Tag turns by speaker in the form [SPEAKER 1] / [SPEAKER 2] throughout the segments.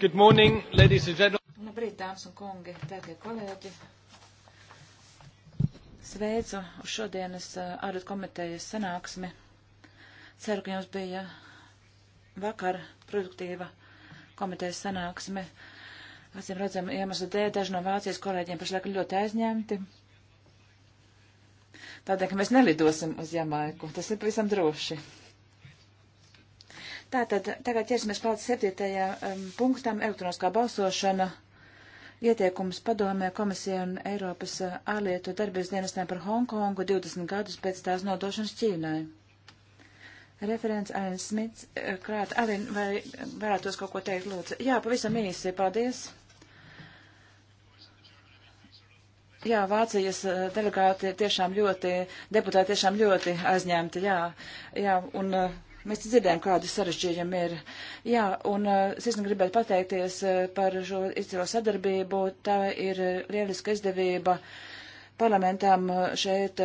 [SPEAKER 1] Good morning, ladies and gentlemen.
[SPEAKER 2] Labrīt, dāmas un kungi, tētie kolēģi. Sveicu uz šodienas eh, ārlietu komitejas sanāksmi. Ceru, ka jums bija vakar produktīva komitejas sanāksme. Acīm redzam, iemeslu dēļ daži no Vācijas kolēģiem pašlaik ir ļoti aizņemti. Tādēļ, ka mēs nelidosim uz Jamaiku. Tas ir pavisam droši. Tātad tagad ķersimies klāt septītajam punktam elektroniskā balsošana ieteikums padomē komisijai un Eiropas eh, ārlietu darbības dienestēm par Hongkongu 20 gadus pēc tās nodošanas Ķīnai. Referents Alin Smits, eh, krāt, Alin, vai varētos kaut ko teikt, lūdzu? Jā, pavisam īsi, paldies. Jā, Vācijas eh, delegāti tiešām ļoti, deputāti tiešām ļoti aizņemti, jā, jā, un uh, Mēs dzirdējam, kādi sarežģījumi ir. Jā, un eh, es īstenībā gribētu pateikties eh, par šo izcilo sadarbību. Tā ir eh, lieliska izdevība parlamentam šeit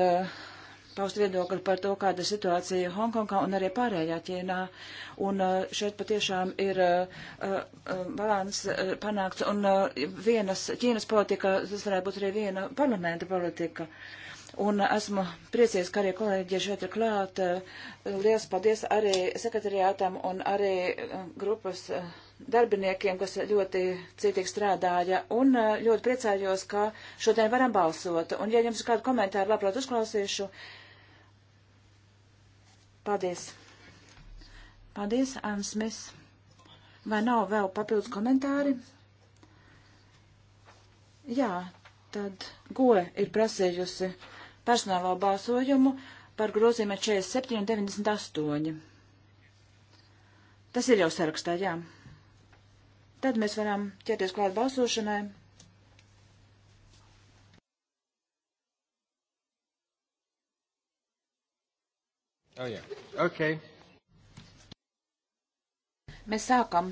[SPEAKER 2] paust viedokli par to, kāda ir situācija Hongkongā un arī pārējā Ķīnā. Un šeit patiešām ir uh, uh, balans uh, panākts, un vienas Ķīnas politika, tas varētu būt arī viena parlamenta politika. Uh, Un esmu priecīgs, ka arī kolēģi šeit ir klāt. Eh, Lielas paldies arī sekretariātam un arī eh, grupas eh, darbiniekiem, kas ļoti cītīgi strādāja. Un ļoti priecājos, ka šodien varam balsot. Un ja jums ir kādu komentāru, labprāt uzklausīšu. Paldies. Paldies, Ansmis. Vai nav vēl papildus komentāri? Jā, tad goja ir prasējusi personālo balsojumu par grozījumu 47 un 98. Tas ir jau sarakstā, jā. Tad mēs varam ķerties klāt balsošanai.
[SPEAKER 1] Oh, yeah. okay.
[SPEAKER 2] Mēs sākam.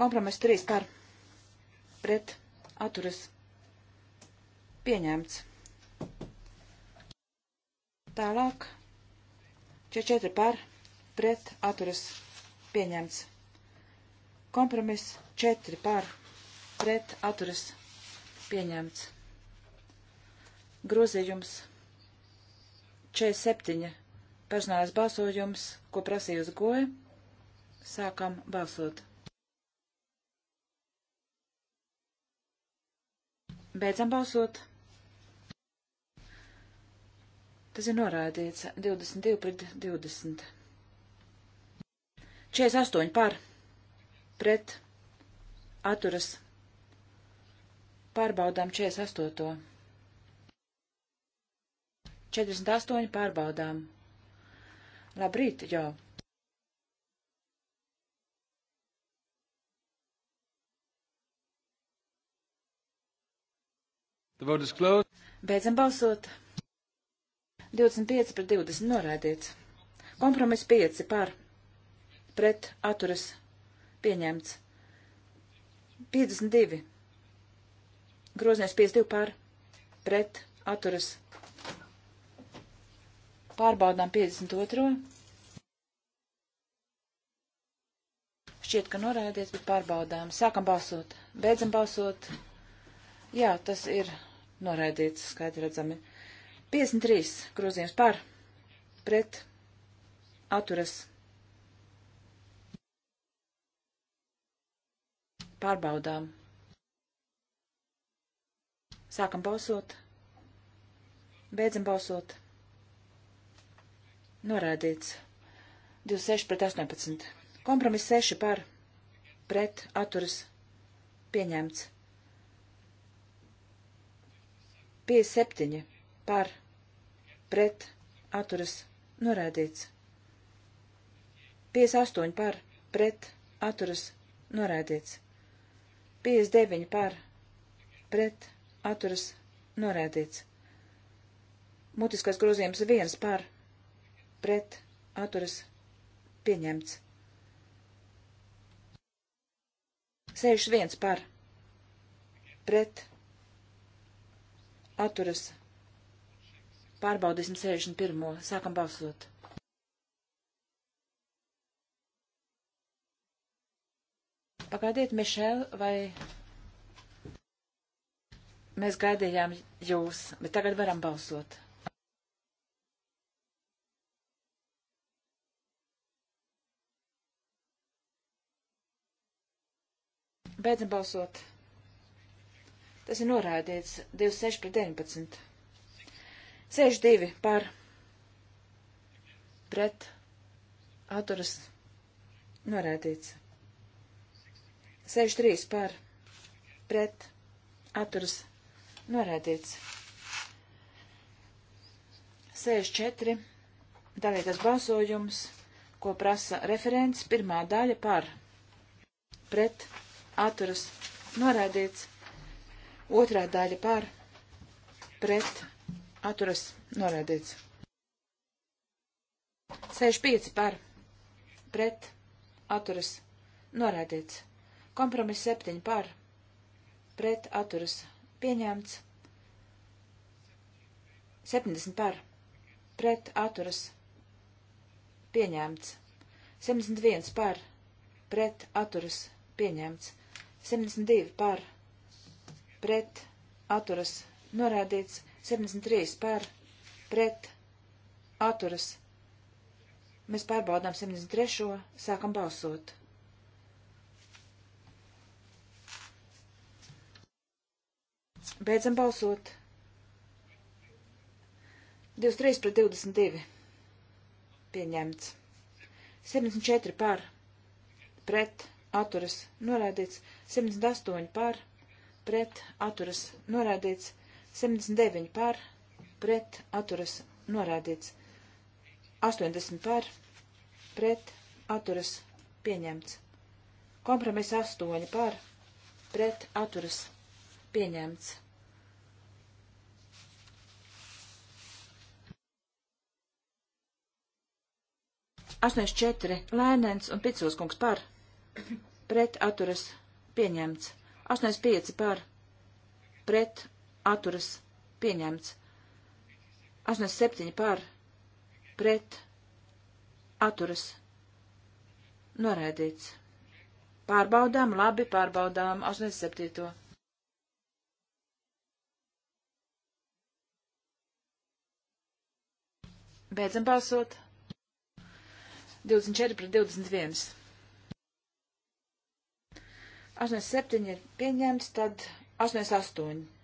[SPEAKER 2] Kompromiss trīs par pret atturas pieņemts. Tālāk. 44 par. Pret. Atturas. Pieņemts. Kompromiss 4 par. Pret. Atturas. Pieņemts. Grozījums 47. Personālais balsojums, ko prasīja uz goja. Sākam balsot. Beidzam balsot. Tas ir norādīts 22 pret 20. 48 par pret atturas. Pārbaudām 48. 48 pārbaudām. Labrīt, jau.
[SPEAKER 1] The vote is closed.
[SPEAKER 2] Beidzam balsot. 25 pret 20 norādīts. Kompromiss 5 par pret atturas pieņemts. 52. Groznieks 52 par pret atturas. Pārbaudām 52. Šķiet, ka norādīts, bet pārbaudām. Sākam balsot. Beidzam balsot. Jā, tas ir noraidīts, skaidri redzami. 53 grozījums par pret atturas pārbaudām. Sākam balsot, beidzam balsot. Norādīts 26 pret 18. Kompromiss 6 par pret atturas pieņemts. 57 par pret pret atturas norēdīts. 58 par pret atturas norēdīts. 59 par pret atturas norēdīts. Mutiskais grozījums 1 par pret atturas pieņemts. 61 par pret atturas norēdīts Pārbaudīsim 61. Sākam balsot. Pagaidiet, Mišel, vai mēs gaidījām jūs, bet tagad varam balsot. Beidzam balsot. Tas ir norādīts 26 pret 19. 62 par pret atturas norēdīts. 63 par pret atturas norēdīts. 64 dalītas balsojums, ko prasa referents, pirmā daļa par pret atturas norēdīts. Otrā daļa par pret atturas atturas norādīts. 65 par pret atturas norādīts. Kompromiss 7 par pret atturas pieņemts. 70 par pret atturas pieņemts. 71 par pret atturas pieņemts. 72 par pret atturas norādīts. 73 par pret atturas. Mēs pārbaudām 73. Sākam balsot. Beidzam balsot. 23 pret 22. Pieņemts. 74 par. Pret. Atturas. Norādīts. 78 par. Pret. Atturas. Norādīts. 79 par, pret, atturas, norādīts. 80 par, pret, atturas, pieņemts. Kompromiss 8 par, pret, atturas, pieņemts. Asnēs četri, Lēnens un Picūskungs par, pret atturas pieņemts. Asnēs pieci par, pret atturas pieņemts. 87 par pret atturas noraidīts. Pārbaudām, labi, pārbaudām 87. Beidzam balsot. 24 pret 21. 87 ir pieņemts, tad 88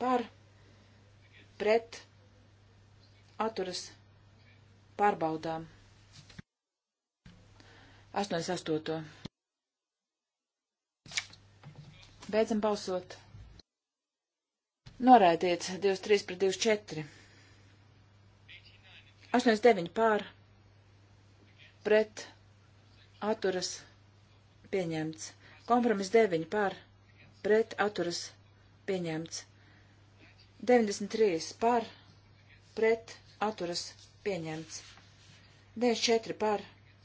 [SPEAKER 2] par pret atturas pārbaudām. 88. Beidzam balsot. Noraidiet 23 pret 24. 89 pār pret atturas pieņemts. Kompromis 9 pār pret atturas pieņemts. 93 par pret atturas pieņemts. 94 par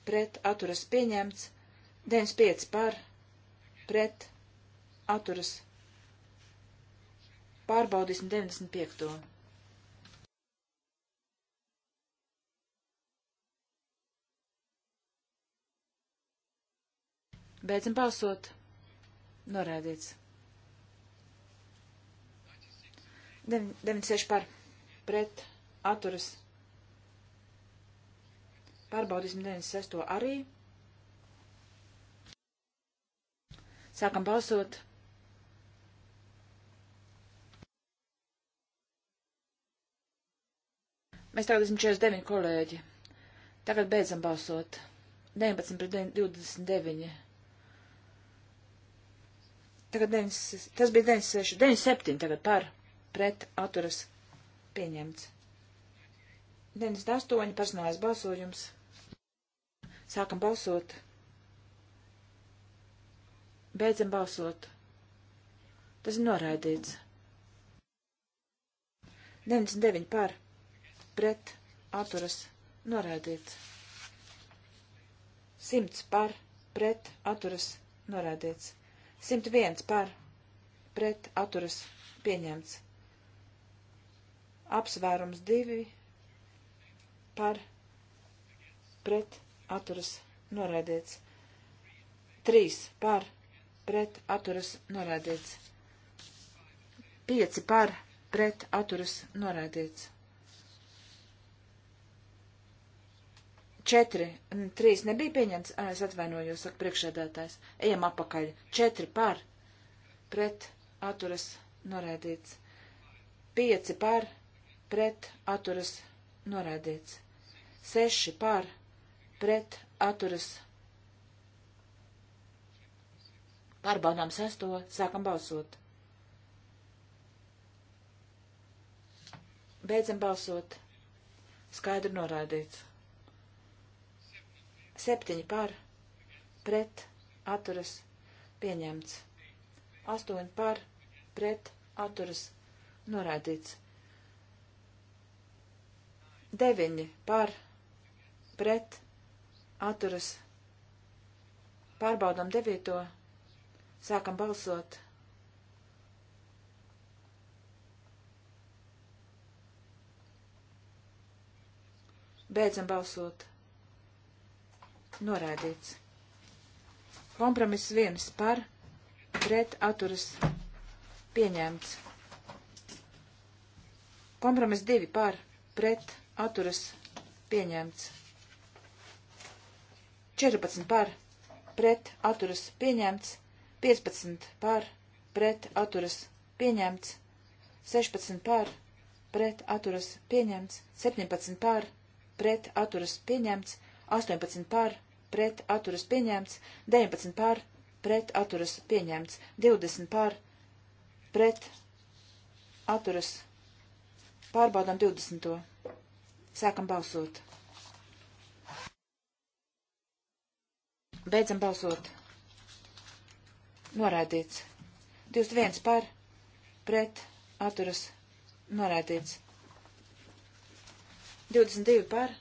[SPEAKER 2] pret atturas pieņemts. 95 par pret atturas. Pārbaudīsim 95. To. Beidzam balsot. Norādīts. 96 par pret atturas. Pārbaudīsim 96 arī. Sākam balsot. Mēs tagad esam 49 kolēģi. Tagad beidzam balsot. 19 pret 29. Tagad 9, tas bija 96, 97 tagad par pret atturas pieņemts. 98 personālais balsojums. Sākam balsot. Beidzam balsot. Tas ir noraidīts. 99 par, pret, atturas, noraidīts. 100 par, pret, atturas, noraidīts. 101 par, pret, atturas, pieņemts apsvērums divi par pret atturas norādīts. Trīs par pret atturas norādīts. Pieci par pret atturas norādīts. Četri, trīs nebija pieņemts, es atvainojos, saka priekšēdētājs. Ejam apakaļ. Četri par pret atturas norādīts. Pieci par pret pret atturas norādīts. 6 par pret atturas. Pārbaudām sesto, sākam balsot. Beidzam balsot. Skaidri norādīts. Septiņi par, pret, atturas, pieņemts. Astoņi par, pret, atturas, norādīts. 9 par pret atturas. Pārbaudām 9. Sākam balsot. Beidzam balsot. Noraidīts. Kompromiss viens par pret atturas pieņemts. Kompromiss divi par pret atturas atturas pieņemts. 14 par pret atturas pieņemts. 15 par pret atturas pieņemts. 16 par pret atturas pieņemts. 17 par pret atturas pieņemts. 18 par pret atturas pieņemts. 19 par pret atturas pieņemts. 20 par pret atturas pieņemts pārbaudām 20. Sākam balsot. Beidzam balsot. Noraidīts. 21 par, pret, atturas, noraidīts. 22 par,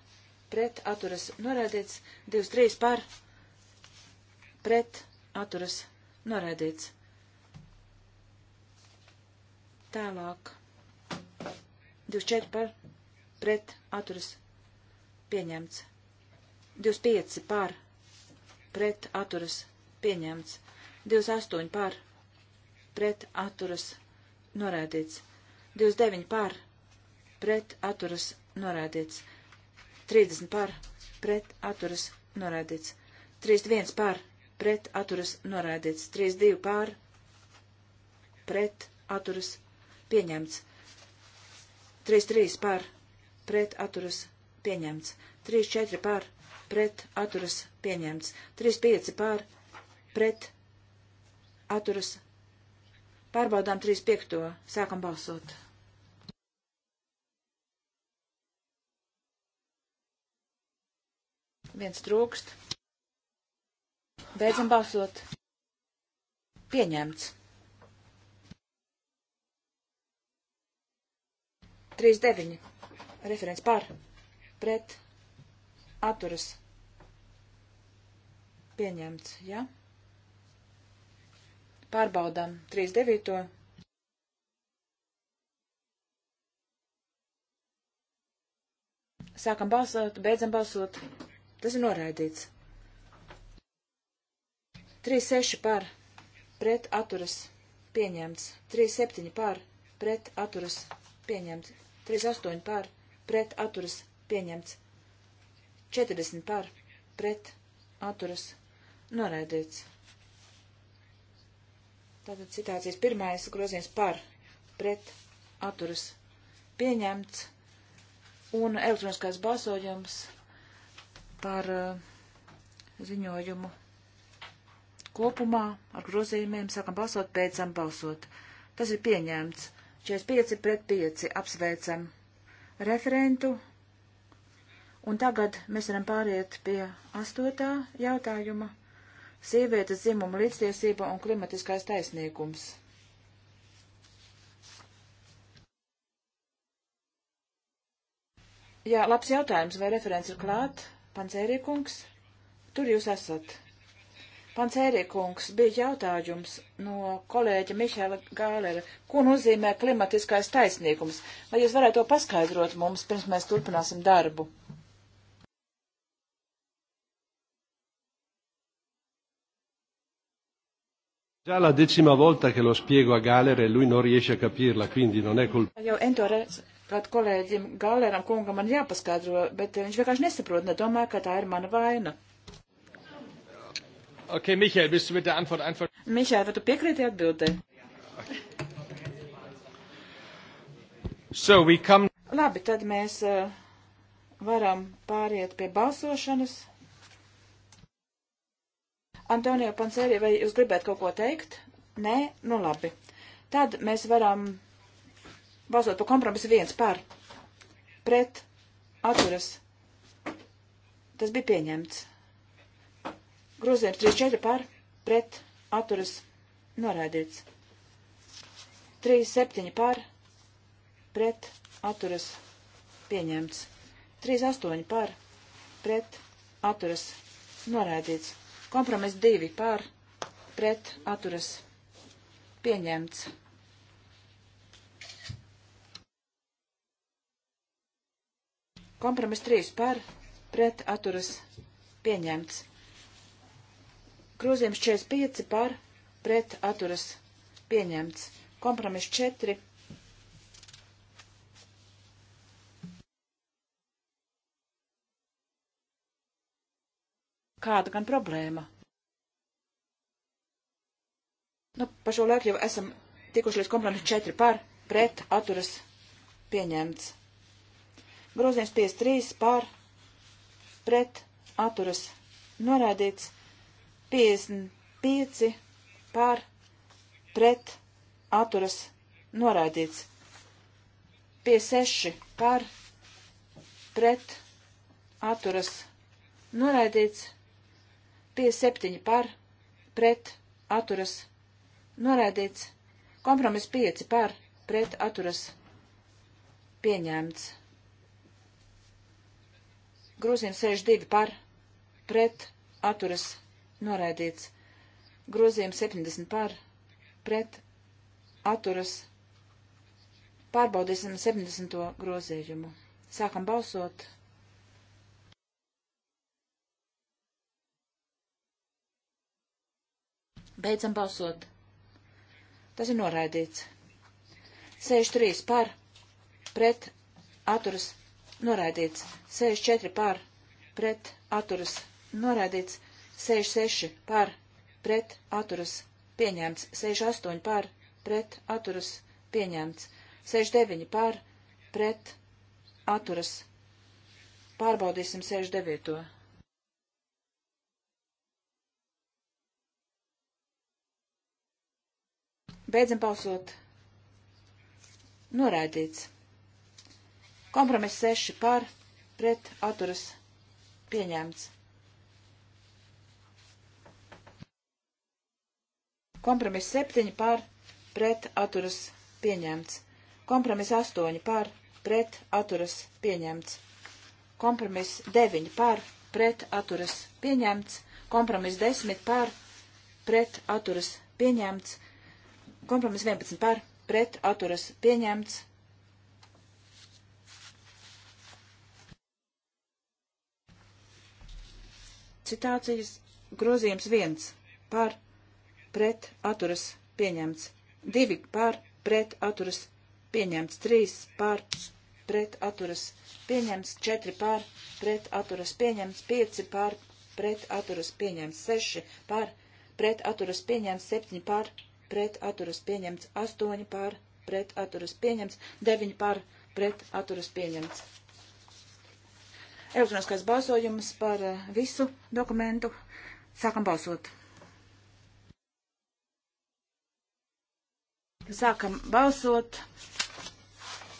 [SPEAKER 2] pret, atturas, noraidīts. 23 par, pret, atturas, noraidīts. Tālāk. 24 par, pret atturas pieņemts. 25 par pret atturas pieņemts. 28 par pret atturas norādīts. 29 par pret atturas norādīts. 30 par pret atturas norādīts. 31 par pret atturas norādīts. 32 par pret atturas pieņemts. 33 par pret atturas pieņemts. 3-4 pār pret atturas pieņemts. 3-5 pār pret atturas pārbaudām 3-5. Sākam balsot. Viens trūkst. Beidzam balsot. Pieņemts. 3-9 referents par, pret, atturas, pieņemts, ja? Pārbaudām 39. Sākam balsot, beidzam balsot. Tas ir noraidīts. 3-6 par pret atturas pieņemts. 3-7 par pret atturas pieņemts. 3-8 par pret atturas pieņemts. 40 par pret atturas noraidīts. Tātad citācijas pirmais grozījums par pret atturas pieņemts un elektroniskais balsojums par uh, ziņojumu kopumā ar grozījumiem sākam balsot, beidzam balsot. Tas ir pieņemts. 45 pret 5 apsveicam referentu. Un tagad mēs varam pāriet pie astotā jautājuma - sievietes dzimuma līdztiesība un klimatiskais taisnīgums. Jā, labs jautājums, vai referents ir klāt, pancērīkungs? Tur jūs esat. Pants Ērikungs, bija jautājums no kolēģa Mihēla Gālera. Ko nozīmē klimatiskais taisnīgums? Vai jūs varētu to paskaidrot mums, pirms mēs turpināsim darbu?
[SPEAKER 1] Già la decima volta che lo spiego a Galler e lui non riesce a capirla, quindi non è colpa.
[SPEAKER 2] Jau ento reizi, kad kolēģim Galleram kungam man jāpaskaidro, bet viņš vienkārši nesaprot, nedomāja, ka tā ir mana vaina.
[SPEAKER 1] Okay, Michael, bist du mit der Antwort einfach...
[SPEAKER 2] Michael, vai tu piekrīti atbildē?
[SPEAKER 1] So we come...
[SPEAKER 2] Labi, tad mēs uh, varam pāriet pie balsošanas. Antonio Panseri, vai jūs gribētu kaut ko teikt? Nē, nu labi. Tad mēs varam balsot par kompromisu viens par, pret, atturas. Tas bija pieņemts. Grozījums 34 par pret atturas noraidīts. 37 par pret atturas pieņemts. 38 par pret atturas noraidīts. Kompromiss 2 par pret atturas pieņemts. Kompromiss 3 par pret atturas pieņemts. Grozījums 45 par pret atturas pieņemts. Kompromiss 4. Kāda gan problēma? Nu, pa šo laiku jau esam tikuši līdz kompromisu 4 par pret atturas pieņemts. Grozījums 53 par pret atturas norādīts. 55 par pret atturas noraidīts. 56 par pret atturas noraidīts. 57 par pret atturas noraidīts. Kompromiss 5 par pret atturas pieņemts. Grūzījums 62 par pret atturas noraidīts noraidīts. Grozījums 70 par, pret, atturas. Pārbaudīsim 70. grozījumu. Sākam balsot. Beidzam balsot. Tas ir noraidīts. 63 par, pret, atturas, noraidīts. 64 par, pret, atturas, noraidīts. 66 par pret atturas pieņemts, 68 par pret atturas pieņemts, 69 par pret atturas. Pārbaudīsim 69. Beidzam balsot. Noraidīts. Kompromiss 6 par pret atturas pieņemts. Kompromiss 7 par pret atturas pieņemts. Kompromiss 8 par pret atturas pieņemts. Kompromiss 9 par pret atturas pieņemts. Kompromiss 10 par pret atturas pieņemts. Kompromiss 11 par pret atturas pieņemts. Citācijas grozījums 1 par pret atturas pieņemts. 2 par pret atturas pieņemts. 3 par pret atturas pieņemts. 4 par pret atturas pieņemts. 5 par pret atturas pieņemts. 6 par pret atturas pieņemts. 7 par pret atturas pieņemts. 8 par pret atturas pieņemts. 9 par pret atturas pieņemts elektroniskais balsojums par eh, visu dokumentu. Sākam balsot! Sākam balsot,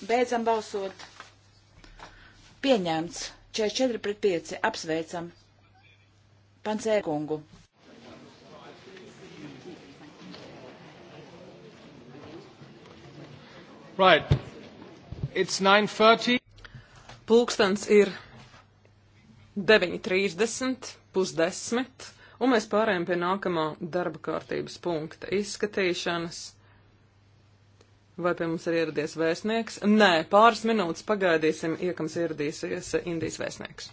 [SPEAKER 2] beidzam balsot. Pieņemts 44 pret 5. Apsveicam Pancēkungu.
[SPEAKER 3] Right. It's 9.30. Pulkstens ir 9.30, pusdesmit, un mēs pārējām pie nākamā darba kārtības punkta izskatīšanas. Vai pie mums ir ieradies vēstnieks? Nē, pāris minūtes pagaidīsim, iekams ieradīsies Indijas vēstnieks.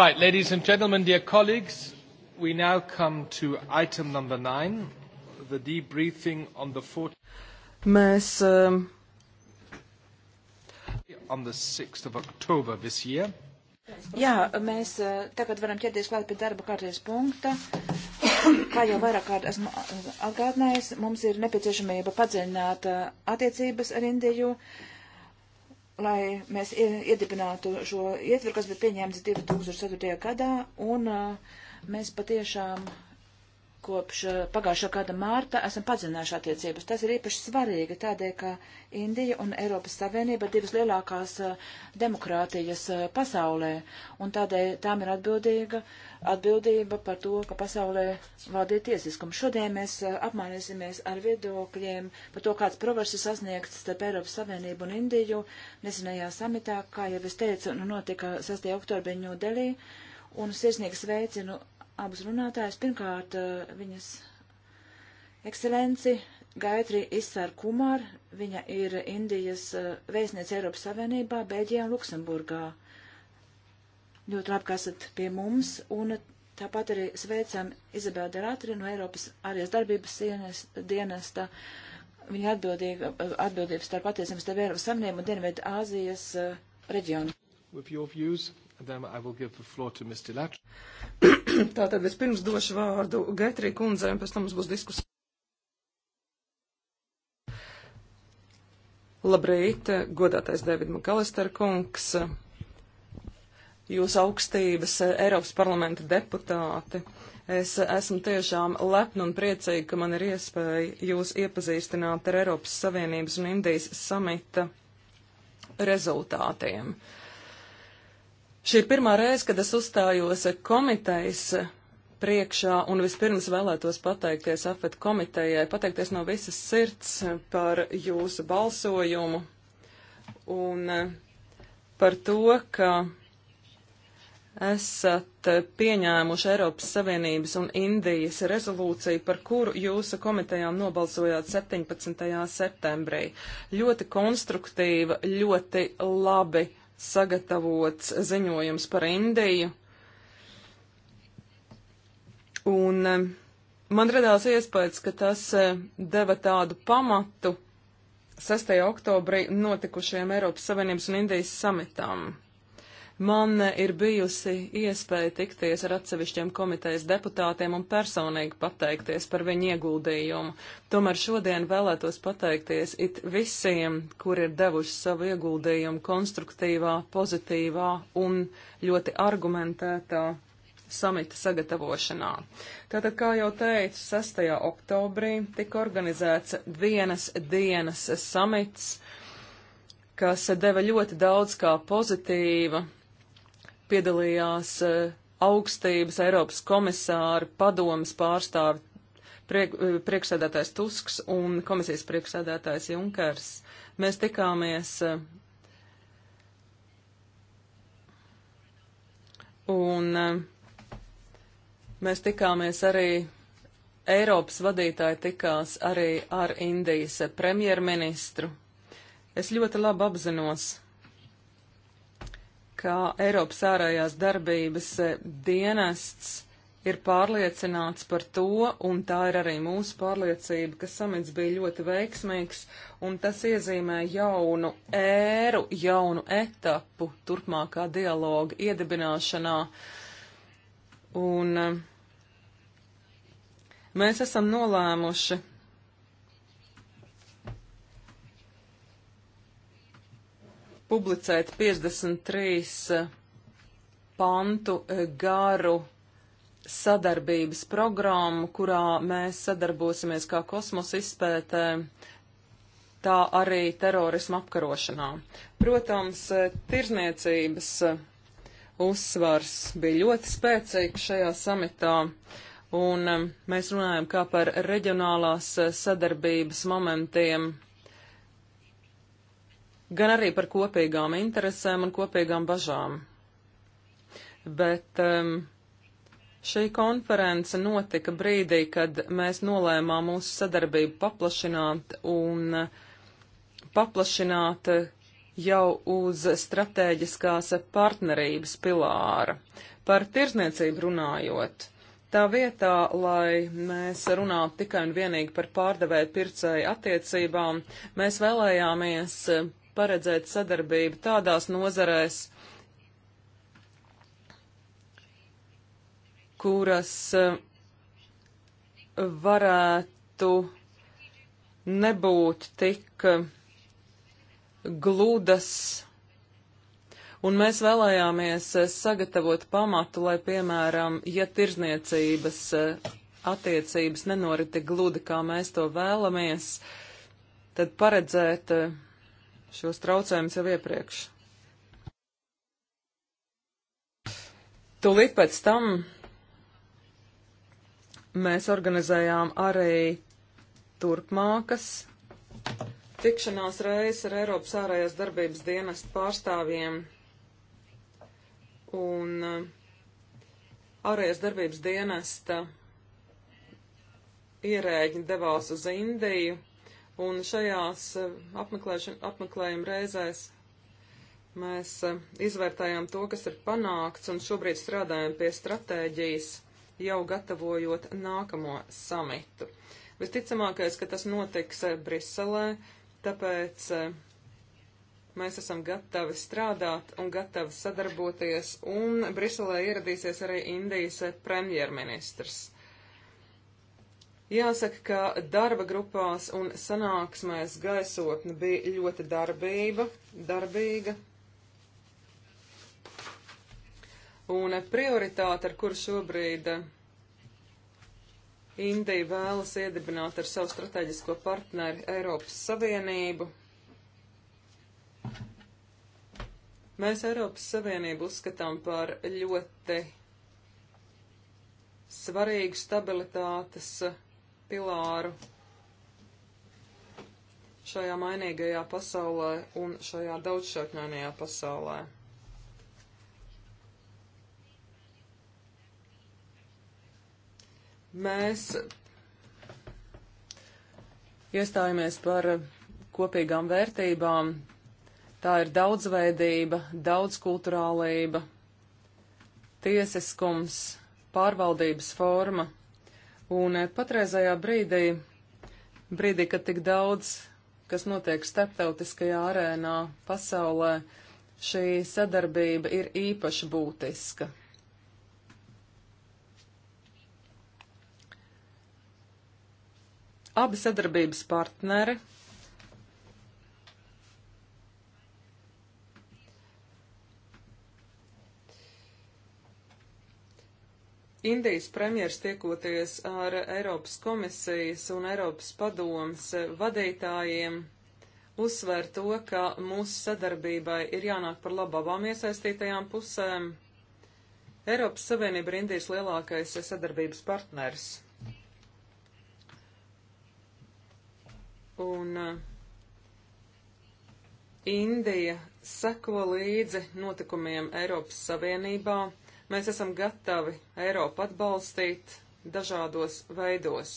[SPEAKER 1] Right, ladies and gentlemen, dear colleagues, we now come to item number nine, the debriefing on the 14th.
[SPEAKER 3] Mēs um,
[SPEAKER 1] on the 6th of October this year.
[SPEAKER 2] Jā, mēs uh, tagad varam ķerties klāt pie darba kārtības punkta. Kā jau vairāk kārt esmu uh, atgādinājis, mums ir nepieciešamība padziļināt uh, attiecības ar Indiju. Uh, lai mēs iedibinātu šo ietveru, kas bija pieņemts 2004. gadā, un uh, mēs patiešām kopš eh, pagājušā gada mārta esam padzinājuši attiecības. Tas ir īpaši svarīgi tādēļ, ka Indija un Eiropas Savienība ir divas lielākās eh, demokrātijas eh, pasaulē, un tādēļ tām ir atbildīga atbildība par to, ka pasaulē valdīja tiesiskums. Šodien mēs apmainīsimies ar viedokļiem par to, kāds progress ir sasniegts starp Eiropas Savienību un Indiju nesenajā samitā, kā jau es teicu, nu, notika 6. oktobrī Ņūdelī, un sirsnīgi sveicinu abus runātājus. Pirmkārt, eh, viņas ekscelenci Gaitri Isar Kumar, viņa ir Indijas eh, vēstniece Eiropas Savienībā, Bēļģijā un Luksemburgā. Ļoti labi, ka esat pie mums, un tāpat arī sveicam Izabela Deratri no Eiropas ārējās darbības dienas, dienesta. Viņa atbildība, eh, atbildības starp attiecības starp Eiropas Savienību un Dienvidu Āzijas
[SPEAKER 3] reģionu. With your views, then I will give the floor to Mr. Latri. Tātad vispirms došu vārdu Gaitri kundzēm, pēc tam mums būs diskusija. Labrīt, godātais David Makalister kungs, jūs augstības Eiropas parlamenta deputāti. Es esmu tiešām lepna un priecīga, ka man ir iespēja jūs iepazīstināt ar Eiropas Savienības un Indijas samita rezultātiem. Uh, Šī ir pirmā reize, kad es uzstājos komitejas priekšā un vispirms vēlētos pateikties AFET komitejai, pateikties no visas sirds par jūsu balsojumu un par to, ka esat pieņēmuši Eiropas Savienības un Indijas rezolūciju, par kuru jūsu komitejām nobalsojāt 17. septembrī. Ļoti konstruktīva, ļoti labi sagatavots ziņojums par Indiju. Un e, man radās iespējas, ka tas e, deva tādu pamatu 6. oktobrī notikušajam Eiropas Savienības un Indijas samitam. Man ir bijusi iespēja tikties ar atsevišķiem komitejas deputātiem un personīgi pateikties par viņu ieguldījumu. Tomēr šodien vēlētos pateikties it visiem, kur ir devuši savu ieguldījumu konstruktīvā, pozitīvā un ļoti argumentētā samita sagatavošanā. Tātad, kā jau teicu, 6. oktobrī tika organizēts vienas dienas samits, kas deva ļoti daudz kā pozitīva piedalījās eh, augstības Eiropas komisāra padomas pārstāvi priek, eh, priekšsēdētājs Tusks un komisijas priekšsēdētājs Junkers. Mēs tikāmies eh, un mēs tikāmies arī Eiropas vadītāji tikās arī ar Indijas premjerministru. Es ļoti labi apzinos, ka Eiropas ārējās darbības e, dienests ir pārliecināts par to, un tā ir arī mūsu pārliecība, ka samits bija ļoti veiksmīgs, un tas iezīmē jaunu ēru, jaunu etapu turpmākā dialoga iedibināšanā. Un e, mēs esam nolēmuši publicēt 53 eh, pantu eh, garu sadarbības programmu, kurā mēs sadarbosimies kā kosmosa izpētē, tā arī terorismu apkarošanā. Protams, eh, tirzniecības uzsvars bija ļoti spēcīgs šajā samitā, un mēs runājam kā par reģionālās sadarbības momentiem gan arī par kopīgām interesēm un kopīgām bažām. Bet um, šī konference notika brīdī, kad mēs nolēmām mūsu sadarbību paplašināt un uh, paplašināt uh, jau uz strateģiskās partnerības pilāra. Par tirzniecību runājot. Tā vietā, lai mēs runātu tikai un vienīgi par pārdevēju pircēju attiecībām, mēs vēlējāmies uh, paredzēt sadarbību tādās nozarēs, kuras eh, varētu nebūt tik eh, gludas, un mēs vēlējāmies eh, sagatavot pamatu, lai, piemēram, ja tirzniecības attiecības nenorit tik gludi, kā mēs to vēlamies, tad paredzēt uh, šos traucējumus jau iepriekš. Tūlīt pēc tam mēs organizējām arī turpmākas tikšanās reizes ar Eiropas ārējās darbības dienestu pārstāvjiem. Un uh, ārējās darbības dienesta ierēģi devās uz Indiju Un šajās eh, apmeklējuma reizēs mēs eh, izvērtējām to, kas ir panākts, un šobrīd strādājam pie stratēģijas, jau gatavojot nākamo samitu. Visticamākais, ka tas notiks eh, Briselē, tāpēc mēs esam gatavi strādāt un gatavi sadarboties, un Briselē ieradīsies arī Indijas premjerministrs. Jāsaka, ka darba grupās un sanāksmēs gaisotne bija ļoti darbība, darbīga. Un prioritāte, ar kuru šobrīd Indija vēlas iedibināt ar savu strateģisko partneri Eiropas Savienību. Mēs Eiropas Savienību uzskatām par ļoti svarīgu stabilitātes pilāru šajā mainīgajā pasaulē un šajā daudzšķautņainajā pasaulē. Mēs iestājāmies par kopīgām vērtībām. Tā ir daudzveidība, daudzkulturālība, tiesiskums, pārvaldības forma. Un eh, patreizajā brīdī, brīdī, kad tik daudz, kas notiek starptautiskajā arēnā pasaulē, šī sadarbība ir īpaši būtiska. Abi sadarbības partneri Indijas premjers tiekoties ar Eiropas komisijas un Eiropas padomas vadītājiem uzsver to, ka mūsu sadarbībai ir jānāk par labu abām iesaistītajām pusēm. Eiropas Savienība ir Indijas lielākais sadarbības partners. Un uh, Indija seko līdzi notikumiem Eiropas Savienībā Mēs esam gatavi Eiropu atbalstīt dažādos veidos.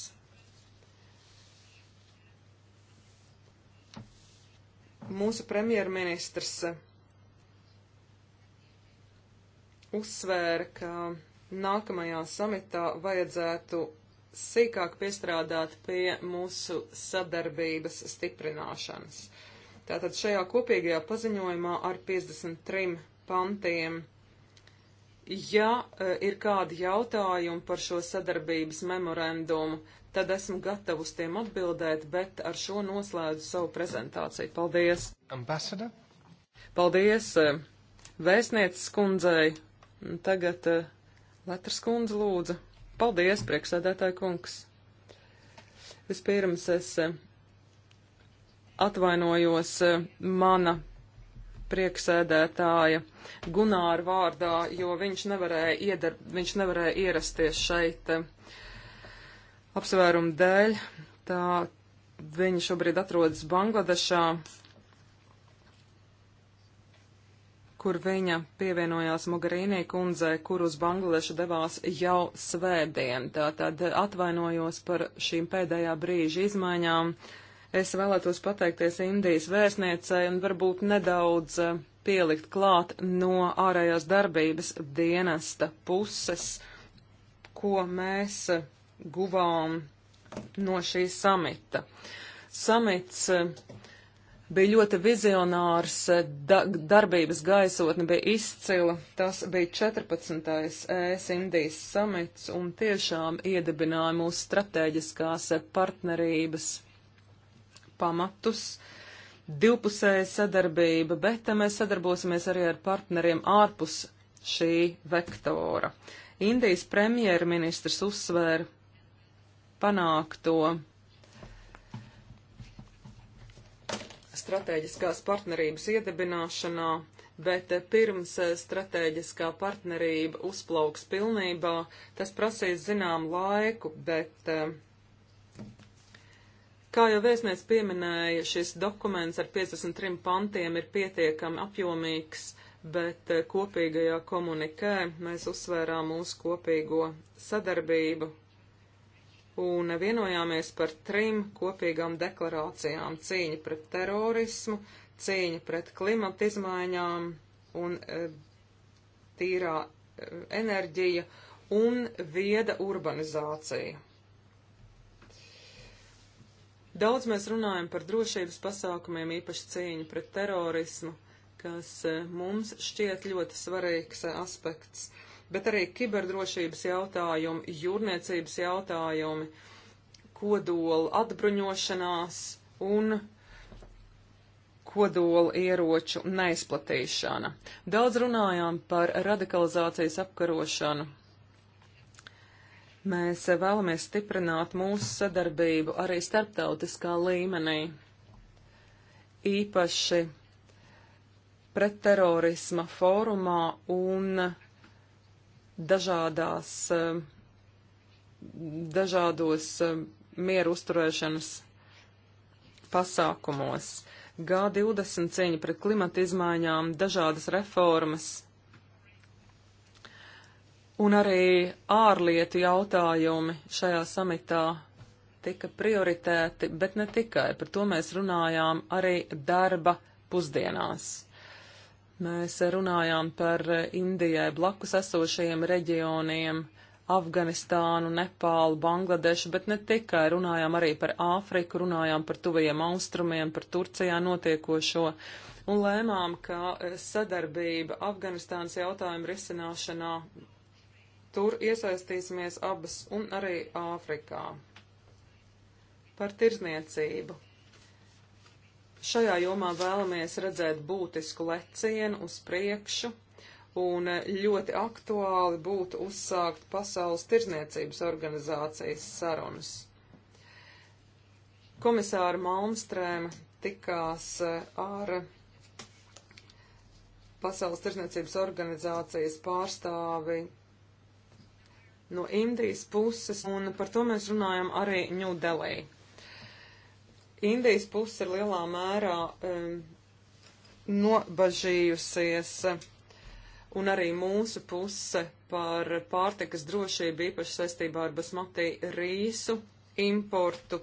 [SPEAKER 3] Mūsu premjerministrs uzsvēra, ka nākamajā samitā vajadzētu sīkāk piestrādāt pie mūsu sadarbības stiprināšanas. Tātad šajā kopīgajā paziņojumā ar 53 pantiem Ja e, ir kādi jautājumi par šo sadarbības memorandumu, tad esmu gatava uz tiem atbildēt, bet ar šo noslēdzu savu prezentāciju. Paldies! Ambasada! Paldies e, vēstnieces kundzei! Tagad e, Letras kundze lūdzu. Paldies, priekšsēdētāja kungs! Vispirms es atvainojos mana prieksēdētāja Gunāra vārdā, jo viņš nevarēja, iedar, viņš nevarēja ierasties šeit eh, apsvērumu dēļ. Tā viņa šobrīd atrodas Bangladešā, kur viņa pievienojās Mogarīnī kundzē, kur uz Bangladešu devās jau svētdien. Tātad atvainojos par šīm pēdējā brīža izmaiņām. Uh, Es vēlētos pateikties Indijas vēstniecei un varbūt nedaudz eh, pielikt klāt no ārējās darbības dienesta puses, ko mēs eh, guvām no šī samita. Samits eh, bija ļoti vizionārs, da darbības gaisotne bija izcila. Tas bija 14. ES Indijas samits un tiešām iedibināja mūsu strateģiskās partnerības pamatus. Divpusēja sadarbība, bet mēs sadarbosimies arī ar partneriem ārpus šī vektora. Indijas premjerministrs uzsvēra panākto stratēģiskās partnerības iedibināšanā, bet pirms stratēģiskā partnerība uzplauks pilnībā, tas prasīs zinām laiku, bet Kā jau vēstnieks pieminēja, šis dokuments ar 53 pantiem ir pietiekami apjomīgs, bet eh, kopīgajā komunikē mēs uzsvērām mūsu kopīgo sadarbību un vienojāmies par trim kopīgām deklarācijām - cīņa pret terorismu, cīņa pret klimata izmaiņām un e, tīrā eh, enerģija un vieda urbanizācija. Daudz mēs runājam par drošības pasākumiem, īpaši cīņu pret terorismu, kas e, mums šķiet ļoti svarīgs e, aspekts, bet arī kiberdrošības jautājumi, jūrniecības jautājumi, kodola atbruņošanās un kodola ieroču neizplatīšana. Daudz runājām par radikalizācijas apkarošanu Mēs vēlamies stiprināt mūsu sadarbību arī starptautiskā līmenī. Īpaši pretterorisma fórumā un dažādās, dažādos mieru uzturēšanas pasākumos. G20 cīņa pret klimata izmaiņām, dažādas reformas Un arī ārlietu jautājumi šajā samitā tika prioritēti, bet ne tikai. Par to mēs runājām arī darba pusdienās. Mēs runājām par Indijai blakus esošajiem reģioniem, Afganistānu, Nepālu, Bangladešu, bet ne tikai. Runājām arī par Āfriku, runājām par tuvajiem austrumiem, par Turcijā notiekošo. Un lēmām, ka sadarbība Afganistānas jautājumu risināšanā Tur iesaistīsimies abas un arī Āfrikā. Par tirzniecību. Šajā jomā vēlamies redzēt būtisku lecienu uz priekšu, un ļoti aktuāli būtu uzsākt Pasaules tirzniecības organizācijas sarunas. Komisāra Malmstrēma tikās eh, ar Pasaules tirzniecības organizācijas pārstāvi no Indijas puses, un par to mēs runājam arī Ņūdelī. Indijas puse ir lielā mērā um, nobažījusies, un arī mūsu puse par pārtikas drošību īpaši saistībā ar basmatī rīsu importu,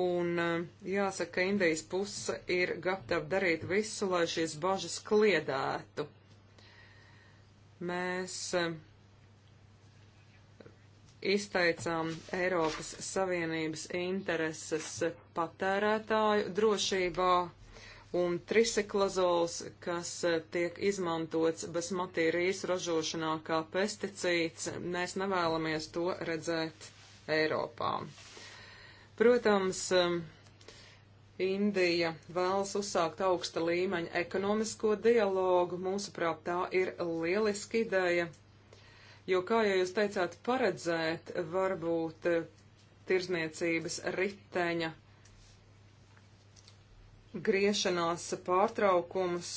[SPEAKER 3] un um, jāsaka, ka Indijas puse ir gatava darīt visu, lai šīs bažas kliedētu. Mēs um, izteicām Eiropas Savienības intereses patērētāju drošībā un triseklozols, kas tiek izmantots basmatīrijas ražošanā kā pesticīts, mēs nevēlamies to redzēt Eiropā. Protams, um, Indija vēlas uzsākt augsta līmeņa ekonomisko dialogu. Mūsuprāt, tā ir lieliska ideja, jo, kā jau jūs teicāt, paredzēt varbūt eh, tirzniecības riteņa griešanās pārtraukums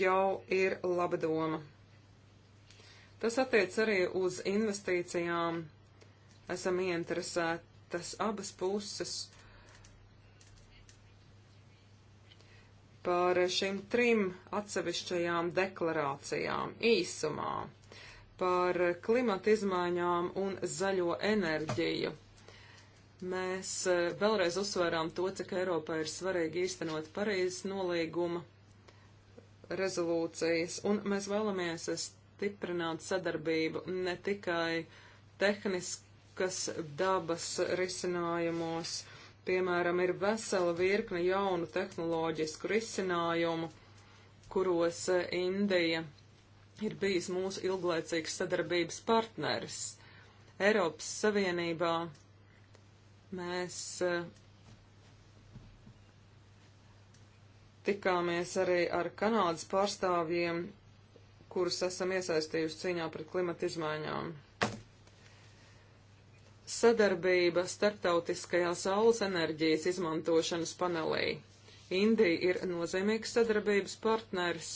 [SPEAKER 3] jau ir laba doma. Tas attiec arī uz investīcijām. Esam ieinteresētas abas puses. Par šīm trim atsevišķajām deklarācijām īsumā par klimata izmaiņām un zaļo enerģiju. Mēs e, vēlreiz uzsvērām to, cik Eiropā ir svarīgi īstenot Parīzes nolīguma rezolūcijas, un mēs vēlamies stiprināt sadarbību ne tikai tehniskas dabas risinājumos, piemēram, ir vesela virkne jaunu tehnoloģisku risinājumu, kuros e, Indija ir bijis mūsu ilglaicīgs sadarbības partneris. Eiropas Savienībā mēs eh, tikāmies arī ar Kanādas pārstāvjiem, kurus esam iesaistījuši cīņā pret klimata izmaiņām. Sadarbība starptautiskajā saules enerģijas izmantošanas panelī. Indija ir nozīmīgs sadarbības partneris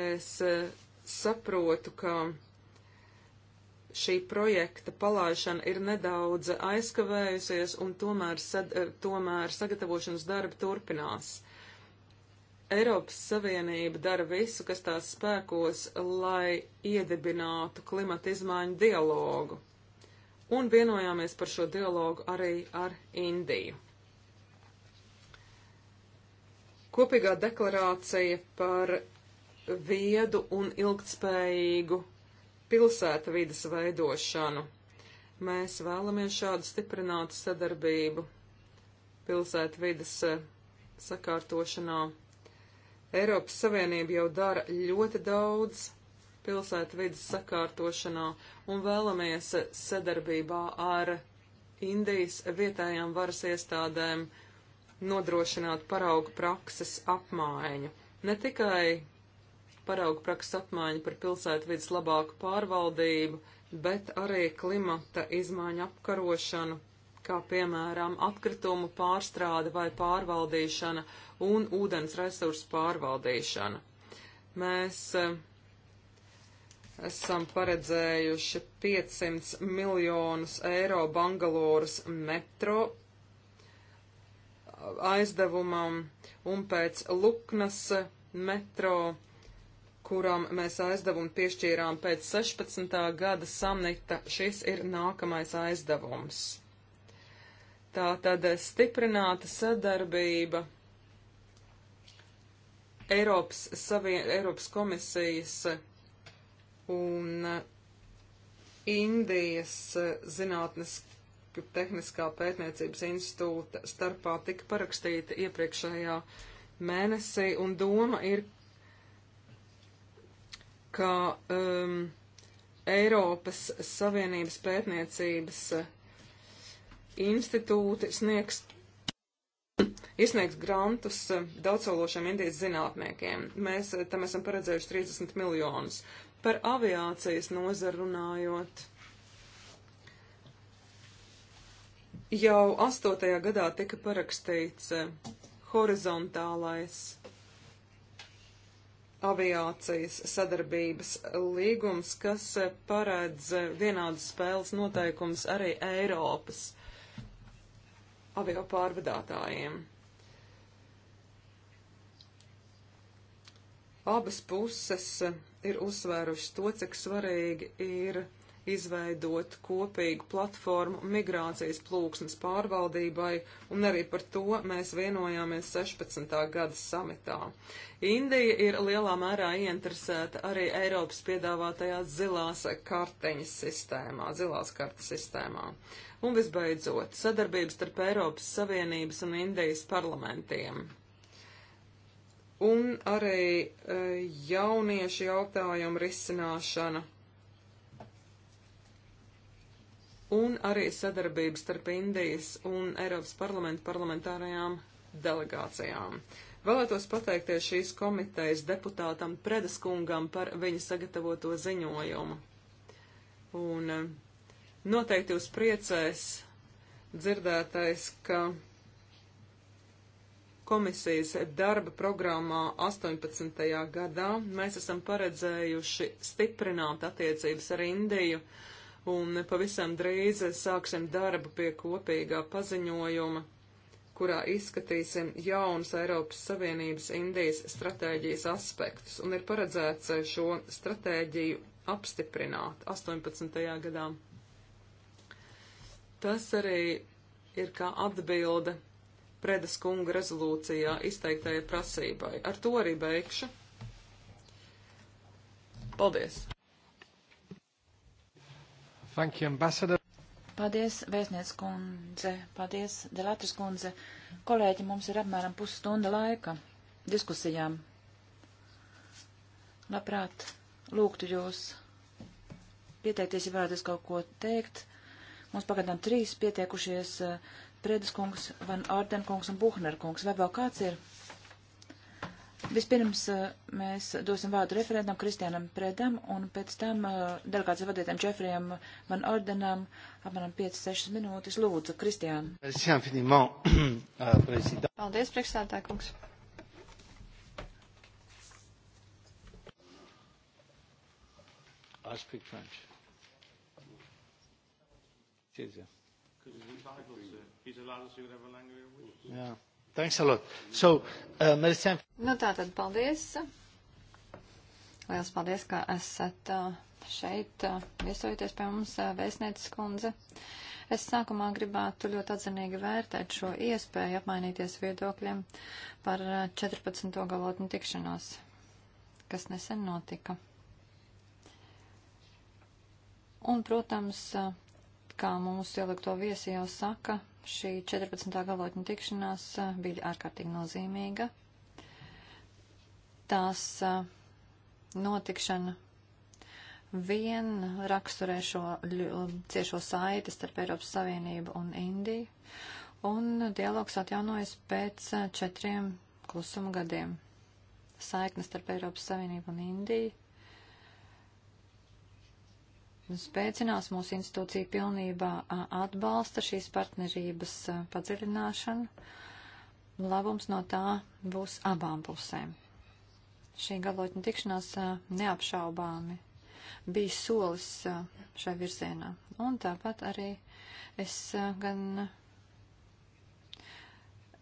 [SPEAKER 3] Es e, saprotu, ka šī projekta palaišana ir nedaudz aizkavējusies, un tomēr, sad, e, tomēr sagatavošanas darba turpinās. Eiropas Savienība dara visu, kas tās spēkos, lai iedibinātu klimata izmaiņu dialogu. Un vienojāmies par šo dialogu arī ar Indiju. Kopīgā deklarācija par viedu un ilgtspējīgu pilsētu vidas veidošanu. Mēs vēlamies šādu stiprinātu sadarbību pilsētu vidas eh, sakārtošanā. Eiropas Savienība jau dara ļoti daudz pilsētu vidas sakārtošanā un vēlamies sadarbībā ar Indijas vietējām varas iestādēm nodrošināt paraugu prakses apmaiņu. Ne tikai paraugu prakses apmaiņa par pilsētvidas labāku pārvaldību, bet arī klimata izmaiņu apkarošanu, kā piemēram atkritumu pārstrāde vai pārvaldīšana un ūdens resursu pārvaldīšana. Mēs e, esam paredzējuši 500 miljonus eiro Bangaloras metro aizdevumam un pēc Luknas metro kuram mēs aizdevumu piešķīrām pēc 16. gada samita, šis ir nākamais aizdevums. Tā tad stiprināta sadarbība Eiropas, savien, Eiropas komisijas un Indijas zinātnes tehniskā pētniecības institūta starpā tika parakstīta iepriekšējā mēnesī, un doma ir, ka um, Eiropas Savienības pētniecības uh, institūti sniegs izsniegs grantus uh, daudzsološiem Indijas zinātniekiem. Mēs uh, tam esam paredzējuši 30 miljonus. Par aviācijas nozaru runājot. Jau astotajā gadā tika parakstīts horizontālais aviācijas sadarbības līgums, kas paredz vienādas spēles noteikums arī Eiropas avio pārvadātājiem. Abas puses ir uzsvērušas to, cik svarīgi ir izveidot kopīgu platformu migrācijas plūksnes pārvaldībai, un arī par to mēs vienojāmies 16. gada samitā. Indija ir lielā mērā ieinteresēta arī Eiropas piedāvātajā zilās karteņas sistēmā, zilās kartes sistēmā. Un visbeidzot, sadarbības starp Eiropas Savienības un Indijas parlamentiem. Un arī e, jauniešu jautājumu risināšana un arī sadarbību starp Indijas un Eiropas parlamenta parlamentārajām delegācijām. Vēlētos pateikties šīs komitejas deputātam Predeskungam par viņa sagatavoto ziņojumu. Un eh, noteikti jūs priecēs dzirdētais, ka komisijas darba programmā 18. gadā mēs esam paredzējuši stiprināt attiecības ar Indiju, uh, un pavisam drīz sāksim darbu pie kopīgā paziņojuma, kurā izskatīsim jaunas Eiropas Savienības Indijas stratēģijas aspektus, un ir paredzēts šo stratēģiju apstiprināt 18. gadā. Tas arī ir kā atbilde Predes kunga rezolūcijā izteiktajai prasībai. Ar to arī beigšu. Paldies!
[SPEAKER 1] Thank you, Ambassador.
[SPEAKER 2] Paldies, Vēstniec kundze, paldies, Delatras kundze. Kolēģi, mums ir apmēram pusstunda laika diskusijām. Labprāt, lūgtu jūs pieteikties, ja vēlaties kaut ko teikt. Mums pagaidām trīs pieteikušies eh, Prēdis kungs, Van Orden kungs un Buhner kungs. Vai vēl kāds ir? Vispirms eh, mēs dosim vārdu referentam Kristianam Predam un pēc tam eh, delegācijas vadītājiem Džefrijam Van Ordenam apmēram 5-6 minūtes. Lūdzu, Kristian.
[SPEAKER 1] Euh,
[SPEAKER 2] Paldies, priekšsēdētāj, kungs.
[SPEAKER 1] I speak French. Cheers. Because he's allowed us to use whatever language we want. Yeah. Thanks a lot. So, uh, Melisem...
[SPEAKER 4] Nu tā tad paldies. Liels paldies, ka esat uh, šeit uh, viesojoties pie mums, uh, vēstnieces kundze. Es sākumā gribētu ļoti atzinīgi vērtēt šo iespēju apmainīties viedokļiem par 14. galotni tikšanos, kas nesen notika. Un, protams, kā mūsu ielikto viesi jau saka, šī 14. galotņa tikšanās bija ārkārtīgi nozīmīga. Tās notikšana vien raksturē šo ciešo saiti starp Eiropas Savienību un Indiju, un dialogs atjaunojas pēc četriem klusuma gadiem. Saiknes starp Eiropas Savienību un Indiju spēcinās mūsu institūcija pilnībā atbalsta šīs partnerības padziļināšanu. Labums no tā būs abām pusēm. Šī galotņa tikšanās neapšaubāmi bija solis šai virzienā. Un tāpat arī es gan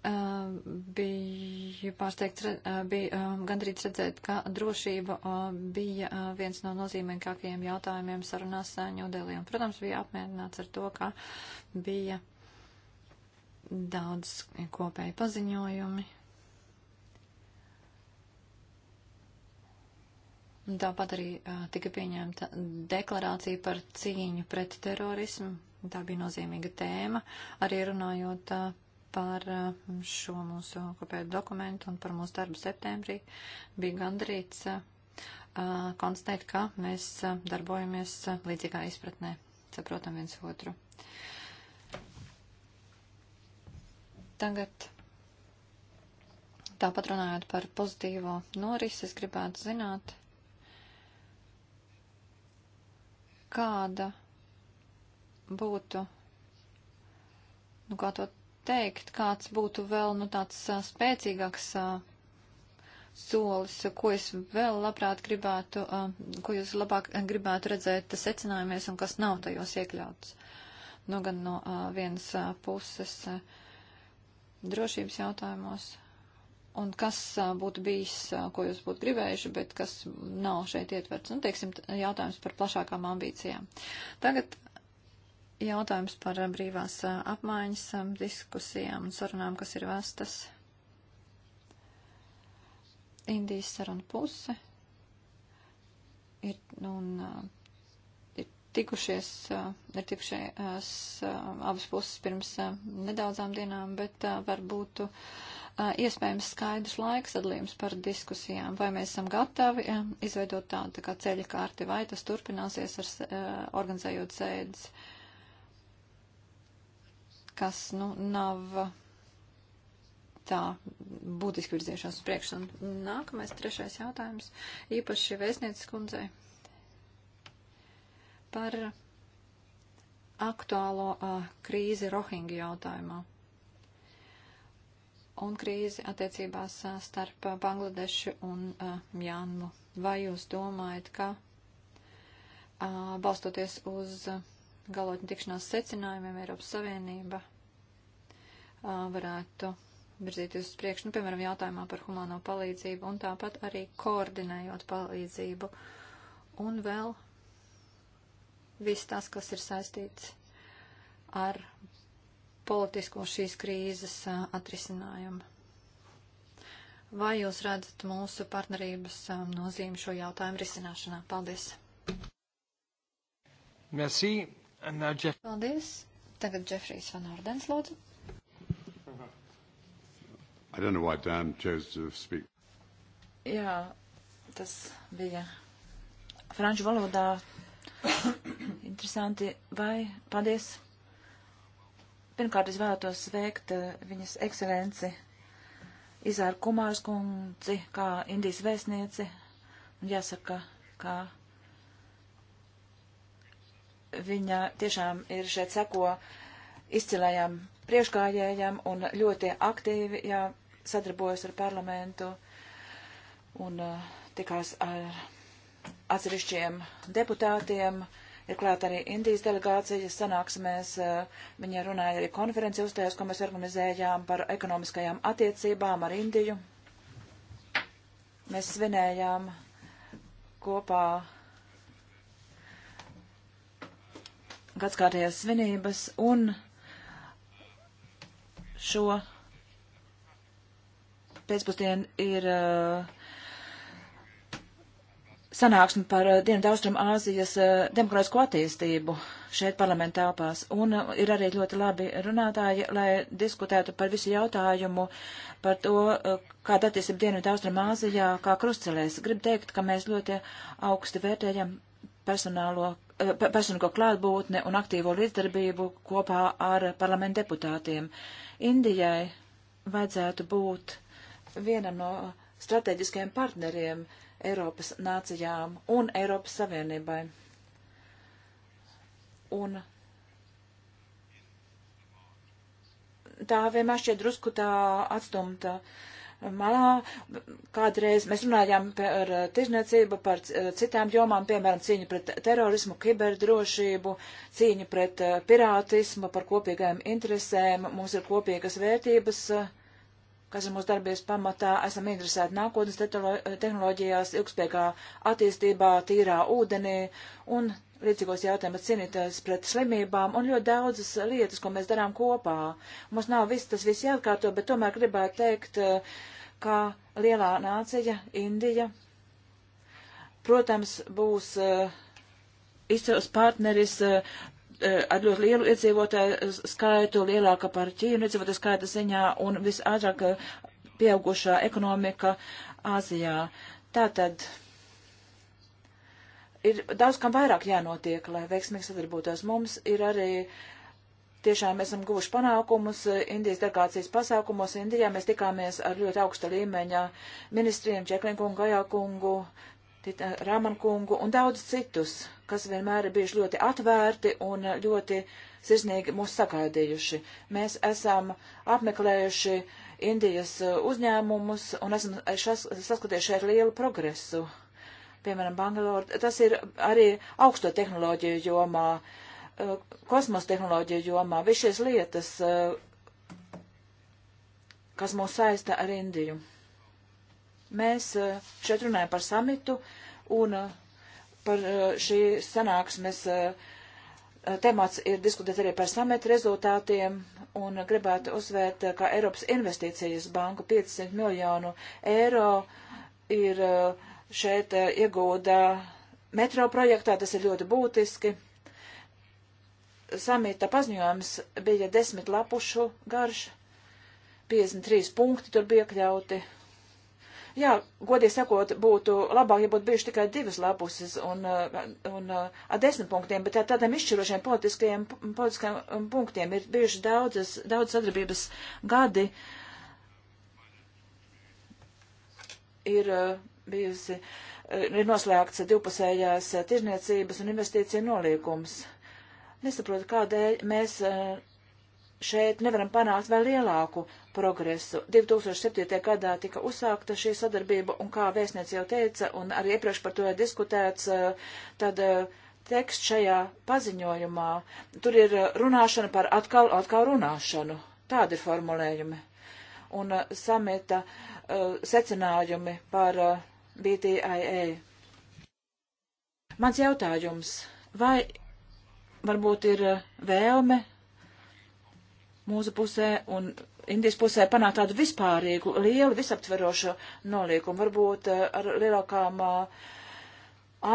[SPEAKER 4] bija pārsteigts, bija gandrīz redzēt, ka drošība bija viens no nozīmīgākajiem jautājumiem sarunās Ņūdelī. Un, protams, bija apmierināts ar to, ka bija daudz kopēji paziņojumi. Tāpat arī tika pieņemta deklarācija par cīņu pret terorismu. Tā bija nozīmīga tēma, arī runājot par eh, šo mūsu kopējo dokumentu un par mūsu darbu septembrī. Bija gandrīz eh, konstatēt, ka mēs eh, darbojamies līdzīgā izpratnē, saprotam viens otru. Tagad tāpat runājot par pozitīvo norisi, es gribētu zināt, kāda būtu, nu kā to teikt, kāds būtu vēl nu, tāds a, spēcīgāks a, solis, ko es vēl labprāt gribētu, a, ko jūs labāk gribētu redzēt secinājumies un kas nav tajos iekļauts. Nu, gan no vienas puses drošības jautājumos, un kas būtu bijis, ko jūs būtu gribējuši, bet kas nav šeit ietverts. Nu, teiksim, jautājums par plašākām ambīcijām. Tagad jautājums par eh, brīvās eh, apmaiņas eh, diskusijām un sarunām, kas ir vestas Indijas saruna puse. Ir, nu, un, ir tikušies, ir tikušies abas puses pirms nedaudzām dienām, bet varbūt iespējams skaidrs laiks atlīms par diskusijām, vai mēs esam gatavi izveidot tādu tā kā ceļa kārti, vai tas turpināsies ar, organizējot sēdes. Uh, kas, nu, nav tā būtiski virzīšanās uz priekšu. Un nākamais, trešais jautājums, īpaši vēstnieces kundzei par aktuālo uh, krīzi Rohingu jautājumā un krīzi attiecībās starp Bangladešu un Mjanmu. Vai jūs domājat, ka balstoties uz galotņu tikšanās secinājumiem Eiropas Savienība varētu virzīties uz priekšu, nu, piemēram, jautājumā par humāno palīdzību un tāpat arī koordinējot palīdzību. Un vēl viss tas, kas ir saistīts ar politisko šīs krīzes atrisinājumu. Vai jūs redzat mūsu partnerības nozīmi šo jautājumu risināšanā? Paldies!
[SPEAKER 1] Merci. Jeff...
[SPEAKER 4] Paldies. Tagad Džefrijs Van Ordens lūdzu.
[SPEAKER 1] I don't know why Dan chose to speak.
[SPEAKER 2] Jā, tas bija franču valodā. Interesanti, vai paldies. Pirmkārt, es vēlētos sveikt eh, viņas ekscelenci Izāru Kumārs kundzi, kā Indijas vēstnieci. Un jāsaka, kā viņa tiešām ir šeit seko izcilējām priekšgājējām un ļoti aktīvi jā, sadarbojas ar parlamentu un uh, tikās ar atsevišķiem deputātiem. Ir klāt arī Indijas delegācijas sanāksmēs. Uh, viņa runāja arī konferenci uzstājās, ko mēs organizējām par ekonomiskajām attiecībām ar Indiju. Mēs svinējām kopā gadskārtējās svinības un šo pēcpusdienu ir uh, sanāksmi par uh, Dienvidaustrumu Āzijas uh, demokrātisko attīstību šeit parlamentā telpās. Un uh, ir arī ļoti labi runātāji, lai diskutētu par visu jautājumu par to, uh, kāda attīstība Dienvidaustrumu Āzijā, kā krustcelēs. Gribu teikt, ka mēs ļoti augsti vērtējam personālo personīgo klātbūtne un aktīvo līdzdarbību kopā ar parlamentu deputātiem. Indijai vajadzētu būt vienam no strateģiskajiem partneriem Eiropas nācijām un Eiropas Savienībai. Un tā vienmēr šķiet drusku tā atstumta. Uh, malā. Kādreiz mēs runājām par eh, tirzniecību, par eh, citām jomām, piemēram, cīņu pret terorismu, kiberdrošību, cīņu pret eh, pirātismu, par kopīgajām interesēm. Mums ir kopīgas vērtības, kas ir mūsu darbies pamatā. Esam interesēti nākotnes tehnoloģijās, ilgspējīgā attīstībā, tīrā ūdenī un līdzīgos jautājumus cīnīties pret slimībām un ļoti daudzas lietas, ko mēs darām kopā. Mums nav viss tas viss jāatkārto, bet tomēr gribētu teikt, eh, ka lielā nācija, Indija, protams, būs eh, izcils partneris eh, ar ļoti lielu iedzīvotāju skaitu, lielāka par Ķīnu iedzīvotāju skaita ziņā un visātrāk pieaugušā ekonomika Āzijā. Tātad ir daudz kam vairāk jānotiek, lai veiksmīgi sadarbotos. Mums ir arī tiešām esam guvuši panākumus eh, Indijas delegācijas pasākumos. Indijā mēs tikāmies ar ļoti augsta līmeņa ministriem Čeklinkungu, Gajakungu, Ramankungu un daudz citus, kas vienmēr ir bijuši ļoti atvērti un ļoti sirsnīgi mūs sagaidījuši. Mēs esam apmeklējuši Indijas eh, uzņēmumus un esam saskatījuši ar lielu progresu piemēram, Bangalore, tas ir arī augsto tehnoloģiju jomā, eh, kosmos tehnoloģiju jomā, viss šīs lietas, eh, kas mūs saista ar Indiju. Mēs eh, šeit runājam par samitu un par šī sanāksmes temats ir diskutēt arī par sametu rezultātiem un gribētu uzsvērt, ka Eiropas investīcijas banku 500 miljonu eiro ir uh, šeit eh, iegūda metro projektā, tas ir ļoti būtiski. Samita paziņojums bija desmit lapušu garš, 53 punkti tur bija iekļauti. Jā, godīgi sakot, būtu labāk, ja būtu bijuši tikai divas lapuses un, eh, un eh, ar desmit punktiem, bet ar tādiem izšķirošiem politiskajiem, politiskajiem um, punktiem ir bijuši daudzas, daudz sadarbības gadi. Ir bijusi, eh, ir noslēgts divpusējās eh, tirzniecības un investīcija nolīgums. Nesaprotu, kādēļ mēs eh, šeit nevaram panākt vēl lielāku progresu. 2007. gadā tika uzsākta šī sadarbība, un kā vēstniece jau teica, un arī iepriekš par to ir diskutēts, tad teksts šajā paziņojumā, tur ir runāšana par atkal, atkal runāšanu. Tādi ir formulējumi. Un samita uh, secinājumi par uh, BTIE. Mans jautājums, vai varbūt ir eh, vēlme mūsu pusē un Indijas pusē panākt tādu vispārīgu, lielu, visaptverošu nolīkumu, varbūt eh, ar lielākām eh,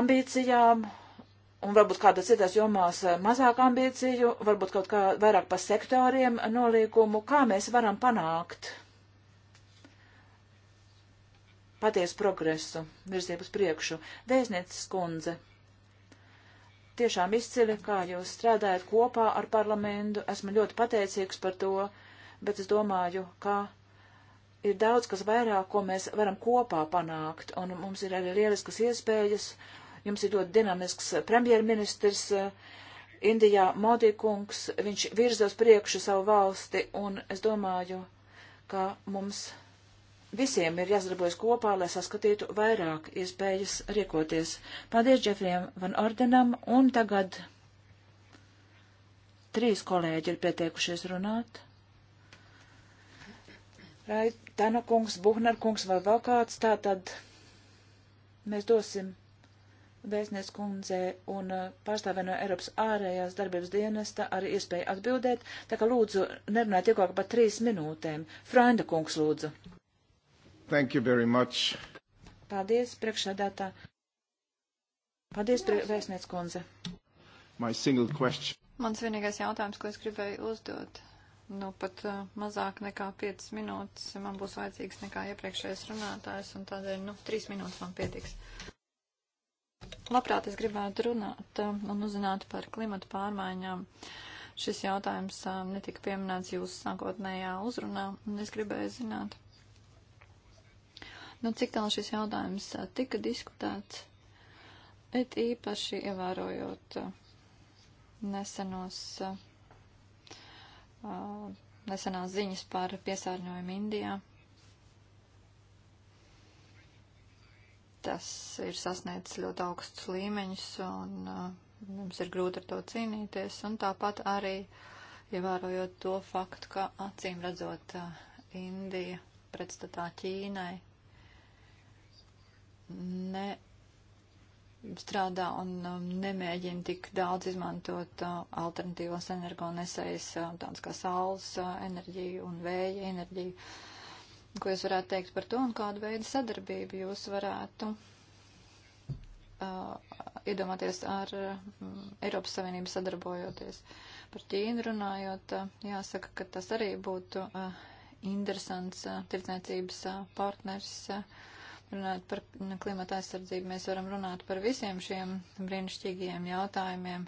[SPEAKER 2] ambīcijām un varbūt kādās citās jomās mazāk ambīciju, varbūt kaut kā vairāk pa sektoriem nolīkumu, kā mēs varam panākt patiesu progresu, virzību uz priekšu. Vēstniecis kundze, tiešām izcili, kā jūs strādājat kopā ar parlamentu, esmu ļoti pateicīgs par to, bet es domāju, ka ir daudz kas vairāk, ko mēs varam kopā panākt, un mums ir arī lieliskas iespējas. Jums ir ļoti dinamisks premjerministrs eh, Indijā Modikungs, viņš virza uz priekšu savu valsti, un es domāju, ka mums Visiem ir jāsadarbojas kopā, lai saskatītu vairāk iespējas riekoties. Paldies Džefriem Van Ordenam, un tagad trīs kolēģi ir pieteikušies runāt. Raitana kungs, Buhner kungs vai vēl kāds, tā tad mēs dosim vēstniec kundze un uh, pārstāvē no Eiropas ārējās darbības dienesta arī iespēju atbildēt, tā ka lūdzu nerunājiet ilgāk par trīs minūtēm. Frainda kungs
[SPEAKER 1] lūdzu. Thank you very much.
[SPEAKER 2] Paldies, priekšsēdētā. Paldies, prie... vēstniec kundze.
[SPEAKER 1] My single question.
[SPEAKER 2] Mans
[SPEAKER 4] vienīgais jautājums, ko es gribēju uzdot, nu pat uh, mazāk nekā 5 minūtes man būs vajadzīgs nekā iepriekšējais runātājs, un tādēļ, nu, 3 minūtes man pietiks. Labprāt, es gribētu runāt uh, un uzzināt par klimatu pārmaiņām. Šis jautājums uh, netika pieminēts jūsu sākotnējā uzrunā, un es gribēju zināt, Nu, cik tālu šis jautājums tika diskutēts, it īpaši ievērojot nesenos, nesenās ziņas par piesārņojumu Indijā. Tas ir sasniedzis ļoti augstus līmeņus un mums ir grūti ar to cīnīties. Un tāpat arī ievērojot to faktu, ka acīm redzot Indija pretstatā Ķīnai ne strādā un um, nemēģina tik daudz izmantot uh, alternatīvos energonesējas, uh, tāds kā saules uh, enerģiju un vēja enerģiju. Ko jūs varētu teikt par to un kādu veidu sadarbību jūs varētu uh, iedomāties ar um, Eiropas Savienību sadarbojoties? Par Ķīnu runājot, uh, jāsaka, ka tas arī būtu uh, interesants uh, tirdzniecības uh, partners. Uh, Runājot par klimata aizsardzību, mēs varam runāt par visiem šiem brīnišķīgajiem jautājumiem,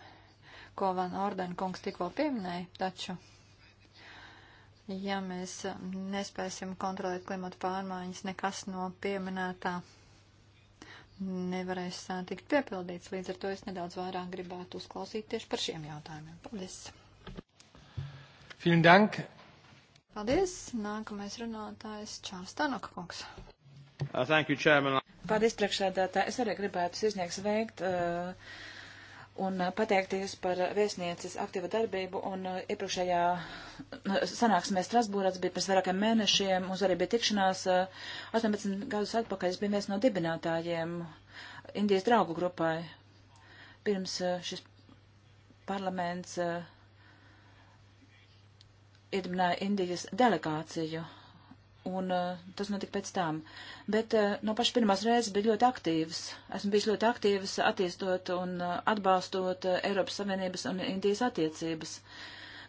[SPEAKER 4] ko Van Orden kungs tikko pieminēja, taču, ja mēs nespēsim kontrolēt klimata pārmaiņas, nekas no pieminētā nevarēs tikt piepildīts. Līdz ar to es nedaudz vairāk gribētu uzklausīt tieši par šiem jautājumiem. Paldies! Vielen Dank! Paldies! Nākamais runātājs
[SPEAKER 2] Čārls Tanaka kungs.
[SPEAKER 3] Uh,
[SPEAKER 2] Paldies, priekšsēdētāji. Es arī gribētu sirsnieks veikt uh, un pateikties par vēstnieces aktīvu darbību. Un uh, iepriekšējā uh, sanāksmē Strasbūrāts bija pirms vairākiem mēnešiem. Mums arī bija tikšanās uh, 18 gadus atpakaļ. Es biju viens no dibinātājiem Indijas draugu grupai. Pirms uh, šis parlaments iedibināja Indijas delegāciju un uh, tas notika pēc tam. Bet uh, no paša pirmās reizes bija ļoti aktīvs. Esmu bijis ļoti aktīvs attīstot un uh, atbalstot uh, Eiropas Savienības un Indijas attiecības.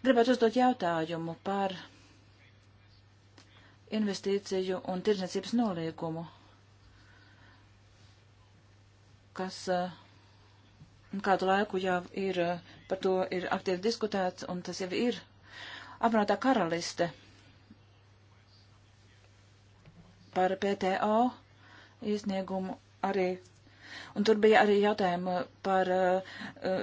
[SPEAKER 2] Gribētu uzdot jautājumu par investīciju un tirdzniecības noliegumu, kas uh, kādu laiku jau ir, uh, par to ir aktīvi diskutēts, un tas jau ir apvienotā karaliste par PTO iesniegumu arī. Un tur bija arī jautājumi par uh,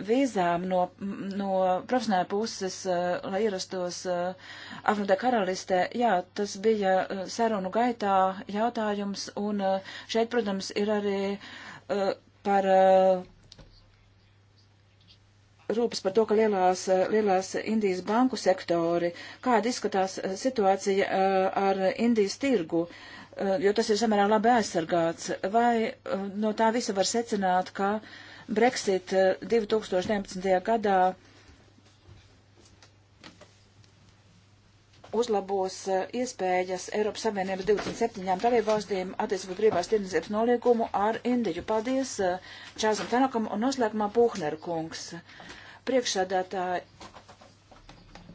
[SPEAKER 2] vīzām no, no profesionāla puses, uh, lai ierastos uh, eh, Afrikā karalistē. Jā, tas bija uh, sarunu gaitā jautājums, un uh, šeit, protams, ir arī uh, par. Uh, rūpes par to, ka lielās, lielās Indijas banku sektori, kāda izskatās situācija ar Indijas tirgu. Eh, jo tas ir samērā labi aizsargāts. Vai eh, no tā visa var secināt, ka Brexit 2019. Eh, gadā uzlabos iespējas Eiropas Savienības 27 dalībvalstīm attiecībā brīvās tirdzniecības noliegumu ar Indiju. Paldies Čāzam Tanakam un noslēgumā Pūhner kungs. Priekšsēdētāji,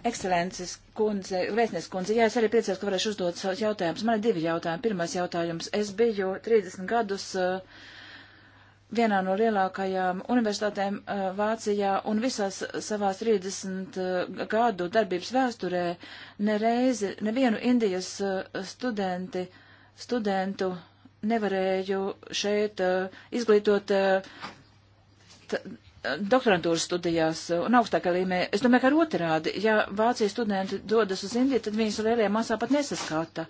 [SPEAKER 2] Ekscelences kundze, vēstnieks kundze, jā, es arī priecājos, ka varēšu uzdot savus jautājumus. Man ir divi jautājumi. Pirmais jautājums. Es biju 30 gadus uh, vienā no lielākajām universitātēm uh, Vācijā un visās savās 30 uh, gadu darbības vēsturē nereizi, nevienu Indijas uh, studenti, studentu nevarēju šeit uh, izglītot uh, doktorantūras studijās un augstākā līmenī. Es domāju, ka ar otrādi, ja Vācijas studenti dodas uz Indiju, tad viņas lielajā masā pat nesaskata.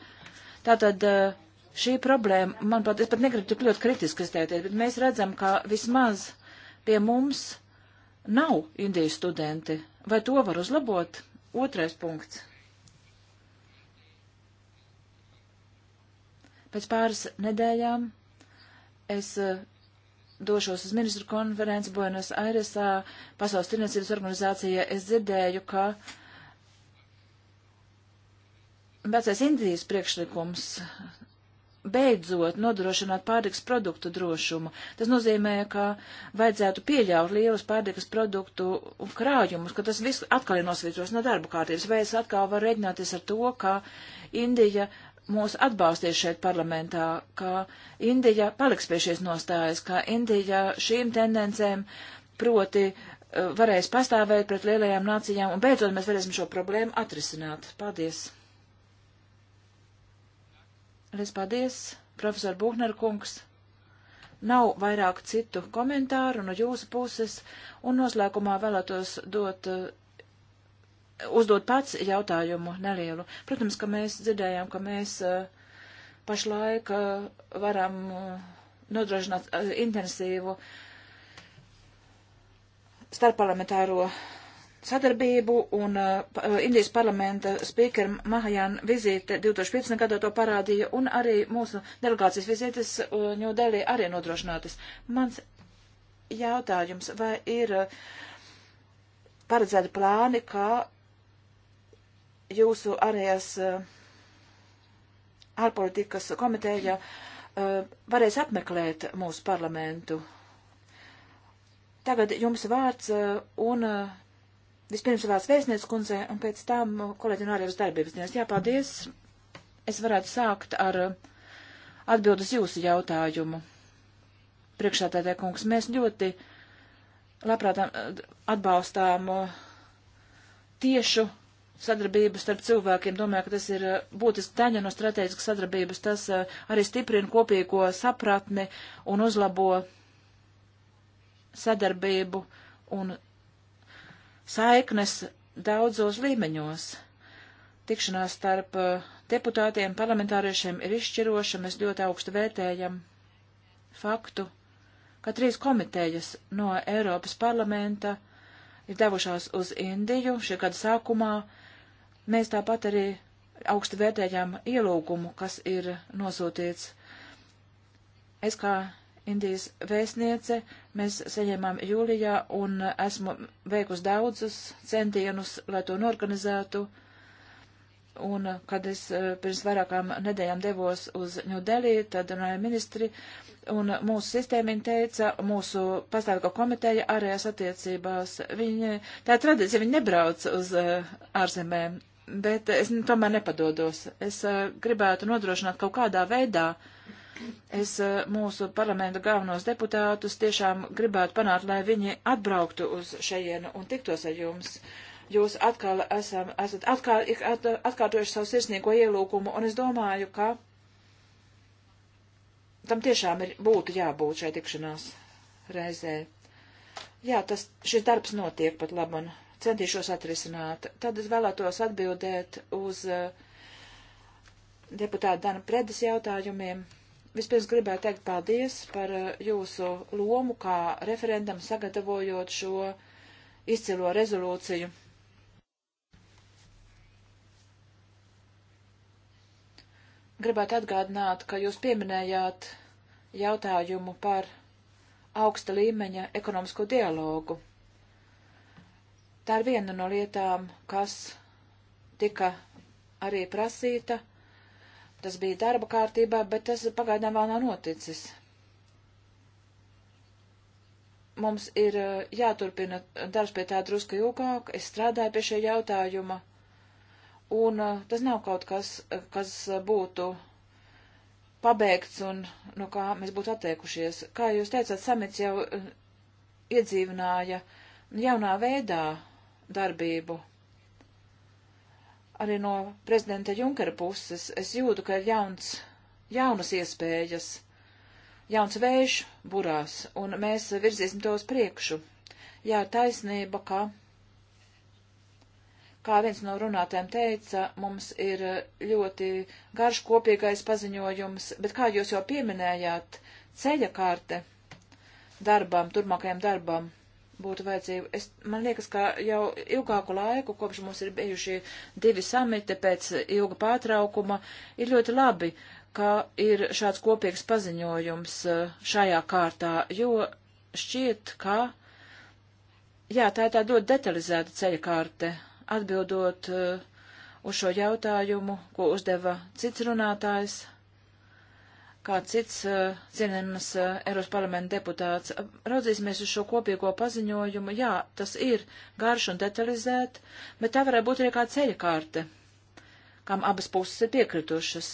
[SPEAKER 2] Tātad eh, šī problēma, man pat, es pat negribu tik ļoti kritiski izteikties, bet mēs redzam, ka vismaz pie mums nav Indijas studenti. Vai to var uzlabot? Otrais punkts. Pēc pāris nedēļām es uh, došos uz ministru konferenci Buenos Airesā, Pasaules tirniecības organizācija, es dzirdēju, ka vecais Indijas priekšlikums beidzot nodrošināt pārtiks produktu drošumu. Tas nozīmē, ka vajadzētu pieļaut lielus pārtiks produktu krājumus, ka tas viss atkal ir nosvītros no darba kārtības. Vai es atkal varu reiķināties ar to, ka Indija mūs atbalstīs šeit parlamentā, ka Indija paliks pie šīs nostājas, ka Indija šīm tendencēm proti uh, varēs pastāvēt pret lielajām nācijām, un beidzot mēs varēsim šo problēmu atrisināt. Paldies! Lies paldies, profesor Buhner kungs! Nav vairāk citu komentāru no jūsu puses, un noslēgumā vēlētos dot uh, uzdot pats jautājumu nelielu. Protams, ka mēs dzirdējām, ka mēs eh, pašlaik eh, varam eh, nodrošināt intensīvu starpparlamentāro sadarbību un uh, Indijas parlamenta spīkera Mahajāna vizīte 2015. gadā to parādīja un arī mūsu delegācijas vizītes Ņūdelī uh, arī nodrošinātas. Mans jautājums, vai ir uh, paredzēti plāni, kā jūsu ārējās eh, ārpolitikas komiteja eh, varēs apmeklēt mūsu parlamentu. Tagad jums vārds eh, un vispirms vārds vēstniec kundze un pēc tam kolēģi no ārējās darbības dienas. Jā, paldies. Es varētu sākt ar atbildus jūsu jautājumu. Priekšētētē kungs, mēs ļoti labprāt atbalstām tiešu sadarbību starp cilvēkiem. Domāju, ka tas ir eh, būtiski daļa no strateģiskas sadarbības. Tas eh, arī stiprina kopīgo sapratni un uzlabo sadarbību un saiknes daudzos līmeņos. Tikšanās starp eh, deputātiem, parlamentāriešiem ir izšķiroša, mēs ļoti augstu vērtējam faktu, ka trīs komitejas no Eiropas parlamenta ir devušās uz Indiju šī gada sākumā, Mēs tāpat arī augstu vērtējām ielūgumu, kas ir nosūtīts. Es kā Indijas vēstniece, mēs saņēmām jūlijā un esmu veikus daudzus centienus, lai to norganizētu. Un, kad es eh, pirms vairākām nedēļām devos uz Ņudelī, tad runāju ministri, un mūsu sistēmiņa teica, mūsu pastāvīgo komiteja ārējās attiecībās, viņi, tā tradicija, viņi nebrauc uz eh, ārzemēm, bet es nu, tomēr nepadodos. Es eh, gribētu nodrošināt kaut kādā veidā. Es eh, mūsu parlamenta galvenos deputātus tiešām gribētu panākt, lai viņi atbrauktu uz šejienu un tiktos ar jums. Jūs atkal esam, esat atkār, at, atkārtojuši savu sirsnīgo ielūkumu, un es domāju, ka tam tiešām ir būtu jābūt šai tikšanās reizē. Jā, tas, šis darbs notiek pat labam. Un centīšos atrisināt. Tad es vēlētos atbildēt uz eh, deputāta Dana Predes jautājumiem. Vispirms gribētu teikt paldies par eh, jūsu lomu kā referendam sagatavojot šo izcilo rezolūciju. Gribētu atgādināt, ka jūs pieminējāt jautājumu par augsta līmeņa ekonomisko dialogu. Tā ir viena no lietām, kas tika arī prasīta. Tas bija darba kārtībā, bet tas pagaidām vēl nav noticis. Mums ir eh, jāturpina darbs pie tā drusku ilgāk. Es strādāju pie šī jautājuma. Un eh, tas nav kaut kas, eh, kas būtu pabeigts un no kā mēs būtu atteikušies. Kā jūs teicāt, samits jau iedzīvināja jaunā veidā darbību. Arī no prezidenta Junkera puses es jūtu, ka ir jauns, jaunas iespējas, jauns vējš burās, un mēs virzīsim tos priekšu. Jā, taisnība, ka, kā viens no runātēm teica, mums ir ļoti garš kopīgais paziņojums, bet kā jūs jau pieminējāt, ceļa karte darbam, turmākajam darbam būtu vajadzīga. Es, man liekas, ka jau ilgāku laiku, kopš mums ir bijuši divi samiti pēc ilga pārtraukuma, ir ļoti labi, ka ir šāds kopīgs paziņojums eh, šajā kārtā, jo šķiet, ka, jā, tā ir tā ļoti detalizēta ceļa kārte, atbildot eh, uz šo jautājumu, ko uzdeva cits runātājs kāds cits eh, cienījams eh, Eiropas parlamenta deputāts. Raudzīsimies uz šo kopīgo paziņojumu. Jā, tas ir garš un detalizēt, bet tā varētu būt arī kā ceļkārte, kam abas puses ir piekritušas.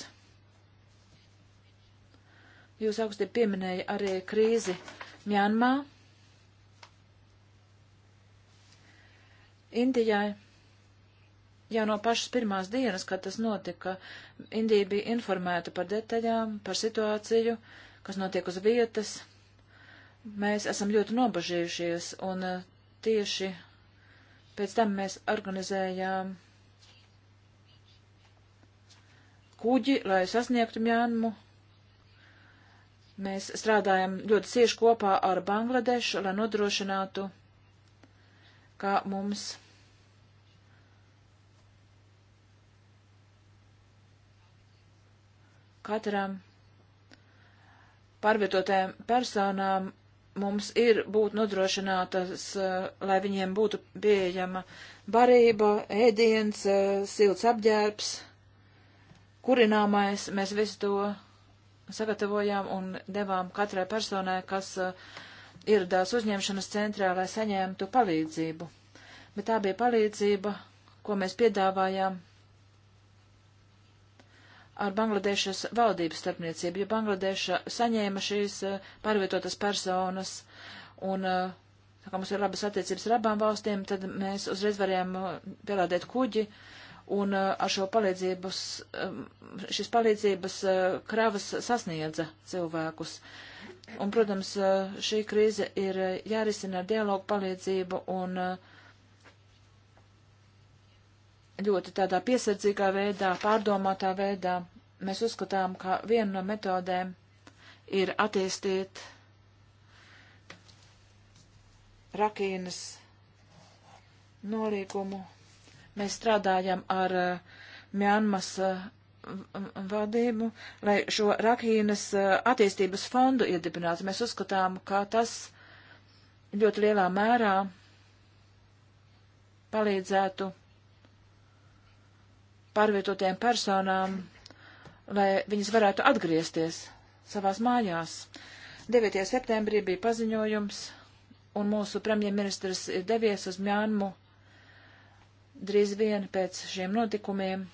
[SPEAKER 2] Jūs augstī pieminēja arī krīzi Mjanmā, Indijai jau no pašas pirmās dienas, kad tas notika, Indija bija informēta par detaļām, par situāciju, kas notiek uz vietas. Mēs esam ļoti nobažījušies, un eh, tieši pēc tam mēs organizējām kuģi, lai sasniegtu Mjānmu. Mēs strādājam ļoti cieši kopā ar Bangladešu, lai nodrošinātu, ka mums katram pārvietotēm personām mums ir būt nodrošinātas, eh, lai viņiem būtu pieejama barība, ēdiens, eh, silts apģērbs, kurināmais. Mēs visu to sagatavojām un devām katrai personai, kas eh, ieradās uzņemšanas centrā, lai saņemtu palīdzību. Bet tā bija palīdzība, ko mēs piedāvājām ar Bangladešas valdības starpniecību, jo Bangladeša saņēma šīs eh, pārvietotas personas un, eh, tā kā mums ir labas attiecības ar abām valstīm, tad mēs uzreiz varējām eh, pielādēt kuģi un ar šo palīdzības, šis palīdzības kravas sasniedza cilvēkus. Un, protams, šī krīze ir jārisina ar dialogu palīdzību un uh, ļoti tādā piesardzīgā veidā, pārdomātā veidā. Mēs uzskatām, ka viena no metodēm ir attīstīt rakīnas nolīgumu. Mēs strādājam ar uh, Mjanmas uh, vadību, lai šo rakīnas uh, attīstības fondu iedibinātu. Mēs uzskatām, ka tas ļoti lielā mērā palīdzētu pārvietotajām personām, lai viņas varētu atgriezties savās mājās. 9. septembrī bija paziņojums, un mūsu premjerministrs ir devies uz Mjānmu drīz vien pēc šiem notikumiem.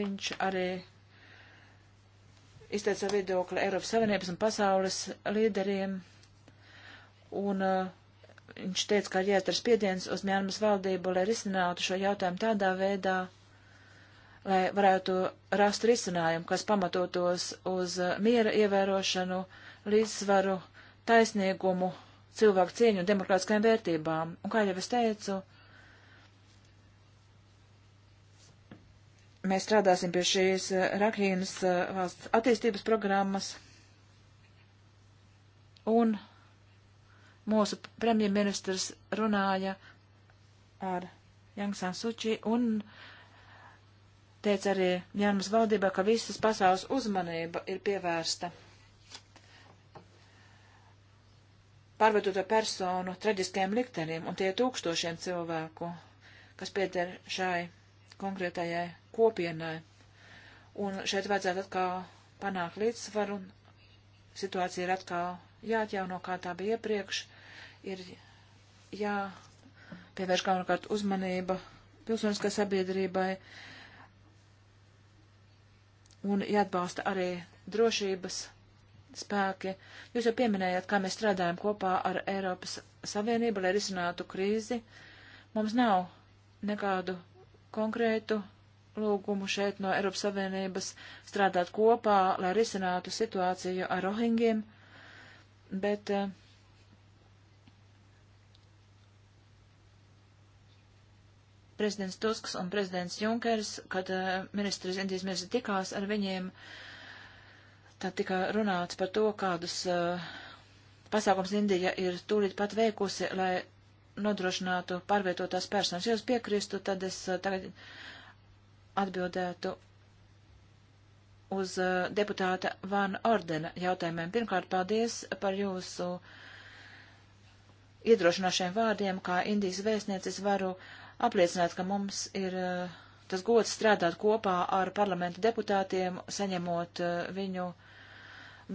[SPEAKER 2] Viņš arī izteica viedokli Eiropas Savienības un pasaules līderiem, un uh, viņš teica, ka ir jāizdara spiediens uz Mjānmas valdību, lai risinātu šo jautājumu tādā veidā, lai varētu rast risinājumu, kas pamatotos uz miera ievērošanu, līdzsvaru, taisnīgumu, cilvēku cieņu un demokrātiskajām vērtībām. Un kā jau es teicu, mēs strādāsim pie šīs eh, Rakīnas eh, valsts attīstības programmas. Un mūsu premjerministrs runāja ar Jangsānu Suči un teica arī Jānmas valdībā, ka visas pasaules uzmanība ir pievērsta pārvietoto personu traģiskajiem liktenim, un tie ir tūkstošiem cilvēku, kas pieder šai konkrētajai kopienai. Un šeit vajadzētu atkal panākt līdzsvaru, un situācija ir atkal jāatjauno, kā tā bija iepriekš, ir jāpievērš galvenokārt uzmanība pilsoniskai sabiedrībai un jāatbalsta arī drošības spēki. Jūs jau pieminējāt, kā mēs strādājam kopā ar Eiropas Savienību, lai risinātu krīzi. Mums nav nekādu konkrētu lūgumu šeit no Eiropas Savienības strādāt kopā, lai risinātu situāciju ar rohingiem, bet uh, prezidents Tusks un prezidents Junkers, kad uh, eh, ministri Indijas ministri tikās ar viņiem, tad tika runāts par to, kādus uh, pasākums Indija ir tūlīt pat veikusi, lai nodrošinātu pārvietotās personas. Ja jūs piekristu, tad es uh, tagad atbildētu uz deputāta Vāna Ordena jautājumiem. Pirmkārt, paldies par jūsu iedrošinošiem vārdiem, kā Indijas vēstniecis varu uh, apliecināt, ka mums ir eh, tas gods strādāt kopā ar parlamenta deputātiem, saņemot eh, viņu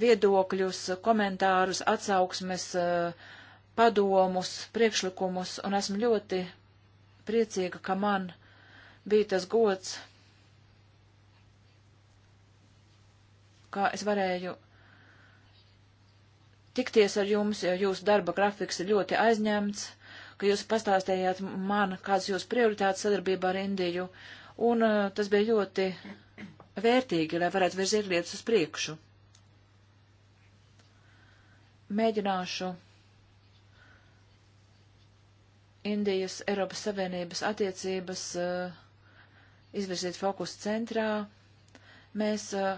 [SPEAKER 2] viedokļus, komentārus, atsauksmes, eh, padomus, priekšlikumus, un esmu ļoti priecīga, ka man bija tas gods, kā es varēju tikties ar jums, jo jūsu darba grafiks ir ļoti aizņemts, ka jūs pastāstījāt man, kādas jūs prioritātes sadarbībā ar Indiju, un uh, tas bija ļoti vērtīgi, lai varētu virzīt lietas uz priekšu. Mēģināšu Indijas Eiropas Savienības attiecības uh, izvirzīt fokus centrā. Mēs uh,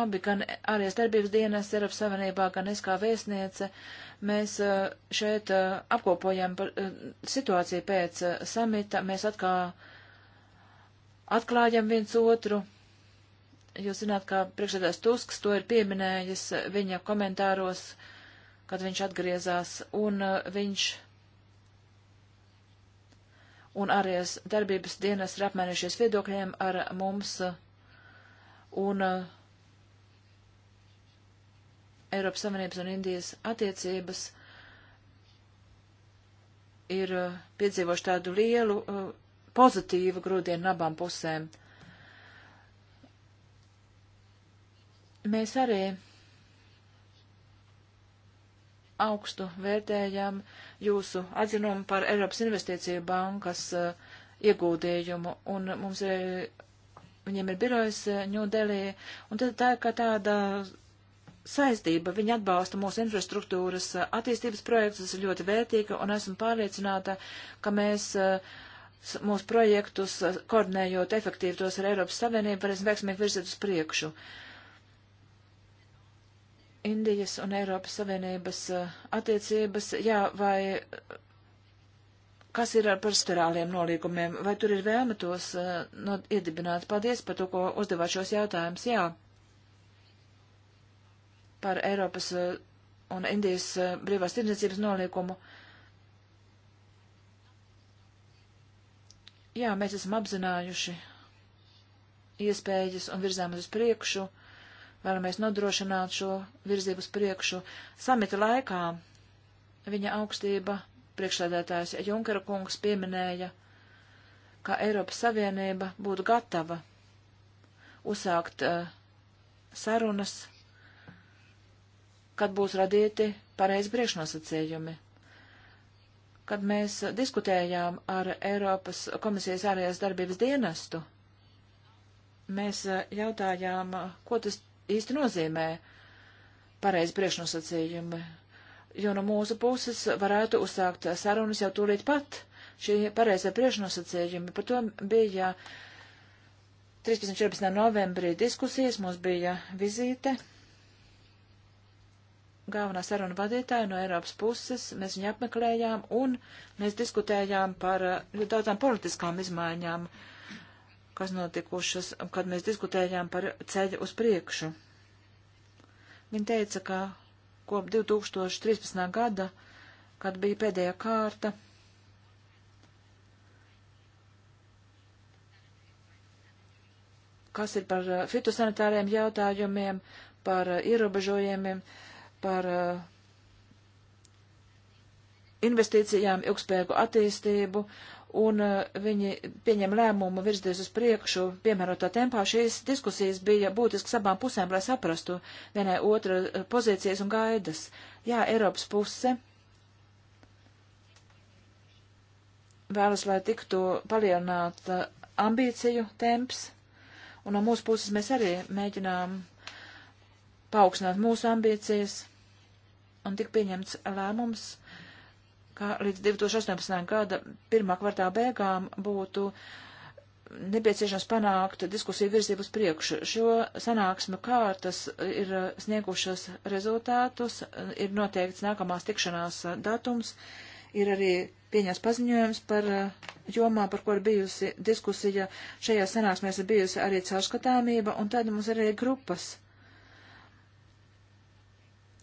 [SPEAKER 2] abi, gan ārējās darbības dienas Eiropas Savienībā, gan es kā vēstniece, mēs uh, šeit uh, apkopojam uh, situāciju pēc samita, mēs atkal atklājam viens otru. Jūs zināt, kā priekšsēdājs Tusks to ir pieminējis viņa komentāros, kad viņš atgriezās, un viņš un ārējās darbības dienas ir apmainījušies viedokļiem ar mums, un uh, Eiropas Savienības un Indijas attiecības ir uh, piedzīvojuši tādu lielu uh, pozitīvu grūdienu abām pusēm. Mēs arī augstu vērtējam jūsu atzinumu par Eiropas investīciju bankas uh, ieguldījumu, un mums ir, viņiem ir birojas Ņūdelī, uh, un tad tā ir kā tāda saistība, viņi atbalsta mūsu infrastruktūras eh, attīstības projektus, tas ir ļoti vērtīgi, un esmu pārliecināta, ka mēs eh, mūsu projektus, eh, koordinējot efektīvi tos ar Eiropas Savienību, varēsim veiksmīgi virzīt uz priekšu. Indijas un Eiropas Savienības attiecības, jā, vai kas ir ar pastorāliem nolīgumiem, vai tur ir vēlme tos uh, no, iedibināt? Paldies par to, ko uzdevāt šos jautājumus. Jā, par Eiropas eh, un Indijas eh, brīvās tirdzniecības noliekumu. Jā, mēs esam apzinājuši iespējas un virzām uz priekšu, vēlamies nodrošināt šo virzību uz priekšu. Samita laikā viņa augstība priekšsēdētājs Junkera kungs pieminēja, ka Eiropas Savienība būtu gatava uzsākt uh, sarunas kad būs radīti pareizi priekšnosacījumi. Kad mēs diskutējām ar Eiropas komisijas ārējās darbības dienestu, mēs jautājām, ko tas īsti nozīmē pareizi priekšnosacījumi, jo no mūsu puses varētu uzsākt sarunas jau tūlīt pat. Šie pareizie priekšnosacījumi par to bija 13.14. novembrī diskusijas, mums bija vizīte galvenā saruna vadītāja no Eiropas puses, mēs viņu apmeklējām un mēs diskutējām par eh, ļoti daudzām politiskām izmaiņām, kas notikušas, kad mēs diskutējām par ceļu uz priekšu. Viņa teica, ka kop 2013. gada, kad bija pēdējā kārta, kas ir par eh, fitosanitāriem jautājumiem, par eh, ierobežojumiem, uh, par eh, investīcijām, ilgspējīgu attīstību, un eh, viņi pieņem lēmumu virzīties uz priekšu, piemērotā tempā. Šīs diskusijas bija būtisks abām pusēm, lai saprastu vienai otra eh, pozīcijas un gaidas. Jā, Eiropas puse vēlas, lai tiktu palielināta ambīciju temps, un no mūsu puses mēs arī mēģinām paaugstināt mūsu ambīcijas un tik pieņemts lēmums, ka līdz 2018. gada pirmā kvartāla beigām būtu nepieciešams panākt diskusiju virzību uz priekšu. Šo sanāksmu kārtas ir sniegušas rezultātus, ir noteikts nākamās tikšanās datums, ir arī pieņēmis paziņojums par jomām, par ko ir bijusi diskusija. Šajā sanāksmēs ir bijusi arī caurskatāmība, un tad mums ir arī grupas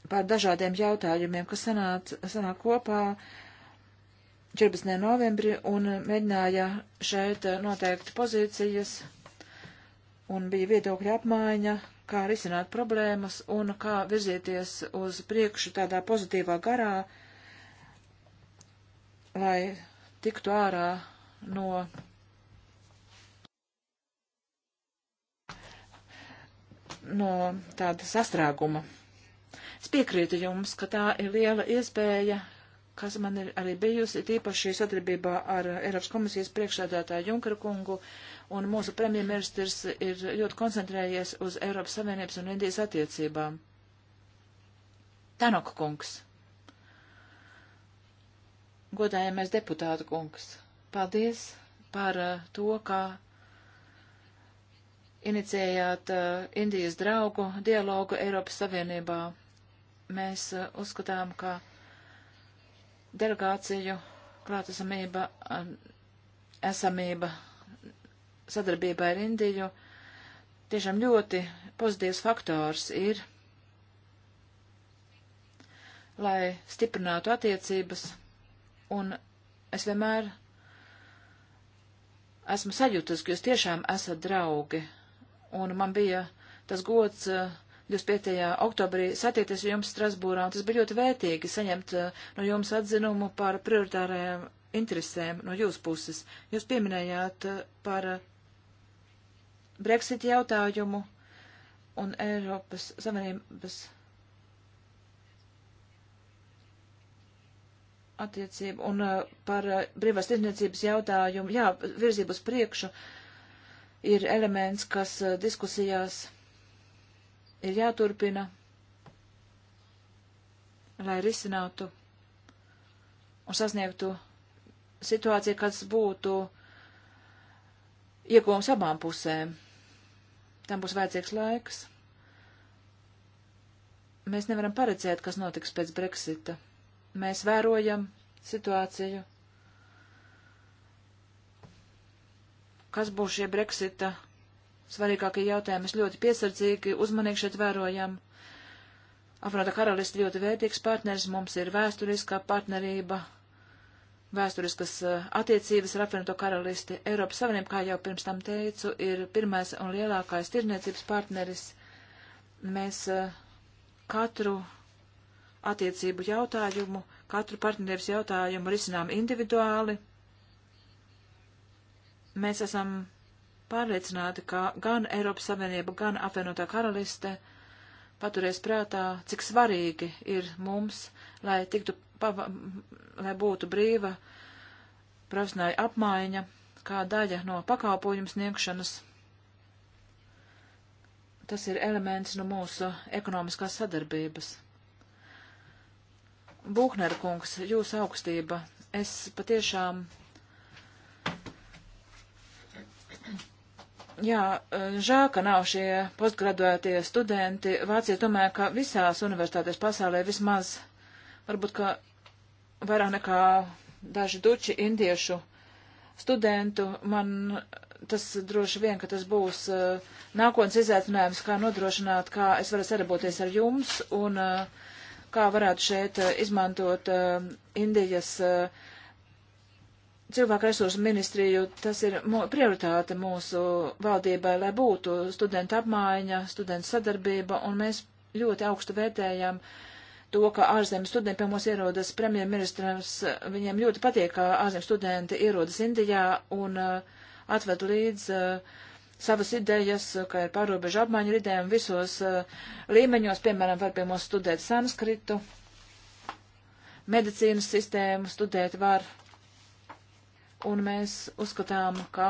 [SPEAKER 2] par dažādiem jautājumiem, kas sanāca, sanāk kopā 14. novembri un mēģināja šeit noteikt pozīcijas un bija viedokļa apmaiņa, kā risināt problēmas un kā virzieties uz priekšu tādā pozitīvā garā, lai tiktu ārā no no tāda sastrēguma. Es piekrītu jums, ka tā ir liela iespēja, kas man ir arī bijusi, tīpaši sadarbībā ar Eiropas komisijas priekšsēdētāju Junkeru kungu, un mūsu premjerministrs ir ļoti koncentrējies uz Eiropas Savienības un Indijas attiecībām. Tanok kungs. Godājamais deputāta kungs, paldies par uh, to, kā inicējāt uh, Indijas draugu dialogu Eiropas Savienībā mēs uh, uzskatām, ka delegāciju klātesamība, um, esamība sadarbībā ar Indiju tiešām ļoti pozitīvs faktors ir, lai stiprinātu attiecības, un es vienmēr esmu sajūtas, ka jūs tiešām esat draugi, un man bija tas gods uh, 25. oktobrī satieties jums Strasbūrā, un tas bija ļoti vērtīgi saņemt eh, no jums atzinumu par prioritārajām interesēm no jūsu puses. Jūs pieminējāt eh, par eh, Brexit jautājumu un Eiropas Savienības attiecību un par brīvās tirdzniecības jautājumu. Jā, virzību uz priekšu ir elements, kas diskusijās ir jāturpina, lai risinātu un sasniegtu situāciju, kas būtu iegūms abām pusēm. Tam būs vajadzīgs laiks. Mēs nevaram paredzēt, kas notiks pēc Brexita. Mēs vērojam situāciju. Kas būs šie Brexita svarīgākie jautājumi. Mēs ļoti piesardzīgi, uzmanīgi šeit vērojam. Apvienotā karaliste ļoti vērtīgs partneris, mums ir vēsturiskā partnerība, vēsturiskas eh, attiecības ar apvienoto karalisti. Eiropas Savienība, kā jau pirms tam teicu, ir pirmais un lielākais tirniecības partneris. Mēs eh, katru attiecību jautājumu, katru partnerības jautājumu risinām individuāli. Mēs esam pārliecināti, ka gan Eiropas Savienība, gan apvienotā karaliste paturēs prātā, cik svarīgi ir mums, lai, tiktu, pava, lai būtu brīva profesionāla apmaiņa kā daļa no pakalpojumu sniegšanas. Tas ir elements no mūsu ekonomiskās sadarbības. Buhner kungs, jūs augstība, es patiešām Jā, žēl, ka nav šie postgraduētie studenti. Vācija domāja, ka visās universitātēs pasaulē vismaz varbūt, ka vairāk nekā daži duči indiešu studentu man tas droši vien, ka tas būs uh, nākotnes izaicinājums, kā nodrošināt, kā es varu sadarboties ar jums un uh, kā varētu šeit uh, izmantot Indijas uh, cilvēku resursu ministriju, tas ir mū, prioritāte mūsu valdībai, lai būtu studenta apmaiņa, studenta sadarbība, un mēs ļoti augstu vērtējam to, ka ārzemju studenti pie mums ierodas premjerministrs, viņiem ļoti patīk, ka ārzemju studenti ierodas Indijā un uh, atved līdz uh, savas idejas, ka ir pārobežu apmaiņu idejām visos uh, līmeņos, piemēram, var pie mums studēt sanskritu, medicīnas sistēmu studēt var un mēs uzskatām, ka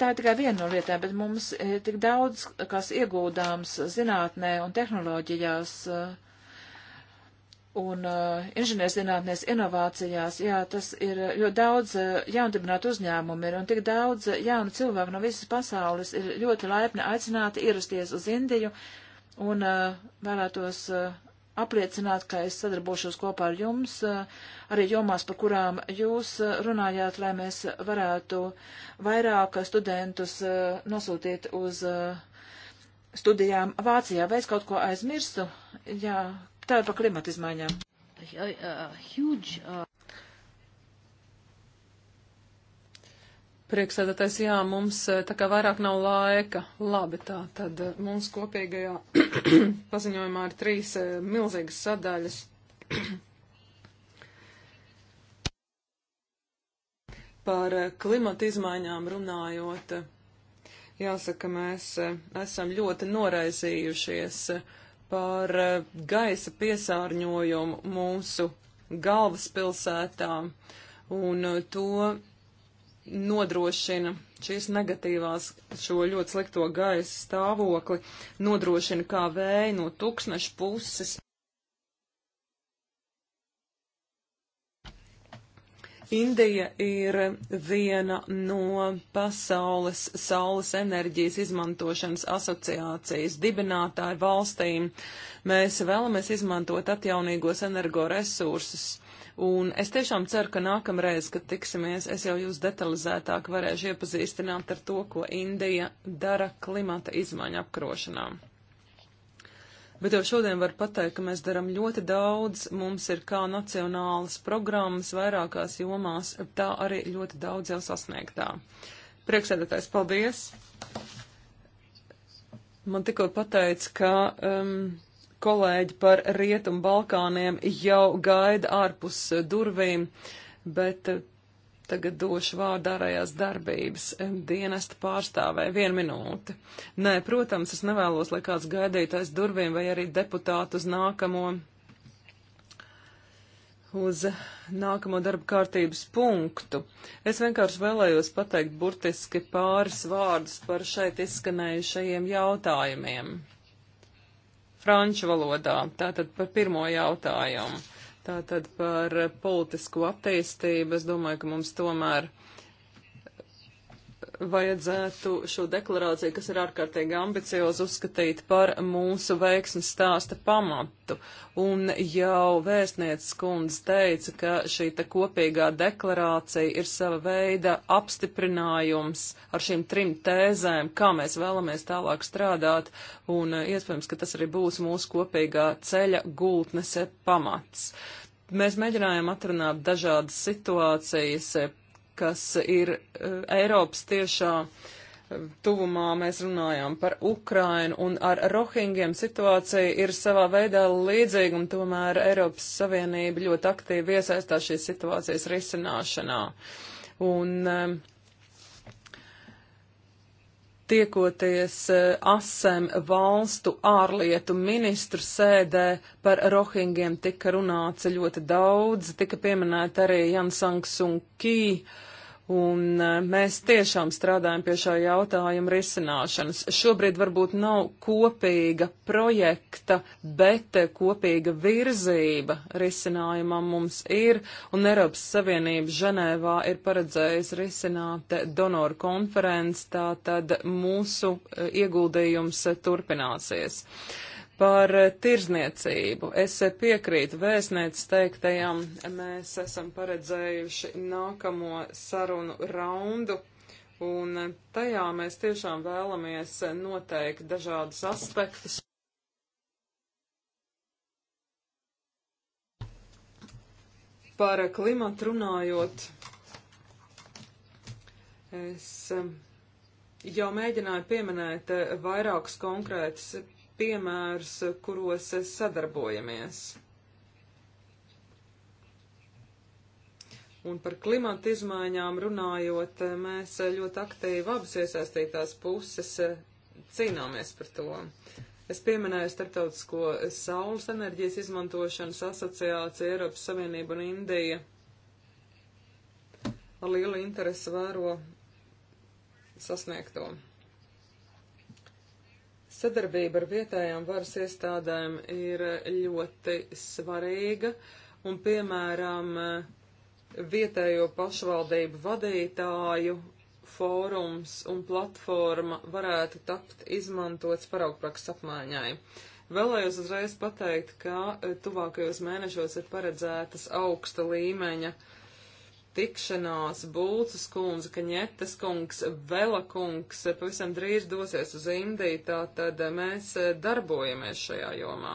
[SPEAKER 2] tā ir tikai viena no lietām, bet mums ir tik daudz, kas iegūdāms zinātnē un tehnoloģijās eh, un eh, inženierzinātnēs inovācijās. Jā, tas ir ļoti daudz eh, jaundibinātu uzņēmumu ir un tik daudz jaunu cilvēku no visas pasaules ir ļoti laipni aicināti ierasties uz Indiju un vēlētos apliecināt, ka es sadarbošos kopā ar jums, eh, arī jomās, par kurām jūs eh, runājāt, lai mēs varētu vairāk studentus eh, nosūtīt uz studijām Vācijā. Vai es kaut ko aizmirstu? Jā, tā ir par klimatizmaiņām.
[SPEAKER 1] A, a, a
[SPEAKER 2] huge, uh...
[SPEAKER 3] Prieksēdētais, jā, mums eh, tā kā vairāk nav laika. Labi, tā tad eh, mums kopīgajā paziņojumā ir trīs eh, milzīgas sadaļas. Par klimata izmaiņām runājot, jāsaka, mēs esam ļoti noraizējušies par gaisa piesārņojumu mūsu galvaspilsētām un to nodrošina šīs negatīvās, šo ļoti slikto gaisa stāvokli, nodrošina kā vēja no tūkstneša puses. Indija ir viena no pasaules saules enerģijas izmantošanas asociācijas dibinātāju valstīm. Mēs vēlamies izmantot atjaunīgos energoresursus Un es tiešām ceru, ka nākamreiz, kad tiksimies, es jau jūs detalizētāk varēšu iepazīstināt ar to, ko Indija dara klimata izmaiņu apkrošanā. Bet jau šodien var pateikt, ka mēs darām ļoti daudz. Mums ir kā nacionālas programmas vairākās jomās, tā arī ļoti daudz jau sasniegtā. Prieksēdētājs, paldies! Man tikko pateica, ka um, kolēģi par Rietumu Balkāniem jau gaida ārpus durvīm, bet eh, tagad došu vārdu ārējās darbības eh, dienesta pārstāvē. Vienu minūti. Nē, protams, es nevēlos, lai kāds gaidītu aiz durvīm vai arī deputātu uz nākamo. Uz nākamo darba kārtības punktu. Es vienkārši vēlējos pateikt burtiski pāris vārdus par šeit izskanējušajiem jautājumiem franču valodā. Tātad par pirmo jautājumu. Tātad par politisko attīstību. Es domāju, ka mums tomēr vajadzētu šo deklarāciju, kas ir ārkārtīgi ambicioza, uzskatīt par mūsu veiksmes stāsta pamatu. Un jau vēstniecis kundze teica, ka šī te kopīgā deklarācija ir sava veida apstiprinājums ar šīm trim tēzēm, kā mēs vēlamies tālāk strādāt, un iespējams, ka tas arī būs mūsu kopīgā ceļa gultnes pamats. Mēs mēģinājām atrunāt dažādas situācijas, kas ir e, Eiropas tiešā e, tuvumā mēs runājām par Ukrainu, un ar Rohingiem situācija ir savā veidā līdzīga, un tomēr Eiropas Savienība ļoti aktīvi iesaistās šīs situācijas risināšanā. Un, um, tiekoties eh, asem valstu ārlietu ministru sēdē par rohingiem tika runāts ļoti daudz, tika pieminēta arī Jansang Sunkī. Uh, Un e, mēs tiešām strādājam pie šā jautājuma risināšanas. Šobrīd varbūt nav kopīga projekta, bet e, kopīga virzība risinājumam mums ir, un Eiropas Savienība Ženēvā ir paredzējis risināt donoru konferenci, tā tad mūsu e, ieguldījums turpināsies. Uh, Par eh, tirzniecību. Es eh, piekrītu vēstniec teiktajam, mēs esam paredzējuši nākamo sarunu raundu, un eh, tajā mēs tiešām vēlamies noteikt dažādus aspektus. Par klimatu runājot, es jau mēģināju pieminēt vairākus konkrētus piemērus, kuros sadarbojamies. Un par klimata izmaiņām runājot, mēs ļoti aktīvi abas iesaistītās puses cīnāmies par to. Es pieminēju Startautisko saules enerģijas izmantošanas asociāciju Eiropas Savienība un Indija. Ar lielu interesi vēro sasniegto. Sadarbība ar vietējām varas iestādēm ir ļoti svarīga, un, piemēram, vietējo pašvaldību vadītāju fórums un platforma varētu tapt izmantots paraugprakses apmaiņai. Vēlējos uzreiz pateikt, ka tuvākajos mēnešos ir paredzētas augsta līmeņa uh, tikšanās Bulcas kundze, Kaņetas kungs, Vela kungs pavisam drīz dosies uz Indiju, tā tad mēs eh, darbojamies šajā jomā.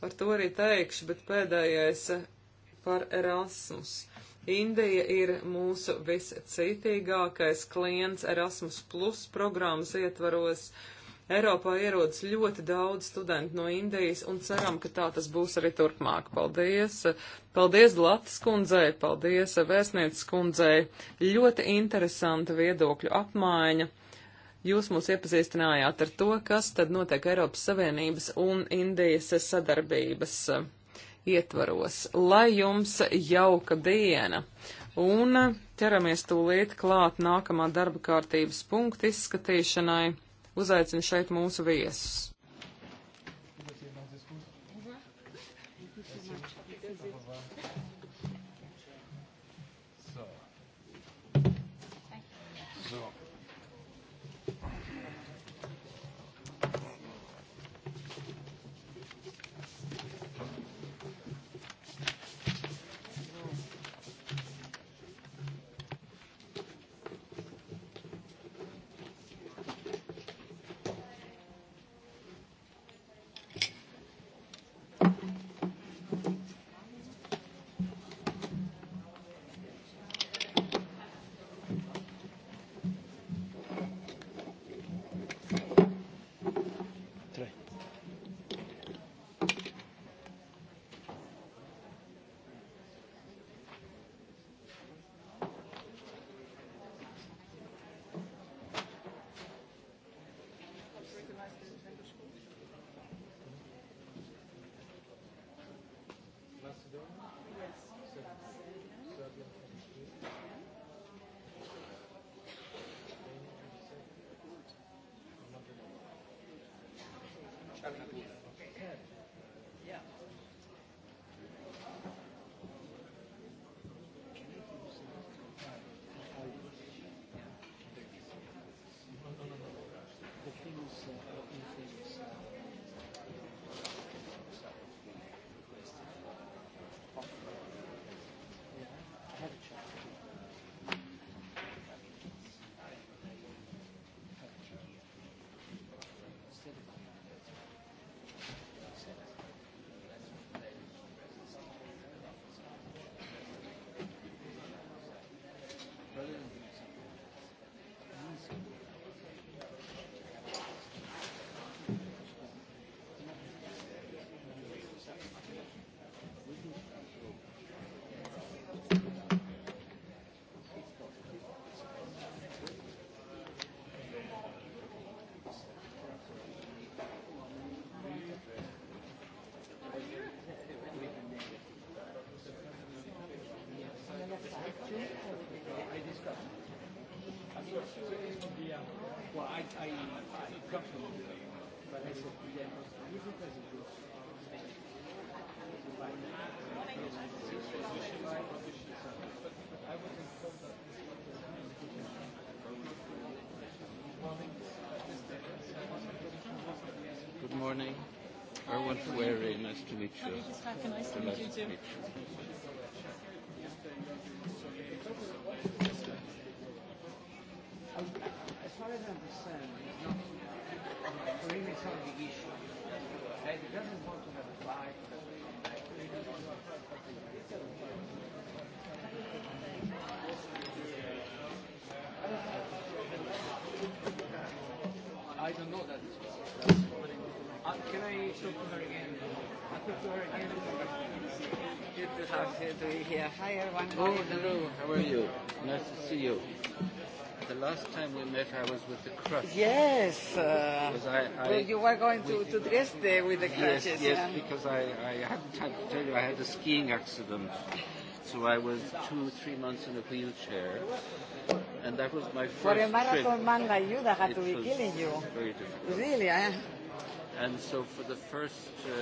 [SPEAKER 3] Par to arī teikšu, bet pēdējais eh, par Erasmus. Indija ir mūsu viscītīgākais klients Erasmus Plus programmas ietvaros. Uh, Eiropā ierodas ļoti daudz studentu no Indijas un ceram, ka tā tas būs arī turpmāk. Paldies! Paldies Latvijas kundzei, paldies Vēstnieces kundzei. Ļoti interesanta viedokļu apmaiņa. Jūs mūs iepazīstinājāt ar to, kas tad notiek Eiropas Savienības un Indijas sadarbības eh, ietvaros. Lai jums jauka diena! Un ķeramies tūlīt klāt nākamā darba kārtības punkta izskatīšanai uzaicinu šeit mūsu viesus.
[SPEAKER 1] Good morning. Hi, I want to wear in. Nice to meet you. Happy nice to meet you too.
[SPEAKER 3] As far as I understand,
[SPEAKER 1] doesn't want to have a fight. He doesn't want to fight. I don't know that. Uh, can I talk to her again? I talk to her again. Good to have you here. Hi, everyone. How oh, hello. How are you? Nice to see you the last time we met, I was with the crutches. Yes. Uh, because I, I, well, you were going to, with, to Dresde with the crutches. Yes, yes and... because I, I haven't had to tell you, I had a skiing accident. So I was two, three months in a wheelchair. And that was my first For a marathon trip. man like you, that had it to be killing you. Very difficult. Really, eh? and so for the first uh,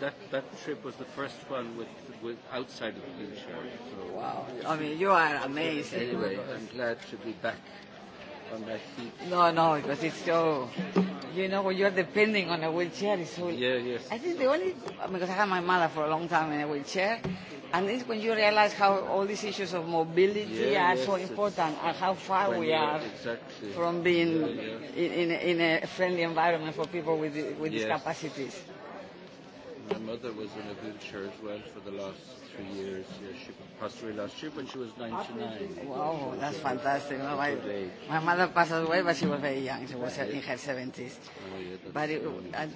[SPEAKER 1] that that trip was the first one with with outside of Blue Chair. So wow! I mean, you are amazing. Anyway, I'm glad to be back on the heat. No, no, because it's so. Oh, you know, when you're depending on a wheelchair, it's so. Yeah, yes. I think the
[SPEAKER 4] only because I had my mother for a long time in a wheelchair, and it's when you realize how all these issues of mobility yeah, are yes, so important and how far we are
[SPEAKER 1] exactly. from being yeah, yeah.
[SPEAKER 3] In, in, in a friendly environment for people with with yes. discapacities.
[SPEAKER 1] My mother was in a wheelchair as well for the last three years. Yeah, she passed away last year when she was 99. Wow, that's so fantastic. No, my, my mother passed away, but she was very young. She was yeah. in her 70s. Oh, yeah, but it, I,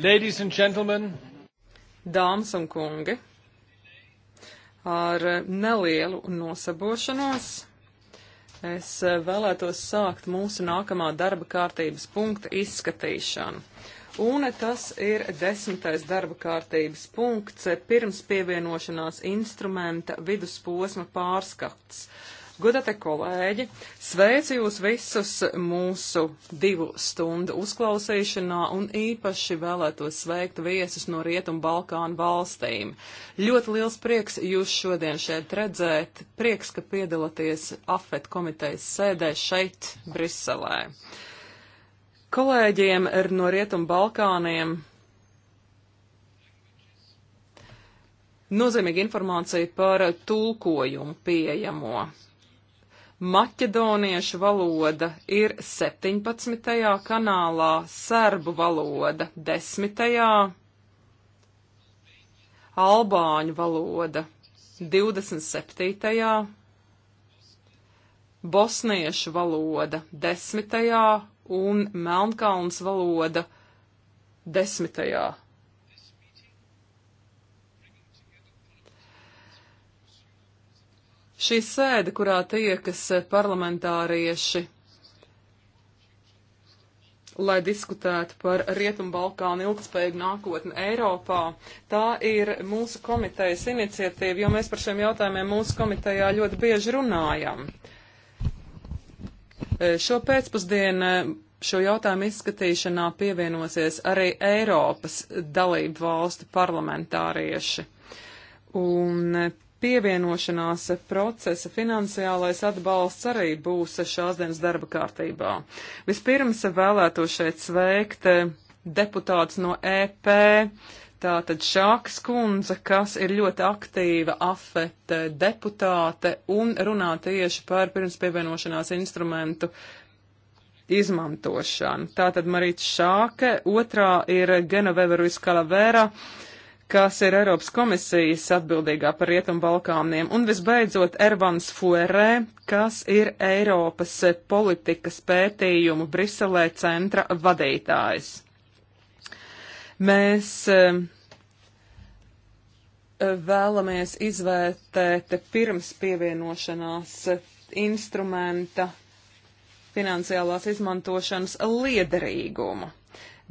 [SPEAKER 3] Ladies and gentlemen. Dāmas un kungi, ar nelielu nosabošanos es vēlētos sākt mūsu nākamā darba kārtības punkta izskatīšanu. Un tas ir desmitais darba kārtības punkts pirms pievienošanās instrumenta vidusposma pārskats. Uh, Godate kolēģi, sveicu jūs visus mūsu divu stundu uzklausīšanā un īpaši vēlētos sveikt viesus no Rietumu Balkānu valstīm. Ļoti liels prieks jūs šodien šeit redzēt, prieks, ka piedalāties AFET komitejas sēdē šeit, Briselē. Kolēģiem no Rietumu Balkāniem nozīmīga informācija par tulkojumu pieejamo. Maķedoniešu valoda ir 17. kanālā, serbu valoda 10. albāņu valoda 27. bosniešu valoda 10. un Melnkalns valoda 10. Šī sēde, kurā tiekas parlamentārieši, lai diskutētu par Rietumbalkānu ilgspējīgu nākotni Eiropā, tā ir mūsu komitejas iniciatīva, jo mēs par šiem jautājumiem mūsu komitejā ļoti bieži runājam. Šo pēcpusdienu šo jautājumu izskatīšanā pievienosies arī Eiropas dalību valstu parlamentārieši. Un pievienošanās procesa finansiālais atbalsts arī būs šās dienas darba kārtībā. Vispirms vēlētos šeit sveikt deputāts no EP, tātad Šāks kundze, kas ir ļoti aktīva afet deputāte un runā tieši par pirms pievienošanās instrumentu izmantošanu. Tātad Marīts Šāke, otrā ir Genoveva Ruiskalavera. Vera kas ir Eiropas komisijas atbildīgā par Rietumu Balkāniem, un visbeidzot Ervans Fuerē, kas ir Eiropas politikas pētījumu Briselē centra vadītājs. Mēs eh, vēlamies izvērtēt pirms pievienošanās instrumenta finansiālās izmantošanas liederīgumu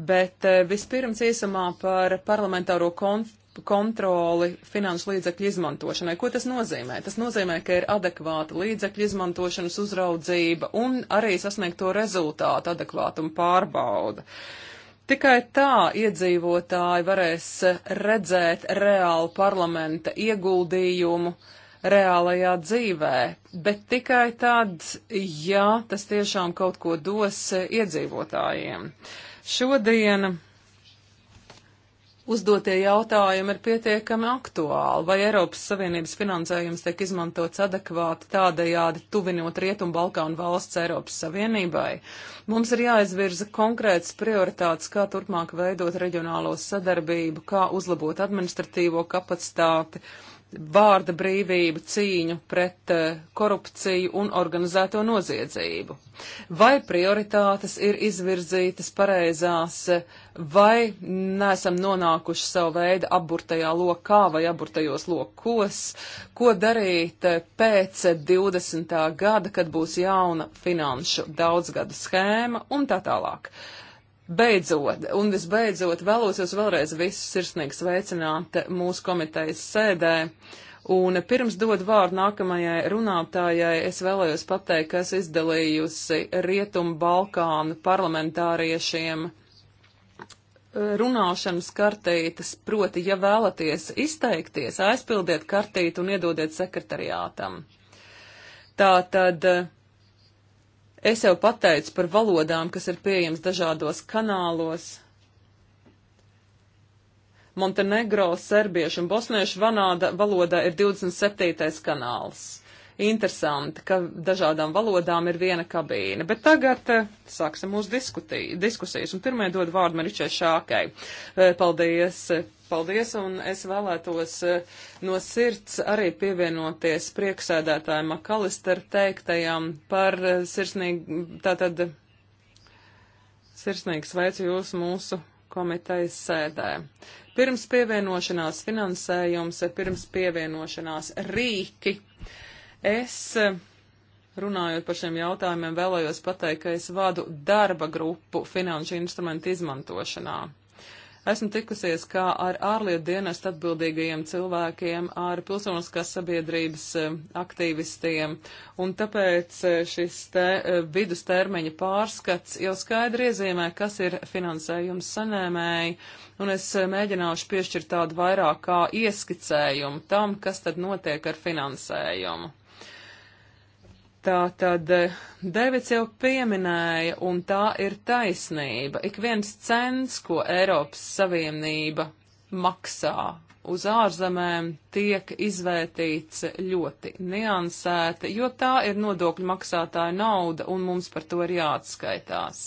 [SPEAKER 3] bet eh, vispirms īsumā par parlamentāro konferenci kontroli finanšu līdzekļu izmantošanai. Ko tas nozīmē? Tas nozīmē, ka ir adekvāta līdzekļu izmantošanas uzraudzība un arī sasniegto rezultātu adekvātuma pārbauda. Tikai tā iedzīvotāji varēs redzēt reālu parlamenta ieguldījumu reālajā dzīvē, bet tikai tad, ja tas tiešām kaut ko dos iedzīvotājiem. Uh, Šodien uzdotie jautājumi ir pietiekami aktuāli, vai Eiropas Savienības finansējums tiek izmantots adekvāti tādējādi tuvinot Rietumu Balkānu valsts Eiropas Savienībai. Mums ir jāizvirza konkrētas prioritātes, kā turpmāk veidot reģionālo sadarbību, kā uzlabot administratīvo kapacitāti vārda brīvību, cīņu pret eh, korupciju un organizēto noziedzību. Vai prioritātes ir izvirzītas pareizās, eh, vai neesam nonākuši savu veidu aburtajā lokā vai aburtajos lokos, ko darīt eh, pēc 20. gada, kad būs jauna finanšu daudzgada schēma un tā tālāk. Uh, Beidzot, un visbeidzot, vēlos jūs vēlreiz visus sirsnīgi sveicināt mūsu komitejas sēdē. Un pirms dod vārdu nākamajai runātājai, es vēlējos pateikt, ka es izdalījusi Rietumu Balkānu parlamentāriešiem runāšanas kartītes, proti, ja vēlaties izteikties, aizpildiet kartīti un iedodiet sekretariātam. Tā tad Es jau pateicu par valodām, kas ir pieejams dažādos kanālos. Montenegro, serbiešu un bosniešu vanāda valodā ir 27. kanāls interesanti, ka dažādām valodām ir viena kabīne. Bet tagad eh, sāksim mūsu diskutī, diskusijas, un pirmie dod vārdu Maričai Šākai. Eh, paldies! Eh, paldies, un es vēlētos no sirds arī pievienoties prieksēdētājiem Makalister teiktajam par sirsnīgi, tātad sirsnīgi sveicu jūs mūsu komitejas sēdē. Pirms pievienošanās finansējums, pirms pievienošanās rīki Es, e, runājot par šiem jautājumiem, vēlējos pateikt, ka es vadu darba grupu finanšu instrumentu izmantošanā. Esmu tikusies kā ar ārlietu dienestu atbildīgajiem cilvēkiem, ar pilsoniskās sabiedrības e, aktīvistiem, un tāpēc e, šis te vidustermiņa pārskats jau skaidri iezīmē, kas ir finansējums sanēmēji, un es mēģināšu piešķirt tādu vairāk kā ieskicējumu tam, kas tad notiek ar finansējumu. Tā tad eh, Devits jau pieminēja, un tā ir taisnība. Ik viens cents, ko Eiropas Savienība maksā uz ārzemēm tiek izvērtīts ļoti niansēti, jo tā ir nodokļu maksātāja nauda un mums par to ir jāatskaitās.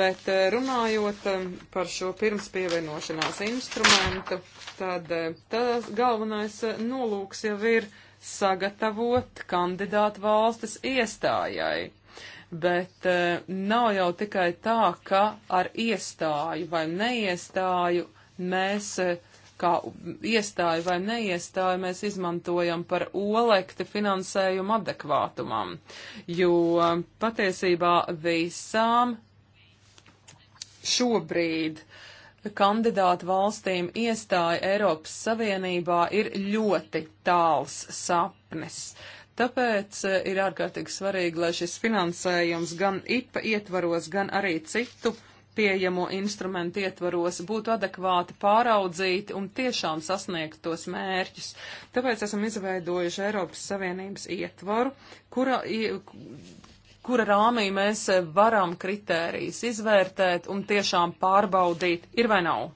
[SPEAKER 3] Bet eh, runājot eh, par šo pirms pievienošanās instrumentu, tad tas galvenais nolūks jau ir sagatavot kandidātu valstis iestājai. Bet e, nav jau tikai tā, ka ar iestāju vai neiestāju mēs, e, kā iestāju vai neiestāju, mēs izmantojam par olekti finansējumu adekvātumam, jo patiesībā visām šobrīd uh, kandidātu valstīm iestāja Eiropas Savienībā ir ļoti tāls sapnis. Tāpēc eh, ir ārkārtīgi svarīgi, lai šis finansējums gan IPA ietvaros, gan arī citu pieejamo instrumentu ietvaros būtu adekvāti pāraudzīti un tiešām sasniegt tos mērķus. Tāpēc esam izveidojuši Eiropas Savienības ietvaru, kura, kura rāmī mēs varam kritērijas izvērtēt un tiešām pārbaudīt, ir vai nav.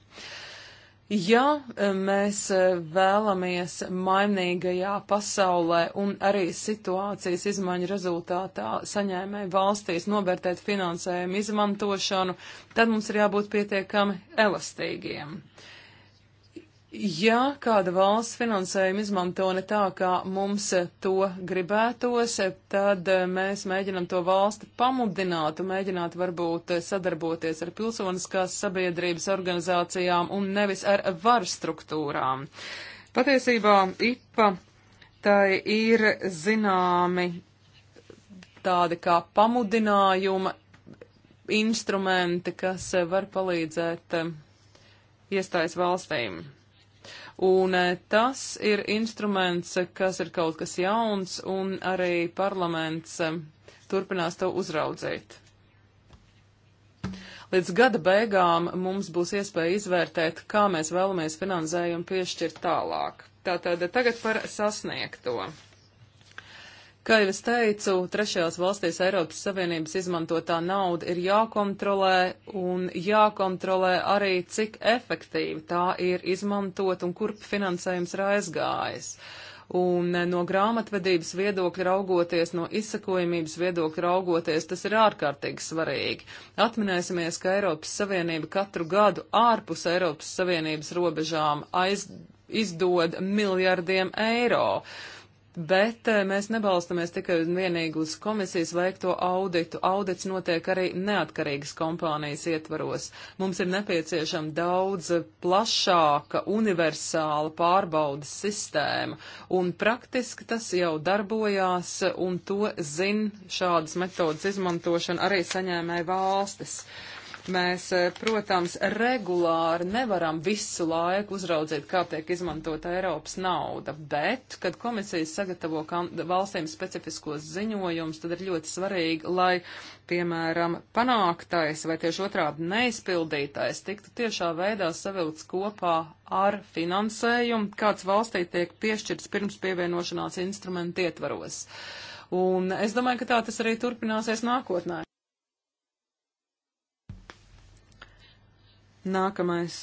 [SPEAKER 3] Ja e, mēs e, vēlamies mainīgajā pasaulē un arī situācijas izmaiņu rezultātā saņēmēju valstīs novērtēt finansējumu izmantošanu, tad mums ir jābūt pietiekami elastīgiem. Uh, Ja kāda valsts finansējuma izmanto ne tā, kā mums to gribētos, tad eh, mēs mēģinam to valsti pamudināt un mēģināt varbūt eh, sadarboties ar pilsoniskās sabiedrības organizācijām un nevis ar varu struktūrām. Patiesībā IPA tai ir zināmi tādi kā pamudinājuma instrumenti, kas var palīdzēt eh, iestājas valstīm. Un eh, tas ir instruments, eh, kas ir kaut kas jauns, un arī parlaments eh, turpinās to uzraudzīt. Līdz gada beigām mums būs iespēja izvērtēt, kā mēs vēlamies finansējumu piešķirt tālāk. Tātad tagad par sasniegto. Kā jau es teicu, trešajās valstīs Eiropas Savienības izmantotā nauda ir jākontrolē un jākontrolē arī, cik efektīvi tā ir izmantot un kur finansējums ir aizgājis. Un eh, no grāmatvedības viedokļa raugoties, no izsakojamības viedokļa raugoties, tas ir ārkārtīgi svarīgi. Atminēsimies, ka Eiropas Savienība katru gadu ārpus Eiropas Savienības robežām aiz, izdod miljardiem eiro. Uh, Bet eh, mēs nebalstamies tikai un vienīgi uz komisijas veikto auditu. Audits notiek arī neatkarīgas kompānijas ietvaros. Mums ir nepieciešama daudz plašāka, universāla pārbaudas sistēma, un praktiski tas jau darbojās, un to zin šādas metodas izmantošana arī saņēmēja valstis. Mēs, eh, protams, regulāri nevaram visu laiku uzraudzīt, kā tiek izmantota Eiropas nauda, bet, kad komisijas sagatavo valstīm specifiskos ziņojumus, tad ir ļoti svarīgi, lai, piemēram, panāktais vai tieši otrādi neizpildītais tiktu tiešā veidā savilts kopā ar finansējumu, kāds valstī tiek piešķirts pirms pievienošanās instrumentu ietvaros. Un es domāju, ka tā tas arī turpināsies nākotnē. Nākamais.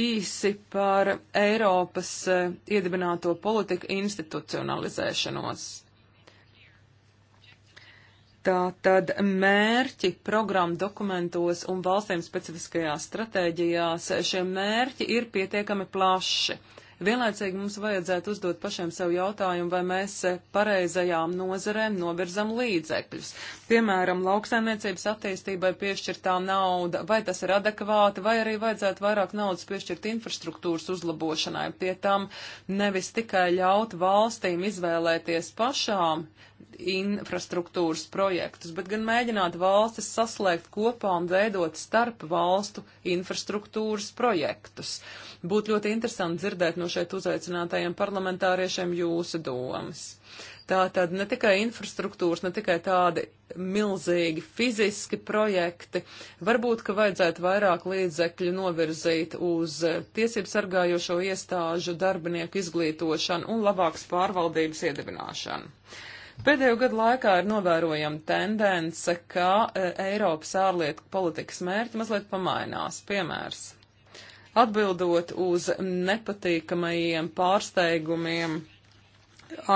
[SPEAKER 3] Īsi par Eiropas e, iedibināto politiku institucionalizēšanos. Tā tad mērķi programmu dokumentos un valstīm specifiskajās stratēģijās šie mērķi ir pietiekami plaši. Vienlaicīgi mums vajadzētu uzdot pašiem sev jautājumu, vai mēs eh, pareizajām nozarēm novirzam līdzekļus. Piemēram, lauksaimniecības attīstībai piešķirtā nauda, vai tas ir adekvāti, vai arī vajadzētu vairāk naudas piešķirt infrastruktūras uzlabošanai. Pie tam nevis tikai ļaut valstīm izvēlēties pašām, infrastruktūras projektus, bet gan mēģināt valstis saslēgt kopā un veidot starp valstu infrastruktūras projektus. Būtu ļoti interesanti dzirdēt no šeit uzaicinātajiem parlamentāriešiem jūsu domas. Tā tad ne tikai infrastruktūras, ne tikai tādi milzīgi fiziski projekti, varbūt, ka vajadzētu vairāk līdzekļu novirzīt uz tiesību sargājošo iestāžu darbinieku izglītošanu un labākas pārvaldības iedibināšanu. Pēdējo gadu laikā ir novērojama tendence, ka e, Eiropas ārlietu politikas mērķi mazliet pamainās. Piemērs. Atbildot uz nepatīkamajiem pārsteigumiem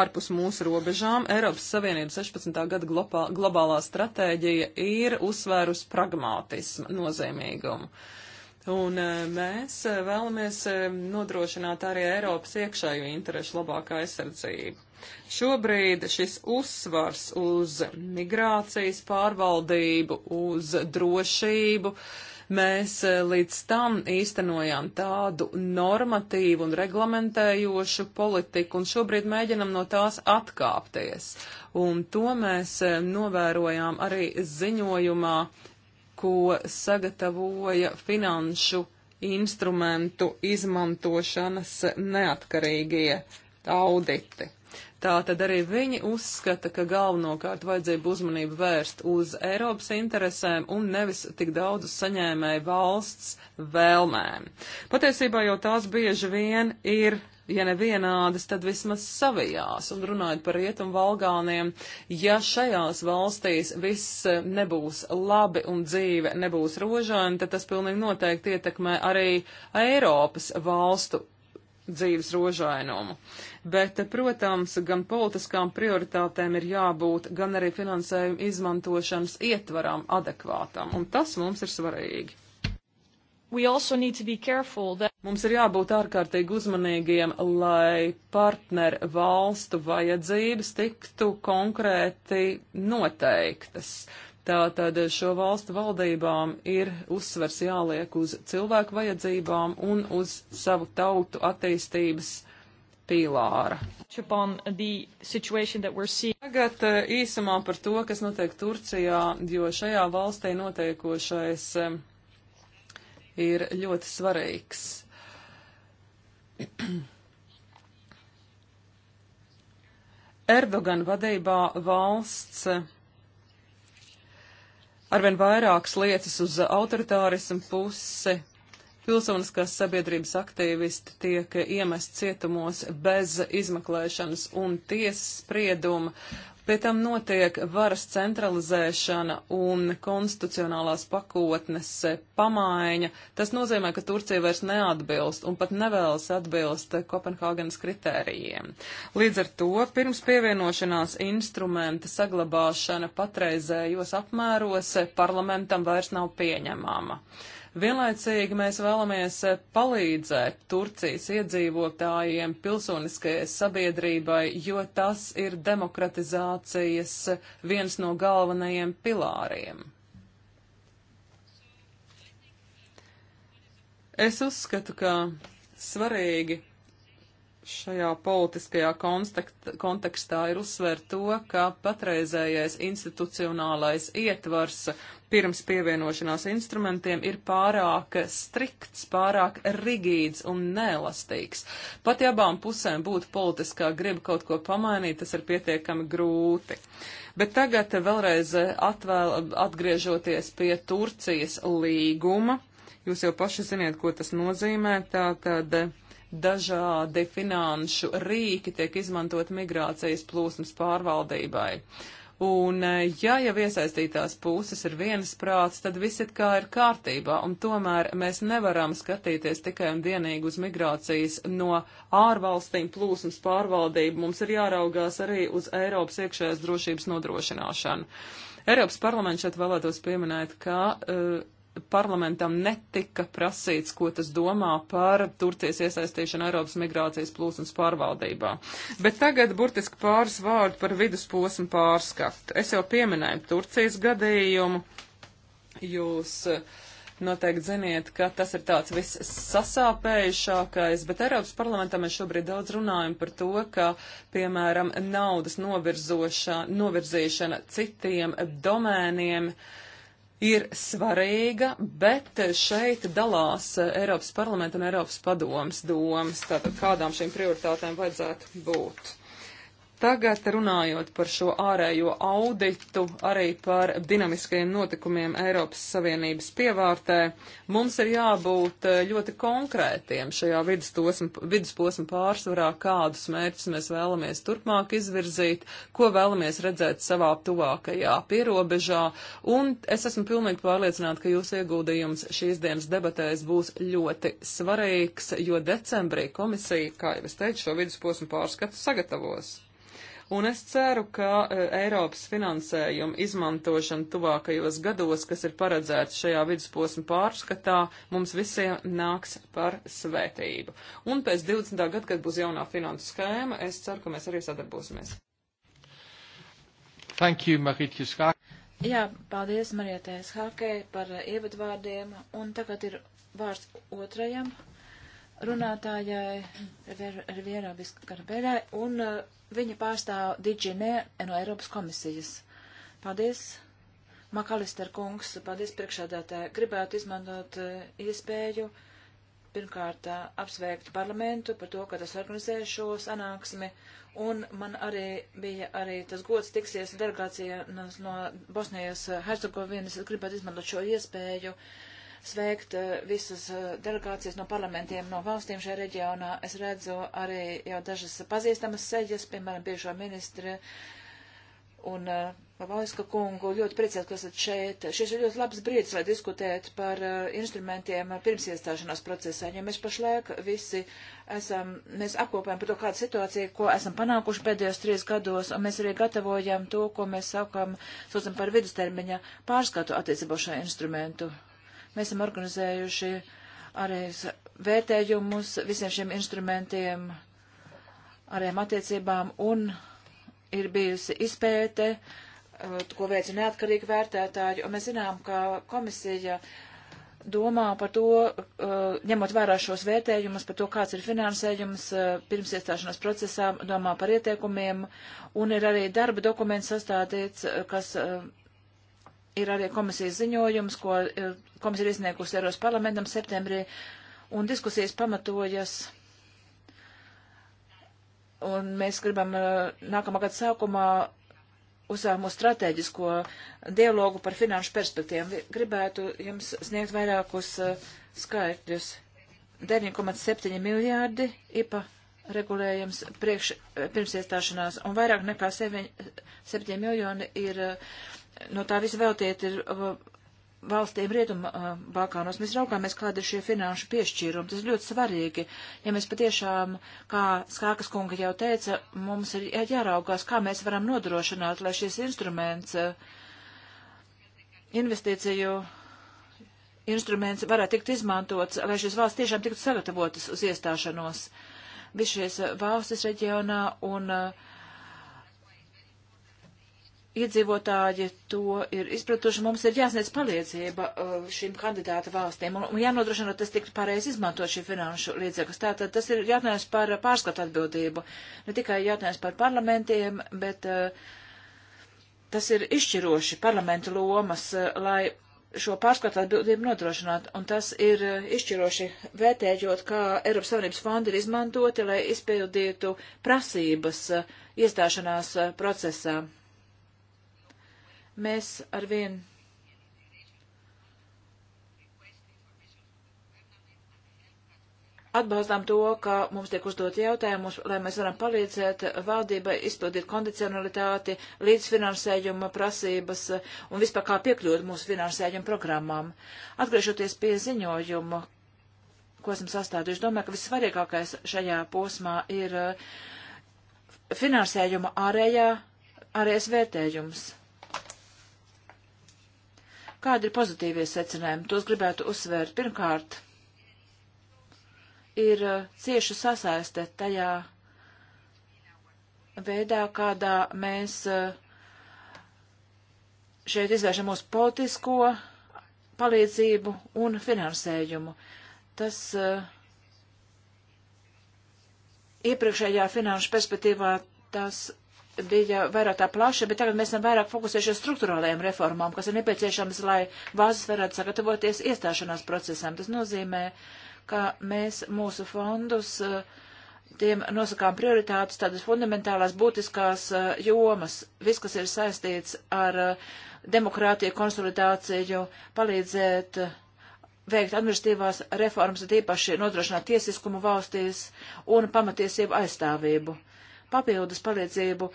[SPEAKER 3] ārpus mūsu robežām, Eiropas Savienības 16. gada glopā, globālā stratēģija ir uzsvērus pragmātismu nozīmīgumu. Un e, mēs e, vēlamies e, nodrošināt arī Eiropas iekšējo interešu labāku aizsardzību. Šobrīd šis uzsvars uz migrācijas pārvaldību, uz drošību, mēs e, līdz tam īstenojām tādu normatīvu un reglamentējošu politiku, un šobrīd mēģinam no tās atkāpties. Un to mēs e, novērojām arī ziņojumā, ko sagatavoja finanšu instrumentu izmantošanas neatkarīgie auditi. Tātad arī viņi uzskata, ka galvenokārt vajadzību uzmanību vērst uz Eiropas interesēm un nevis tik daudz uz saņēmēju valsts vēlmēm. Patiesībā jau tās bieži vien ir. Ja nevienādas, tad vismaz savijās, un runājot par rietumu valgāniem, ja šajās valstīs viss nebūs labi un dzīve nebūs rožaina, tad tas pilnīgi noteikti ietekmē arī Eiropas valstu dzīves rožainumu. Bet, protams, gan politiskām prioritātēm ir jābūt, gan arī finansējuma izmantošanas ietvaram adekvātam, un tas mums ir svarīgi. That... Mums ir jābūt ārkārtīgi uzmanīgiem, lai partneru valstu vajadzības tiktu konkrēti noteiktas. Uh, Tātad šo valstu valdībām ir uzsvers jāliek uz cilvēku vajadzībām un uz savu tautu attīstības pīlāra. Tagad eh, īsumā par to, kas notiek Turcijā, jo šajā valstī notiekošais eh, ir ļoti svarīgs. Erdogan vadībā valsts eh, arvien vairākas lietas uz autoritārismu pusi. Pilsoniskās sabiedrības aktīvisti tiek iemest cietumos bez izmeklēšanas un tiesas sprieduma, Pie tam notiek varas centralizēšana un konstitucionālās pakotnes pamaiņa. Tas nozīmē, ka Turcija vairs neatbilst un pat nevēlas atbilst Kopenhāgenes kritērijiem. Līdz ar to pirms pievienošanās instrumenta saglabāšana patreizējos apmēros parlamentam vairs nav pieņemama. Uh, Vienlaicīgi mēs vēlamies eh, palīdzēt Turcijas iedzīvotājiem, pilsoniskajai sabiedrībai, jo tas ir demokratizācijas eh, viens no galvenajiem pilāriem. Es uzskatu, ka svarīgi šajā politiskajā kontekstā ir uzsvērt to, ka patreizējais institucionālais ietvars pirms pievienošanās instrumentiem ir pārāk strikts, pārāk rigīds un neelastīgs. Pat ja abām pusēm būtu politiskā griba kaut ko pamainīt, tas ir pietiekami grūti. Bet tagad vēlreiz atvēl, atgriežoties pie Turcijas līguma, jūs jau paši ziniet, ko tas nozīmē, tātad dažādi finanšu rīki tiek izmantot migrācijas plūsmas pārvaldībai. Un, eh, ja jau iesaistītās puses ir vienas prāts, tad viss it kā ir kārtībā, un tomēr mēs nevaram skatīties tikai un vienīgi uz migrācijas no ārvalstīm plūsmas pārvaldību. Mums ir jāraugās arī uz Eiropas iekšējās drošības nodrošināšanu. Eiropas parlaments šeit vēlētos pieminēt, ka uh, parlamentam netika prasīts, ko tas domā par Turcijas iesaistīšanu Eiropas migrācijas plūsmas pārvaldībā. Bet tagad burtiski pāris vārdu par vidusposmu pārskatu. Es jau pieminēju Turcijas gadījumu. Jūs eh, noteikti ziniet, ka tas ir tāds viss sasāpējušākais, bet Eiropas parlamentā mēs šobrīd daudz runājam par to, ka, piemēram, naudas novirzīšana citiem domēniem uh, ir svarīga, bet šeit dalās Eiropas parlamenta un Eiropas padomas domas, tātad kādām šīm prioritātēm vajadzētu būt. Tagad runājot par šo ārējo auditu, arī par dinamiskajiem notikumiem Eiropas Savienības pievārtē, mums ir jābūt eh, ļoti konkrētiem šajā vidusposma pārsvarā, kādus mērķus mēs vēlamies turpmāk izvirzīt, ko vēlamies redzēt savā tuvākajā pierobežā, un es esmu pilnīgi pārliecināta, ka jūsu ieguldījums šīs dienas debatēs būs ļoti svarīgs, jo decembrī komisija, kā jau es teicu, šo vidusposmu pārskatu sagatavos un es ceru, ka e, Eiropas finansējuma izmantošana tuvākajos gados, kas ir paredzēts šajā vidusposma pārskatā, mums visiem nāks par svētību. Un pēc 20. gada, kad būs jaunā finansu schēma, es ceru, ka mēs arī sadarbosimies.
[SPEAKER 1] Thank you, Marita Skāk. Jā, paldies
[SPEAKER 2] Marietē Skākei par ievadvārdiem, un tagad ir vārds otrajam runātājai Riviera Viskarberē, un uh, Viņa pārstāv Digine no Eiropas komisijas. Paldies! Makalister kungs, paldies priekšādātāji. Gribētu izmantot eh, iespēju pirmkārt eh, apsveikt parlamentu par to, ka tas organizē šo sanāksmi, un man arī bija arī tas gods tiksies delegācija no Bosnijas eh, Hercegovinas. Es gribētu izmantot šo iespēju sveikt eh, visas eh, delegācijas no parlamentiem, no valstīm šajā reģionā. Es redzu arī jau dažas pazīstamas seģas, piemēram, bijušo ministri un eh, Valaiska kungu. Ļoti priecājos, ka esat šeit. Šis ir ļoti labs brīdis, lai diskutētu par instrumentiem pirms iestāšanās procesā, jo ja mēs pašlaik visi esam, mēs apkopējam par to, kāda situācija, ko esam panākuši pēdējos trīs gados, un mēs arī gatavojam to, ko mēs sākam, saucam par vidustermiņa pārskatu attiecībā šo instrumentu Mēs esam organizējuši arī vērtējumus visiem šiem instrumentiem, arī attiecībām, un ir bijusi izpēte, uh, ko veica neatkarīgi vērtētāji, un mēs zinām, ka komisija domā par to, uh, ņemot vērā šos vērtējumus, par to, kāds ir finansējums uh, pirms iestāšanās procesā, domā par ieteikumiem, un ir arī darba dokuments sastādīts, kas ir arī komisijas ziņojums, ko e, komisija ir izniegusi Eiros parlamentam septembrī, un diskusijas pamatojas. Un mēs gribam e, nākamā gada sākumā uzsākumu strateģisko dialogu par finanšu perspektīviem. Gribētu jums sniegt vairākus e, skaitļus. 9,7 miljārdi IPA regulējums priekš, pirms iestāšanās un vairāk nekā 7, 7 miljoni ir uh, no tā visa vēltiet ir uh, valstīm Rietuma uh, Balkānos. Mēs raugāmies, kāda ir šie finanšu piešķīrumi. Tas ļoti svarīgi. Ja mēs patiešām, kā Skākas kunga jau teica, mums ir jāraugās, kā mēs varam nodrošināt, lai šis instruments, uh, investīciju instruments varētu tikt izmantots, lai šīs valsts tiešām tiktu sagatavotas uz iestāšanos. Viss šīs valstis reģionā un uh, iedzīvotāji to ir izpratuši, mums ir jāsniedz palīdzība uh, šīm kandidāta valstīm un jānodrošina, ka tas tiktu pareizi izmantot šī finanšu līdzekļus. Tātad tas ir jautājums par pārskatu atbildību, ne tikai jautājums par parlamentiem, bet uh, tas ir izšķiroši parlamentu lomas, uh, lai šo pārskatu atbildību nodrošināt, un tas ir izšķiroši vērtējot, kā Eiropas Savienības fondi ir izmantoti, lai izpildītu prasības iestāšanās procesā mēs arvien atbalstām to, ka mums tiek uzdot jautājumus, lai mēs varam palīdzēt valdībai izpildīt kondicionalitāti, līdzfinansējuma prasības un vispār kā piekļūt mūsu finansējuma programmām. Atgriežoties pie ziņojuma, ko esam sastādījuši, domāju, ka vissvarīgākais šajā posmā ir eh, finansējuma ārējā, ārējais vērtējums. Kādi ir pozitīvie secinājumi? Tos gribētu uzsvērt. Pirmkārt, ir uh, cieša sasaiste tajā veidā, kādā mēs uh, šeit izvēršam mūsu politisko palīdzību un finansējumu. Tas uh, iepriekšējā finanšu perspektīvā tas bija vairāk tā plaša, bet tagad mēs esam vairāk fokusējušies struktūrālajām reformām, kas ir nepieciešamas, lai vāzes varētu sagatavoties iestāšanās procesam. Tas nozīmē, ka mēs mūsu fondus eh, tiem nosakām prioritātes tādas fundamentālās būtiskās eh, jomas, viss, kas ir saistīts ar eh, demokrātiju, konsolidāciju, palīdzēt veikt administratīvās reformas, tīpaši nodrošināt tiesiskumu valstīs un pamatiesību aizstāvību papildus palīdzību,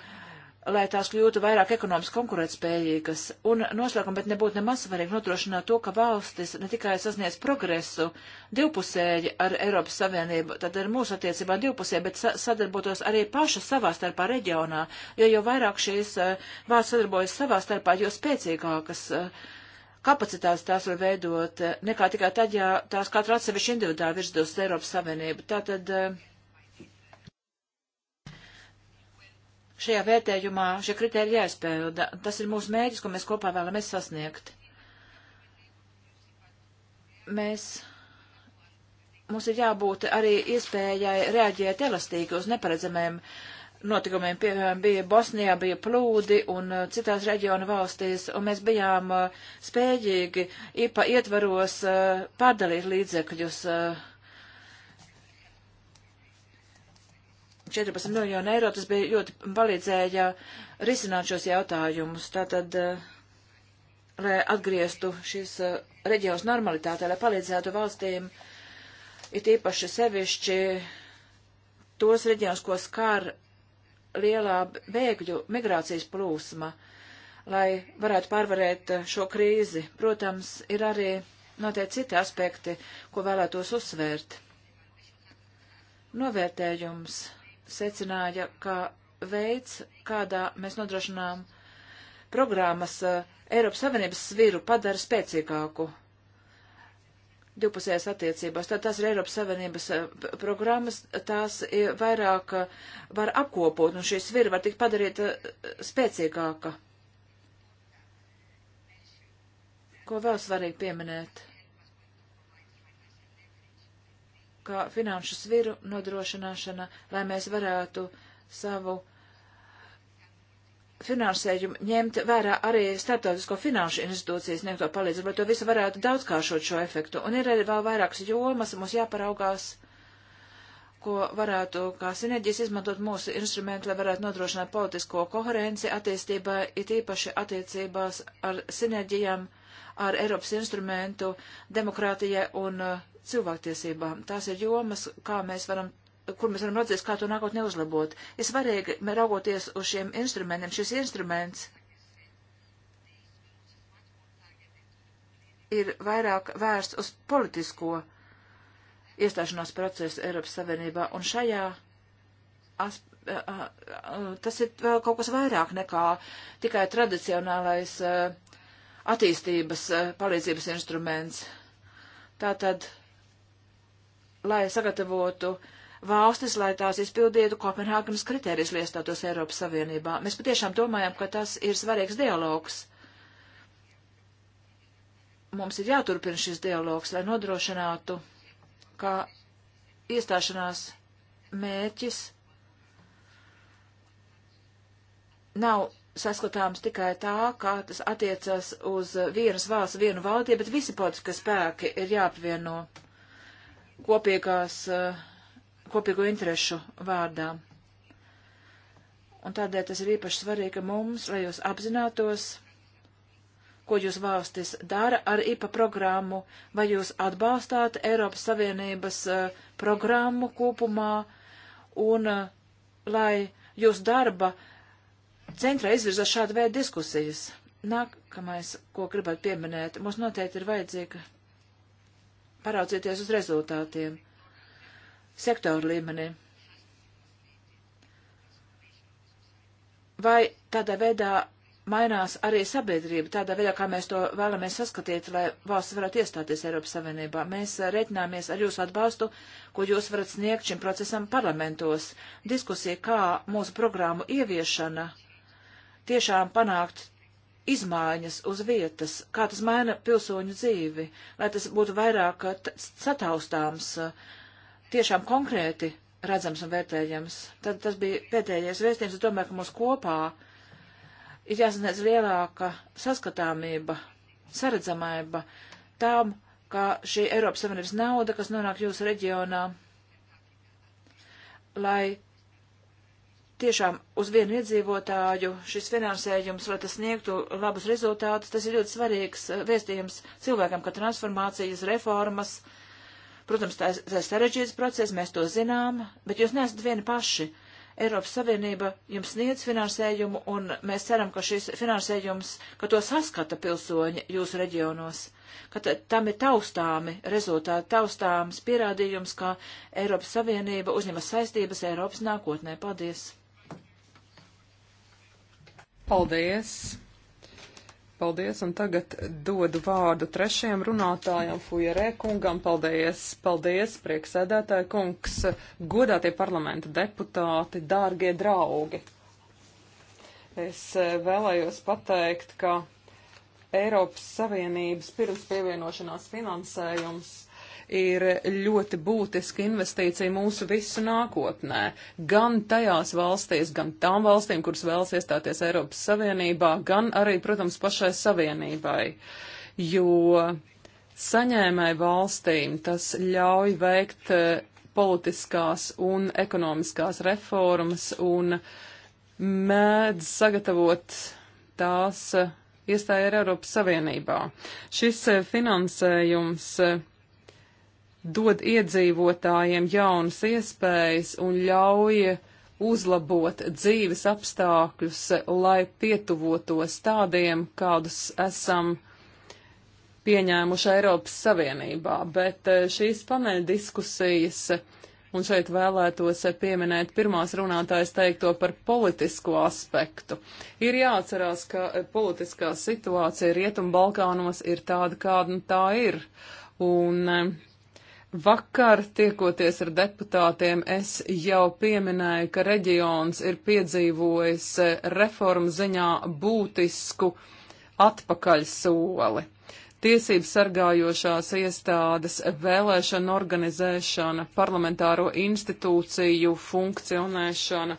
[SPEAKER 2] lai tās kļūtu vairāk ekonomiski konkurētspējīgas. Un noslēgumā, bet nebūtu nemaz svarīgi nodrošināt to, ka valstis ne tikai sasniedz progresu divpusēji ar Eiropas Savienību, tad ar mūsu attiecībā divpusēji, bet sa sadarbotos arī paša savā starpā reģionā, jo jo vairāk šīs eh, valsts sadarbojas savā starpā, jo spēcīgākas eh, kapacitātes tās var veidot, eh, nekā tikai tad, ja tās katra atsevišķi individuāli virzītos Eiropas Savienību. Tātad, uh, šajā vērtējumā šie kritēri jāizpilda. Tas ir mūsu mērķis, ko mēs kopā vēlamies sasniegt. Mēs, mums ir jābūt arī iespējai reaģēt elastīgi uz neparedzamiem notikumiem. Piemēram, bija Bosnijā, bija plūdi un uh, citās reģionu valstīs, un mēs bijām uh, spējīgi IPA ietvaros uh, pārdalīt līdzekļus. Uh, 14 miljonu eiro, tas bija ļoti palīdzēja risināt šos jautājumus. Tātad, eh, lai atgrieztu šīs eh, reģions normalitātē, lai palīdzētu valstīm, ir īpaši sevišķi tos reģions, ko skar lielā bēgļu migrācijas plūsma, lai varētu pārvarēt eh, šo krīzi. Protams, ir arī noteikti citi aspekti, ko vēlētos uzsvērt. Novērtējums secināja, ka veids, kādā mēs nodrošinām programmas eh, Eiropas Savienības sviru, padara spēcīgāku divpusējās attiecībās. Tad tās ir Eiropas Savienības eh, programmas, tās vairāk eh, var apkopot, un šī svira var tikt padarīta spēcīgāka. Ko vēl svarīgi pieminēt? kā finanšu sviru nodrošināšana, lai mēs varētu savu finansējumu ņemt vērā arī starptautisko finanšu institūcijas sniegto palīdzību, lai to visu varētu daudzkāršot šo efektu. Un ir arī vēl vairākas jomas, mums jāparaugās, ko varētu kā sinerģijas izmantot mūsu instrumentu, lai varētu nodrošināt politisko koherenci attīstībā, it īpaši attiecībās ar sinerģijām, ar Eiropas instrumentu, demokrātijai un uh, cilvēktiesībām. Tās ir jomas, kā mēs varam kur mēs varam redzēt, kā to nākotnē uzlabot. Ir svarīgi, raugoties uz šiem instrumentiem, šis instruments ir vairāk vērsts uz politisko iestāšanās procesu Eiropas Savienībā, un šajā asp, tas ir vēl kaut kas vairāk nekā tikai tradicionālais attīstības palīdzības instruments. Tātad lai sagatavotu valstis, lai tās izpildītu Kopenhāgenas kriterijas, lai iestātos Eiropas Savienībā. Mēs patiešām domājam, ka tas ir svarīgs dialogs. Mums ir jāturpina šis dialogs, lai nodrošinātu, ka iestāšanās mērķis nav saskatāms tikai tā, kā tas attiecas uz vienas valsts, vienu valdību, bet visi politiskie spēki ir jāapvieno. No kopīgās, eh, kopīgo interešu vārdā. Un tādēļ tas ir īpaši svarīgi mums, lai jūs apzinātos, ko jūs valstis dara ar IPA programmu, vai jūs atbalstāt Eiropas Savienības uh, programmu kopumā, un uh, lai jūs darba centrā izvirza šāda veida diskusijas. Nākamais, ko gribētu pieminēt, mums noteikti ir vajadzīga paraudzieties uz rezultātiem sektoru līmenī. Vai tādā veidā mainās arī sabiedrība, tādā veidā, kā mēs to vēlamies saskatīt, lai valsts varētu iestāties Eiropas Savienībā? Mēs eh, reiķināmies ar jūsu atbalstu, ko jūs varat sniegt šim procesam parlamentos. Diskusija, kā mūsu programmu ieviešana tiešām panākt izmaiņas uz vietas, kā tas maina pilsoņu dzīvi, lai tas būtu vairāk uh, sataustāms, uh, tiešām konkrēti redzams un vērtējams. Tad tas bija pēdējais vēstījums, es domāju, ka mums kopā ir jāsniedz lielāka saskatāmība, saredzamība tām, kā šī Eiropas Savienības nauda, kas nonāk jūsu reģionā, lai tiešām uz vienu iedzīvotāju šis finansējums, lai tas sniegtu labus rezultātus, tas ir ļoti svarīgs eh, vēstījums cilvēkam, ka transformācijas, reformas, protams, tā ir sarežģīts process, mēs to zinām, bet jūs neesat vieni paši. Eiropas Savienība jums sniedz finansējumu, un mēs ceram, ka šis finansējums, ka to saskata pilsoņi jūsu reģionos, ka tam ir taustāmi rezultāti, taustāms pierādījums, ka Eiropas Savienība uzņemas saistības Eiropas nākotnē. Paldies!
[SPEAKER 3] Paldies! Paldies, un tagad dodu vārdu trešajam runātājam, Fujerē kungam. Paldies, paldies, prieksēdētāja kungs, godātie parlamenta deputāti, dārgie draugi. Es eh, vēlējos pateikt, ka Eiropas Savienības pirms pievienošanās finansējums ir ļoti būtiska investīcija mūsu visu nākotnē. Gan tajās valstīs, gan tām valstīm, kuras vēlas iestāties Eiropas Savienībā, gan arī, protams, pašai Savienībai. Jo saņēmēju valstīm tas ļauj veikt eh, politiskās un ekonomiskās reformas un mēdz sagatavot tās eh, iestāja ar Eiropas Savienībā. Šis eh, finansējums dod iedzīvotājiem jaunas iespējas un ļauj uzlabot dzīves apstākļus, lai pietuvotos tādiem, kādus esam pieņēmuši Eiropas Savienībā. Bet eh, šīs paneļa diskusijas, un šeit vēlētos pieminēt pirmās runātājas teikto par politisko aspektu, ir jāatcerās, ka eh, politiskā situācija Rietumbalkānos ir tāda, kāda nu tā ir. Un eh, Vakar, tiekoties ar deputātiem, es jau pieminēju, ka reģions ir piedzīvojis eh, reformu ziņā būtisku atpakaļsoli. Tiesību sargājošās iestādes, vēlēšana organizēšana, parlamentāro institūciju funkcionēšana,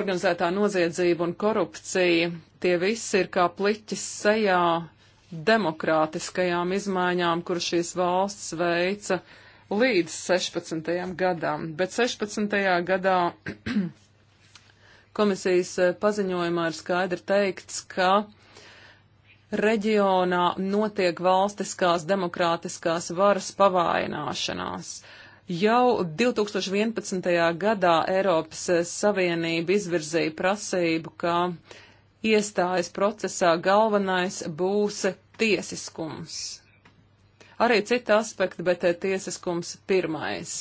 [SPEAKER 3] organizētā noziedzība un korupcija, tie visi ir kā pliķis sejā demokrātiskajām izmaiņām, kur šīs valsts veica līdz 16. gadam. Bet 16. gadā komisijas eh, paziņojumā ir skaidri teikts, ka reģionā notiek valstiskās demokrātiskās varas pavaināšanās. Jau 2011. gadā Eiropas eh, Savienība izvirzīja prasību, ka iestājas procesā galvenais būs tiesiskums. Arī citi aspekti, bet eh, tiesiskums pirmais.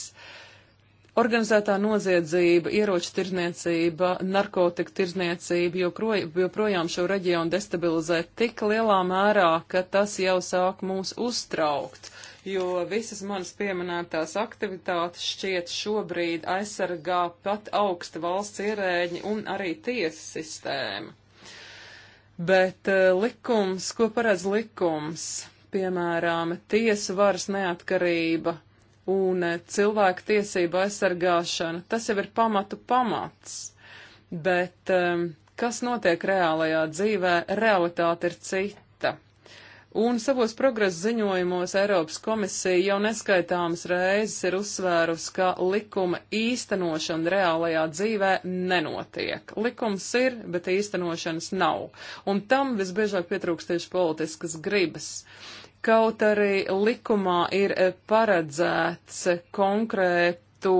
[SPEAKER 3] Organizētā noziedzība, ieroču tirzniecība, narkotika tirzniecība joproj, joprojām šo reģionu destabilizē tik lielā mērā, ka tas jau sāk mūs uztraukt, jo visas manas pieminētās aktivitātes šķiet šobrīd aizsargā pat augsta valsts ierēģi un arī tiesas sistēma. Bet eh, likums, ko paredz likums, piemēram, tiesu varas neatkarība un eh, cilvēku tiesība aizsargāšana, tas jau ir pamatu pamats. Bet um, kas notiek reālajā dzīvē, realitāte ir cita. Un savos progresa ziņojumos Eiropas komisija jau neskaitāmas reizes ir uzsvērusi, ka likuma īstenošana reālajā dzīvē nenotiek. Likums ir, bet īstenošanas nav. Un tam visbiežāk pietrūkst tieši politiskas gribas. Kaut arī likumā ir eh, paredzēts konkrētu,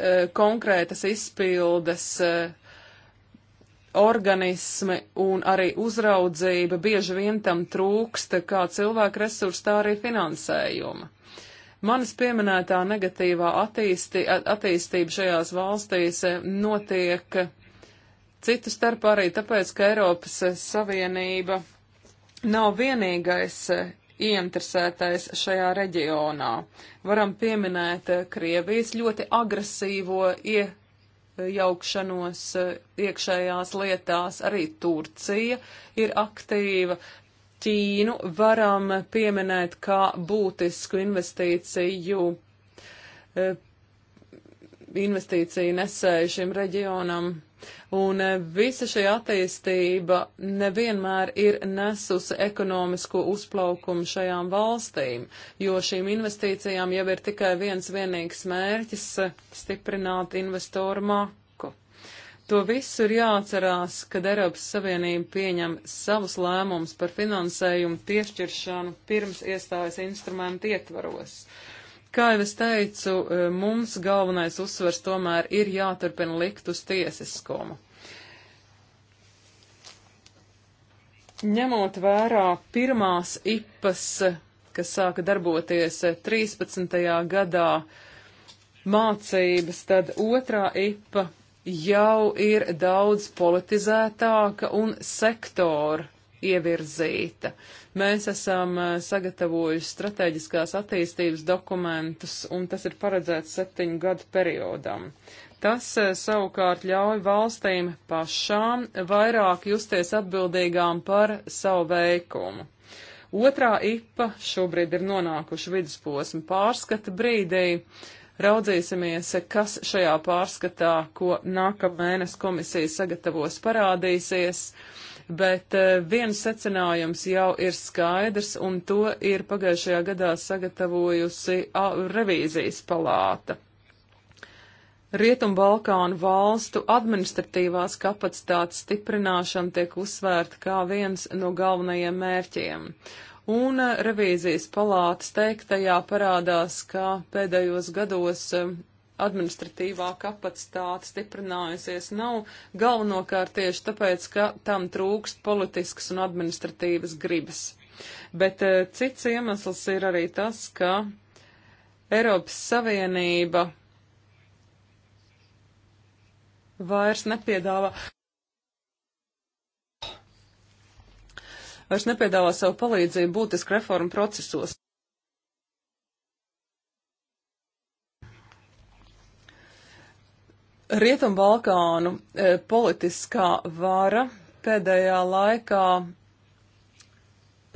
[SPEAKER 3] eh, konkrētas izpildes eh, organismi un arī uzraudzība bieži vien tam trūksta kā cilvēku resursu, tā arī finansējuma. Manas pieminētā negatīvā attīsti, attīstība šajās valstīs eh, notiek citu starp arī tāpēc, ka Eiropas eh, Savienība nav vienīgais eh, ieinteresētais šajā reģionā. Varam pieminēt Krievijas ļoti agresīvo ie, iejaukšanos eh, iekšējās lietās, arī Turcija ir aktīva. Ķīnu varam pieminēt kā būtisku investīciju, eh, investīciju nesēju šim reģionam. Un e, visa šī attīstība nevienmēr ir nesusi ekonomisko uzplaukumu šajām valstīm, jo šīm investīcijām jau ir tikai viens vienīgs mērķis - stiprināt investoru maku. To visu ir jāatcerās, kad Eiropas Savienība pieņem savus lēmumus par finansējumu piešķiršanu pirms iestājas instrumentu ietvaros. Uh, Kā jau es teicu, e, mums galvenais uzsvers tomēr ir jāturpina likt uz tiesiskumu. Ņemot vērā pirmās IPAS, kas sāka darboties 13. gadā, mācības, tad otrā IPA jau ir daudz politizētāka un sektora ievirzīta. Mēs esam eh, sagatavojuši strateģiskās attīstības dokumentus, un tas ir paredzēts septiņu gadu periodam. Tas eh, savukārt ļauj valstīm pašām vairāk justies atbildīgām par savu veikumu. Otrā IPA šobrīd ir nonākuši vidusposma pārskata brīdī. Raudzīsimies, kas šajā pārskatā, ko nākamēnes komisija sagatavos, parādīsies. Uh, bet eh, viens secinājums jau ir skaidrs, un to ir pagājušajā gadā sagatavojusi revīzijas palāta. Rietumbalkānu valstu administratīvās kapacitātes stiprināšana tiek uzsvērta kā viens no galvenajiem mērķiem. Un eh, revīzijas palātas teiktajā parādās, ka pēdējos gados eh, administratīvā kapacitāte stiprinājusies nav galvenokārt tieši tāpēc, ka tam trūkst politiskas un administratīvas gribas. Bet e, cits iemesls ir arī tas, ka Eiropas Savienība vairs nepiedāvā. Vairs nepiedāvā savu palīdzību būtisku reformu procesos. Rietumbalkānu e, politiskā vara pēdējā laikā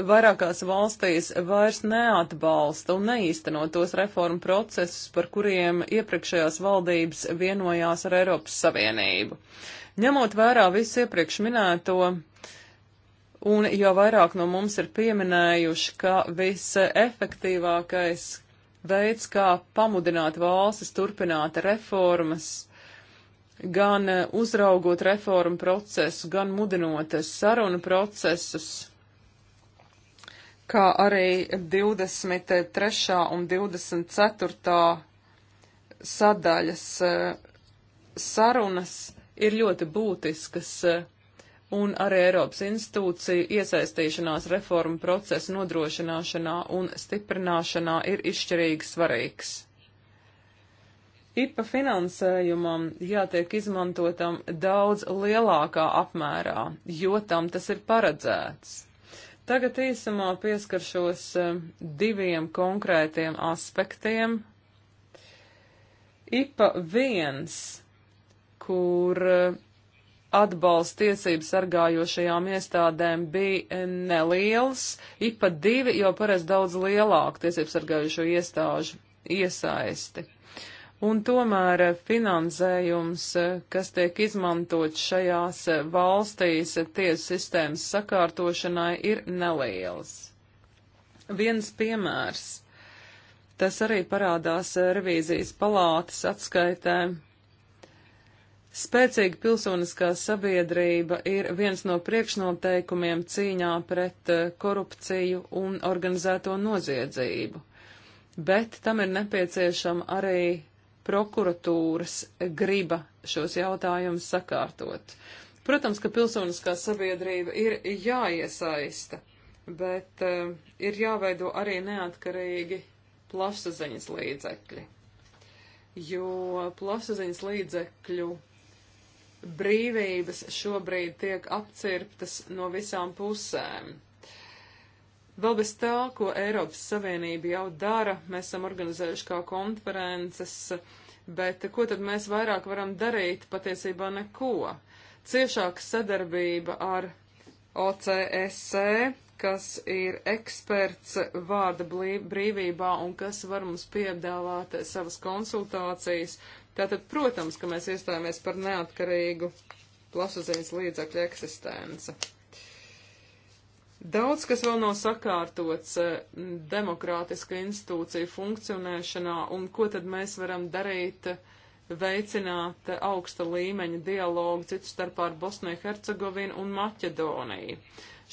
[SPEAKER 3] vairākās valstīs vairs neatbalsta un neīsteno tos reformu procesus, par kuriem iepriekšējās valdības vienojās ar Eiropas Savienību. Ņemot vērā visu iepriekš minēto, un jau vairāk no mums ir pieminējuši, ka visefektīvākais veids, kā pamudināt valstis turpināt reformas, gan eh, uzraugot reformu procesu, gan mudinot sarunu procesus, kā arī 23. un 24. sadaļas eh, sarunas ir ļoti būtiskas eh, un arī Eiropas institūciju iesaistīšanās reformu procesu nodrošināšanā un stiprināšanā ir izšķirīgi svarīgs. IPA finansējumam jātiek izmantotam daudz lielākā apmērā, jo tam tas ir paredzēts. Tagad īsumā pieskaršos eh, diviem konkrētiem aspektiem. IPA 1, kur eh, atbalsts tiesību sargājošajām iestādēm bija neliels, IPA 2 jau paredz daudz lielāku tiesību sargājošo iestāžu iesaisti un tomēr finansējums, kas tiek izmantot šajās valstīs tiesu sistēmas sakārtošanai, ir neliels. Viens piemērs. Tas arī parādās revīzijas palātas atskaitē. Spēcīga pilsoniskā sabiedrība ir viens no priekšnoteikumiem cīņā pret eh, korupciju un organizēto noziedzību, bet tam ir nepieciešama arī prokuratūras griba šos jautājumus sakārtot. Protams, ka pilsoniskā sabiedrība ir jāiesaista, bet uh, ir jāveido arī neatkarīgi plašsaziņas līdzekļi, jo plašsaziņas līdzekļu brīvības šobrīd tiek apcirptas no visām pusēm. Vēl bez tā, ko Eiropas Savienība jau dara, mēs esam organizējuši kā konferences, bet ko tad mēs vairāk varam darīt? Patiesībā neko. Ciešāka sadarbība ar OCSE, kas ir eksperts vārda brīvībā un kas var mums piedāvāt savas konsultācijas. Tātad, protams, ka mēs iestājāmies par neatkarīgu plašsaziņas līdzakļu eksistenci. Daudz, kas vēl nav sakārtots eh, demokrātiska institūcija funkcionēšanā, un ko tad mēs varam darīt, veicināt augsta līmeņa dialogu citu starpā ar Bosniju, Hercegovinu un Maķedoniju.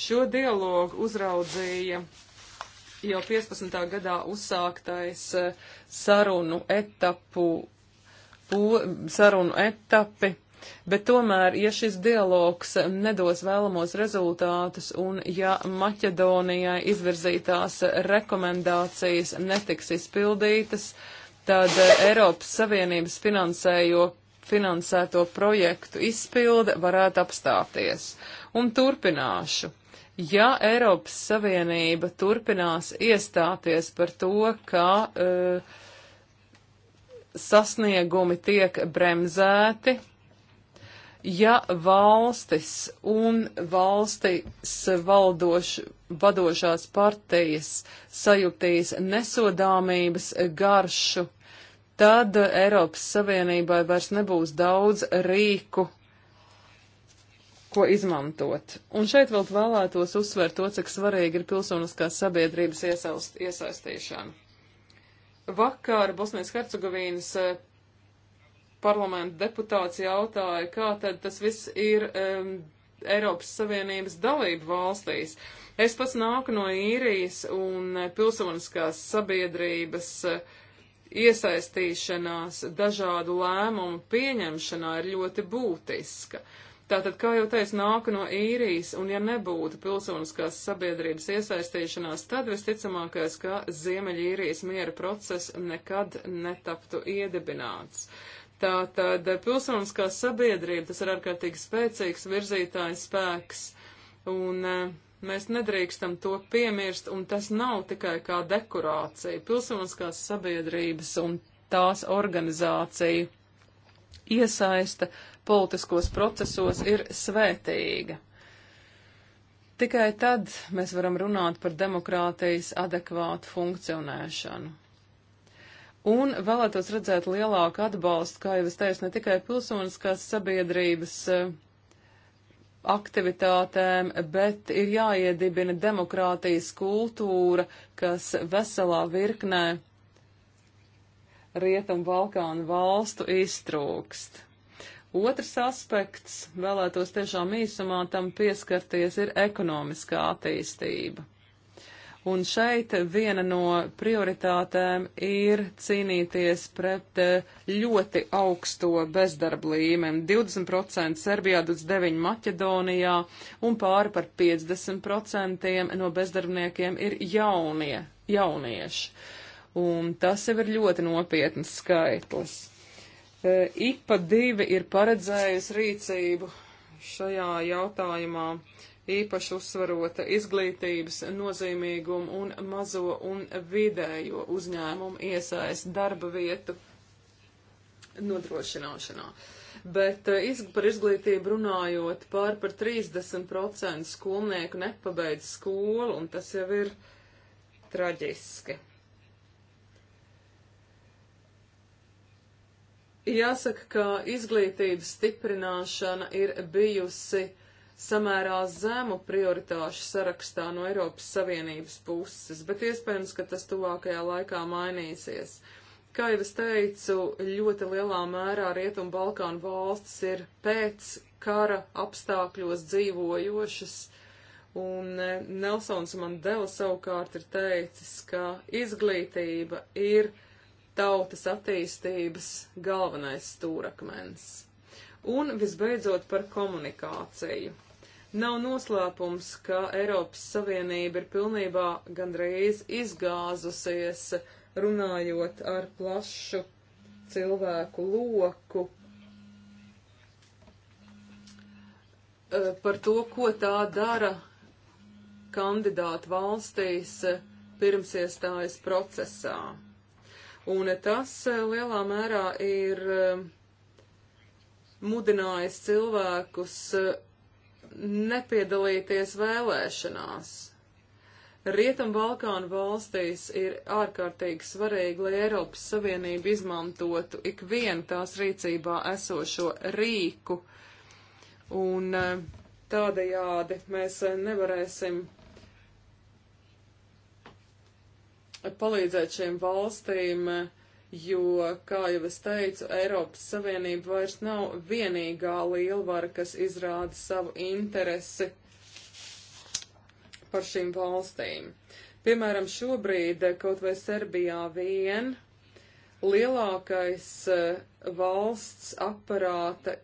[SPEAKER 3] Šo dialogu uzraudzīja jau 15. gadā uzsāktais eh, sarunu etapu, sarunu etapi Bet tomēr, ja šis dialogs nedos vēlamos rezultātus un ja Maķedonijai izvirzītās rekomendācijas netiks izpildītas, tad Eiropas Savienības finansējo finansēto projektu izpilde varētu apstāties. Un turpināšu. Ja Eiropas Savienība turpinās iestāties par to, ka uh, sasniegumi tiek bremzēti, ja valstis un valstis valdoš, vadošās partijas sajūtīs nesodāmības garšu, tad Eiropas Savienībai vairs nebūs daudz rīku, ko izmantot. Un šeit vēl vēlētos uzsvērt to, cik svarīgi ir pilsoniskās sabiedrības iesaust, iesaistīšana. Vakar Bosnijas Hercegovīnas eh, parlamenta deputāts jautāja, kā tad tas viss ir um, Eiropas Savienības dalību valstīs. Es pats nāku no īrijas un eh, pilsoniskās sabiedrības eh, iesaistīšanās dažādu lēmumu pieņemšanā ir ļoti būtiska. Tātad, kā jau teicu, nāku no īrijas, un ja nebūtu pilsoniskās sabiedrības iesaistīšanās, tad visticamākais, ka Ziemeļīrijas miera process nekad netaptu iedibināts. Uh, Tātad pilsoniskā sabiedrība, tas ir ārkārtīgi spēcīgs virzītājs spēks, un e, mēs nedrīkstam to piemirst, un tas nav tikai kā dekorācija. Pilsoniskās sabiedrības un tās organizācija iesaista politiskos procesos ir svētīga. Tikai tad mēs varam runāt par demokrātijas adekvātu funkcionēšanu. Un vēlētos redzēt lielāku atbalstu, kā jau es teicu, ne tikai pilsoniskās sabiedrības eh, aktivitātēm, bet ir jāiedibina demokrātijas kultūra, kas veselā virknē Rietumu Balkānu valstu iztrūkst. Otrs aspekts, vēlētos tiešām īsumā tam pieskarties, ir ekonomiskā attīstība. Un šeit viena no prioritātēm ir cīnīties pret eh, ļoti augsto bezdarba līmeni - 20% Serbijā, 29% Maķedonijā un pāri par 50% no bezdarbniekiem ir jaunie, jaunieši. Un tas jau ir ļoti nopietns skaitlis. Eh, IPA 2 ir paredzējusi rīcību šajā jautājumā īpaši uzsvarota izglītības nozīmīgumu un mazo un vidējo uzņēmumu iesaist darba vietu nodrošināšanā. Bet eh, iz, par izglītību runājot, pār par 30% skolnieku nepabeidz skolu, un tas jau ir traģiski. Jāsaka, ka izglītības stiprināšana ir bijusi samērā zemu prioritāšu sarakstā no Eiropas Savienības puses, bet iespējams, ka tas tuvākajā laikā mainīsies. Kā jau es teicu, ļoti lielā mērā Rietumu Balkānu valstis ir pēc kara apstākļos dzīvojošas, un Nelsons Mandela savukārt ir teicis, ka izglītība ir tautas attīstības galvenais stūrakmens. Un visbeidzot par komunikāciju. Nav noslēpums, ka Eiropas Savienība ir pilnībā gandrīz izgāzusies, runājot ar plašu cilvēku loku eh, par to, ko tā dara kandidātu valstīs eh, pirms iestājas procesā. Un tas eh, lielā mērā ir mudinājis cilvēkus nepiedalīties vēlēšanās. Rietumbalkānu valstīs ir ārkārtīgi svarīgi, lai Eiropas Savienība izmantotu ikvienu tās rīcībā esošo rīku, un eh, tādējādi mēs eh, nevarēsim palīdzēt šīm valstīm uh, jo, kā jau es teicu, Eiropas Savienība vairs nav vienīgā lielvara, kas izrāda savu interesi par šīm valstīm. Piemēram, šobrīd kaut vai Serbijā vien lielākais eh, valsts aparāta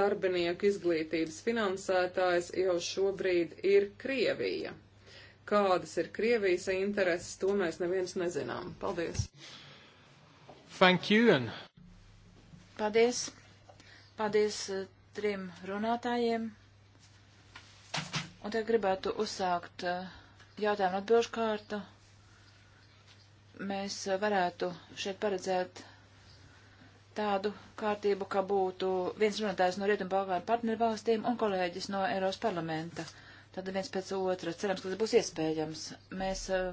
[SPEAKER 3] darbinieku izglītības finansētājs jau šobrīd ir Krievija. Kādas ir Krievijas intereses, to mēs neviens nezinām. Paldies!
[SPEAKER 1] Thank you. And...
[SPEAKER 3] Paldies. Paldies eh, trim runātājiem.
[SPEAKER 2] Un tagad gribētu uzsākt eh, jautājumu atbilžu kārtu. Mēs eh, varētu šeit paredzēt tādu kārtību, ka būtu viens runātājs no Rietumbalkānu partnervalstīm un kolēģis no Eiropas parlamenta. Tad viens pēc otra. Cerams, ka tas būs iespējams. Mēs uh,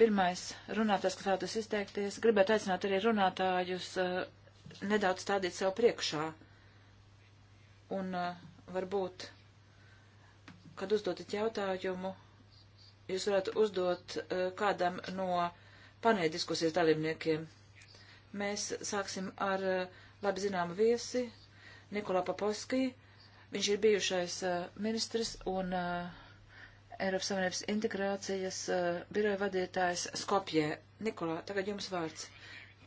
[SPEAKER 2] pirmais runātājs, kas vēlētos izteikties, gribētu aicināt arī runātājus uh, nedaudz stādīt sev priekšā. Un uh, varbūt, kad uzdotat jautājumu, jūs varētu uzdot uh, kādam no panēļ diskusijas dalībniekiem. Mēs sāksim ar labi zināmu viesi Nikolā Paposki. Viņš ir bijušais ministrs un uh, Eiropas Savienības integrācijas uh, biroja vadītājs Skopjē. Nikolā, tagad jums vārds.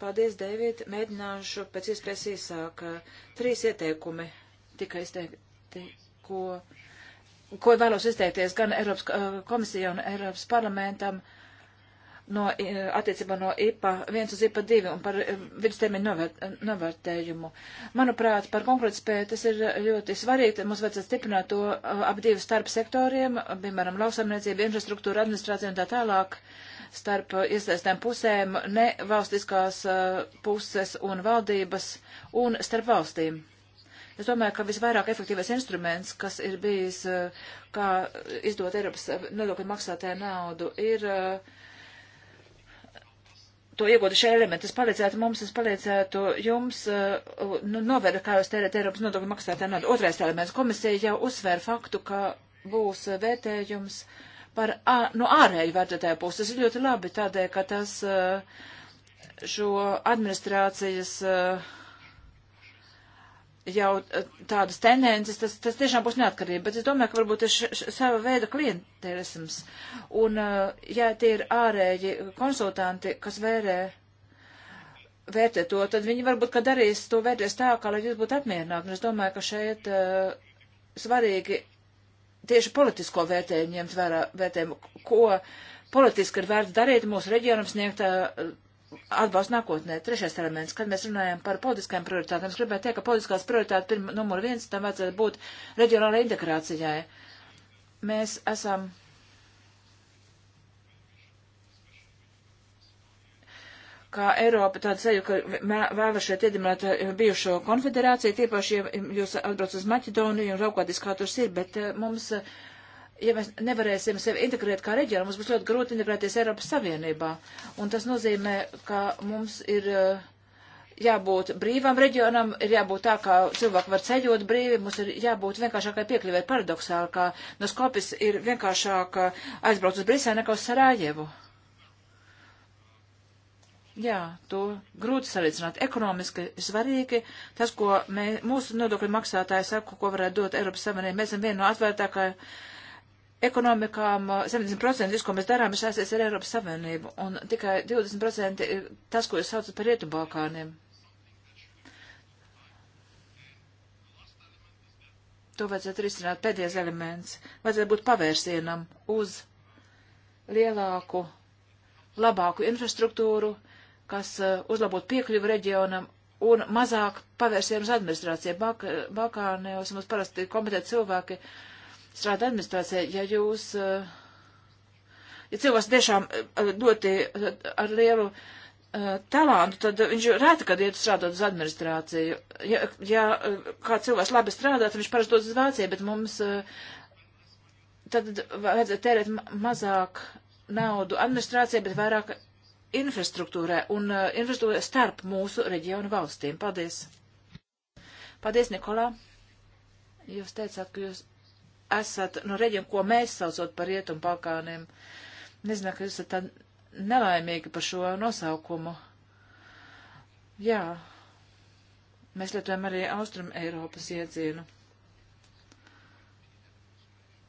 [SPEAKER 2] Paldies, Dēvid. Mēģināšu pēc iespējas īsāk. Trīs ieteikumi tika izteikti, ko, ko vēlos izteikties gan Eiropas eh, komisijai un Eiropas parlamentam. Uh, no, attiecībā no IPA 1 uz IPA 2 un par eh, vidustermiņu novērtējumu. Manuprāt, par konkurētspēju tas ir ļoti svarīgi. Mums vajadzētu stiprināt to eh, ap divu starp sektoriem, piemēram, lauksamniecību, infrastruktūru, administrāciju un tā tālāk starp eh, iesaistēm pusēm, ne valstiskās puses un valdības un starp valstīm. Es domāju, ka visvairāk efektīvais instruments, kas ir bijis, kā izdot Eiropas nodokļu maksātē naudu, ir uh, to ieguvuši elementi, tas palīdzētu mums, tas palīdzētu jums uh, nu, noveda, kā jūs tērēt Eiropas nodokļu maksātāju naudu. Otrais elements. Komisija jau uzsver faktu, ka būs vērtējums par no ārēju vērtētāju puses. Tas ir ļoti labi tādēļ, ka tas uh, šo administrācijas uh, jau eh, tādas tendences, tas, tas tiešām būs neatkarība, bet es domāju, ka varbūt ir š, š, sava veida klientelisms. Un, eh, ja tie ir ārēji konsultanti, kas vērē, vērtē to, tad viņi varbūt, ka darīs to vērtēs tā, kā lai jūs būtu apmierināti. Un es domāju, ka šeit uh, svarīgi tieši politisko vērtējumu ņemt vērā, vērtējumu, ko politiski ir vērts darīt mūsu reģionam sniegt uh, atbalstu nākotnē. Trešais elements, kad mēs runājam par politiskajām prioritātēm, es gribētu teikt, ka politiskās prioritātes pirma, numur viens tam vajadzētu būt reģionālajai integrācijai. Mēs esam. kā Eiropa tādu ceļu, ka vēlas šeit iedimēt eh, bijušo konfederāciju, tīpaši, ja jūs atbrauc uz Maķedoniju un raukāties, kā tur ir, bet eh, mums uh, ja mēs nevarēsim sevi integrēt kā reģionu, mums būs ļoti grūti integrēties Eiropas Savienībā. Un tas nozīmē, ka mums ir eh, jābūt brīvam reģionam, ir jābūt tā, ka cilvēki var ceļot brīvi, mums ir jābūt vienkāršākai piekļuvē paradoxāli, ka no Skopis ir vienkāršāk eh, aizbraukt uz Briselu nekā uz Sarājevu. Jā, to grūti salīdzināt. Ekonomiski svarīgi tas, ko mē, mūsu nodokļu maksātāji saka, ko varētu dot Eiropas Savienībai. Mēs esam viena no atvērtākajām ekonomikām 70% viss, ko mēs darām, ir saistīts ar Eiropas Savienību, un tikai 20% ir tas, ko jūs saucat par Rietubalkāniem. To vajadzētu risināt pēdējais elements. Vajadzētu būt pavērsienam uz lielāku, labāku infrastruktūru, kas uzlabot piekļuvu reģionam un mazāk pavērsienus administrācijai. Balkānēs mums parasti kompetenti cilvēki. Uh, strādāt administrācijā, ja jūs, eh, ja cilvēks tiešām ļoti eh, eh, ar lielu talantu, tad viņš rēta, kad iet strādāt uz administrāciju. Ja, ja kā cilvēks labi strādā, tad viņš parasti dodas uz Vāciju, bet mums tad vajadzētu tērēt mazāk naudu administrācijai, bet vairāk infrastruktūrē un uh, infrastruktūrē starp mūsu reģionu valstīm. Paldies! Paldies, Nikolā! Jūs teicāt, ka jūs esat no reģiona, ko mēs saucot par Rietumu Balkāniem. Nezinu, ka jūs esat tā nelaimīgi par šo nosaukumu. Jā, mēs lietojam arī Austrum Eiropas iedzīnu.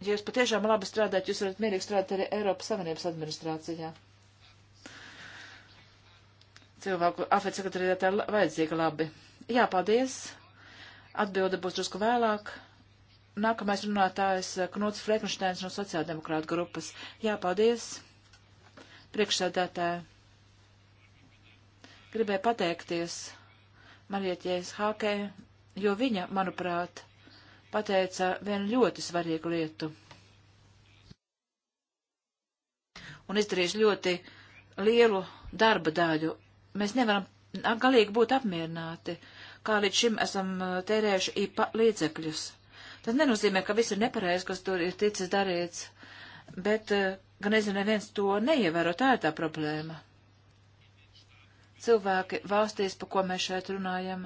[SPEAKER 2] Ja jūs patiešām labi strādājat, jūs varat mierīgi strādāt arī Eiropas Savienības administrācijā. Cilvēku afetsekretariātā vajadzīga labi. Jā, paldies. Atbilde būs drusku vēlāk. Nākamais runātājs eh, Knots Frekenšteins no sociāldemokrāta grupas. Jā, paldies. Priekšsēdētāji. Gribēju pateikties Marieķēs Hākē, jo viņa, manuprāt, pateica vienu ļoti svarīgu lietu. Un izdarījis ļoti lielu darba daļu. Mēs nevaram galīgi būt apmierināti, kā līdz šim esam eh, tērējuši īpa līdzekļus Tas nenozīmē, ka viss ir nepareizi, kas tur ir ticis darīts, bet eh, gan nezinu, neviens to neievēro, tā ir tā problēma. Cilvēki valstīs, pa ko mēs šeit runājam,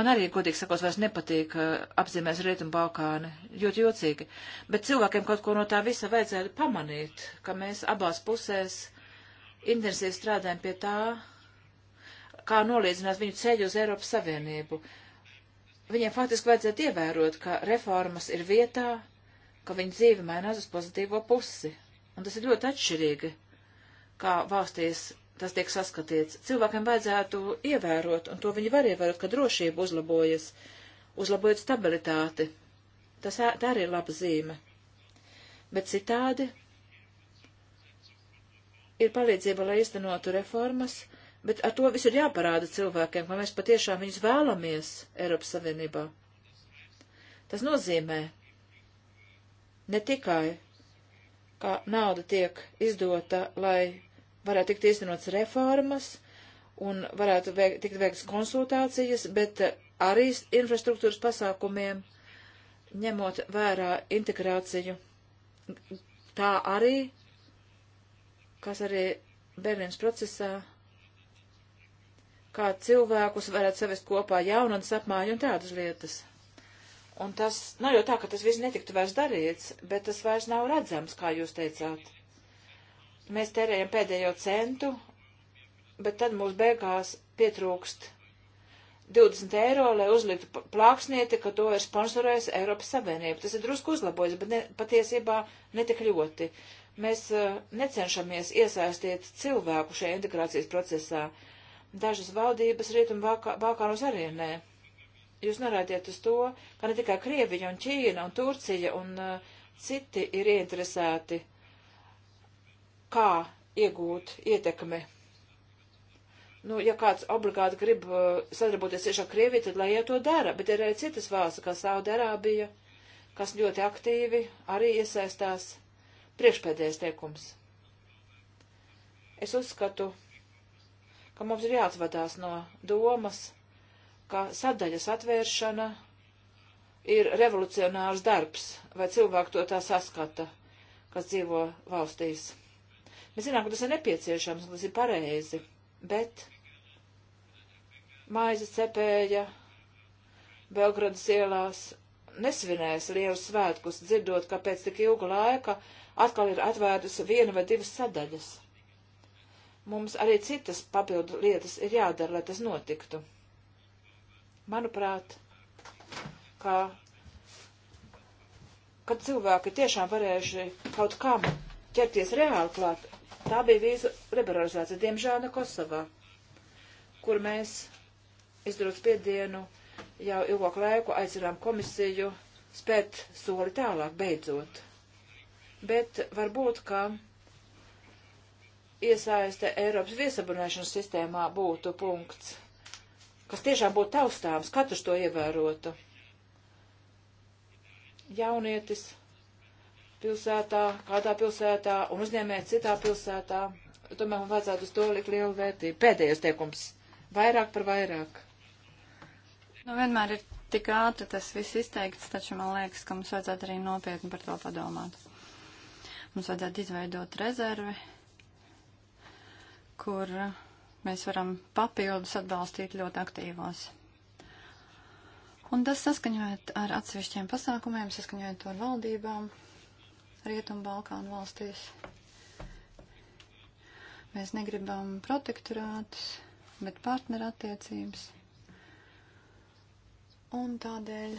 [SPEAKER 2] man arī, godīgi sakot, vairs nepatīk eh, apzīmēs Rietumbalkāni, ļoti jocīgi, bet cilvēkiem kaut ko no tā visa vajadzētu pamanīt, ka mēs abās pusēs intensīvi strādājam pie tā, kā nolīdzināt viņu ceļu uz Eiropas Savienību viņiem faktiski vajadzētu ievērot, ka reformas ir vietā, ka viņa dzīve mainās uz pozitīvo pusi. Un tas ir ļoti atšķirīgi, kā valstīs tas tiek saskatīts. Cilvēkiem vajadzētu ievērot, un to viņi var ievērot, ka drošība uzlabojas, uzlabojot stabilitāti. Tas tā arī ir laba zīme. Bet citādi ir palīdzība, lai iztenotu reformas, Bet ar to viss ir jāparāda cilvēkiem, ka mēs patiešām viņus vēlamies Eiropas Savienībā. Tas nozīmē ne tikai, ka nauda tiek izdota, lai varētu tikt īstenots reformas un varētu veik, tikt veikts konsultācijas, bet arī infrastruktūras pasākumiem, ņemot vērā integrāciju. Tā arī, kas arī Berlīnas procesā kā cilvēkus varētu savest kopā jaunas apmaiņu un tādas lietas. Un tas nav nu, jau tā, ka tas viss netiktu vairs darīts, bet tas vairs nav redzams, kā jūs teicāt. Mēs tērējam pēdējo centu, bet tad mūs beigās pietrūkst 20 eiro, lai uzliktu plāksnieti, ka to ir sponsorējis Eiropas Savienība. Tas ir drusku uzlabojis, bet ne, patiesībā netik ļoti. Mēs uh, necenšamies iesaistīt cilvēku šajā integrācijas procesā. Uh, Dažas valdības rietumu Balkānos arī nē. Jūs norādiet uz to, ka ne tikai Krievija un Ķīna un Turcija un uh, citi ir ieinteresēti, kā iegūt ietekmi. Nu, ja kāds obligāti grib uh, sadarboties tieši ar Krieviju, tad lai jau to dara, bet ir arī citas valsts, kā Saudarābija, kas ļoti aktīvi arī iesaistās priekšpēdējais teikums. Es uzskatu, ka mums ir jāatvadās no domas, ka sadaļas atvēršana ir revolucionārs darbs, vai cilvēki to tā saskata, kas dzīvo valstīs. Mēs zinām, ka tas ir nepieciešams, tas ir pareizi, bet maize cepēja Belgradas ielās nesvinēs lielus svētkus, dzirdot, ka pēc tik ilga laika atkal ir atvērtas viena vai divas sadaļas mums arī citas papildu lietas ir jādara, lai tas notiktu. Manuprāt, ka, kad cilvēki tiešām varējuši kaut kam ķerties reāli klāt, tā bija vīzu liberalizācija, diemžēl ne Kosovā, kur mēs izdarot spiedienu jau ilgāku laiku aicinām komisiju spēt soli tālāk beidzot. Bet varbūt, ka iesaiste Eiropas viesabunēšanas sistēmā būtu punkts, kas tiešām būtu taustāms, katrs to ievērotu. Jaunietis pilsētā, kādā pilsētā un uzņēmējs citā pilsētā. Tomēr man vajadzētu uz to likt lielu vērtību. Pēdējais teikums. Vairāk par vairāk.
[SPEAKER 4] Nu, vienmēr ir tik ātri tas viss izteikts, taču man liekas, ka mums vajadzētu arī nopietni par to padomāt. Mums vajadzētu izveidot rezervi, kur eh, mēs varam papildus atbalstīt ļoti aktīvos. Un tas saskaņojot ar atsevišķiem pasākumiem, saskaņojot to ar valdībām Rietumu Balkānu valstīs. Mēs negribam protektorātus, bet partnerattiecības. Un tādēļ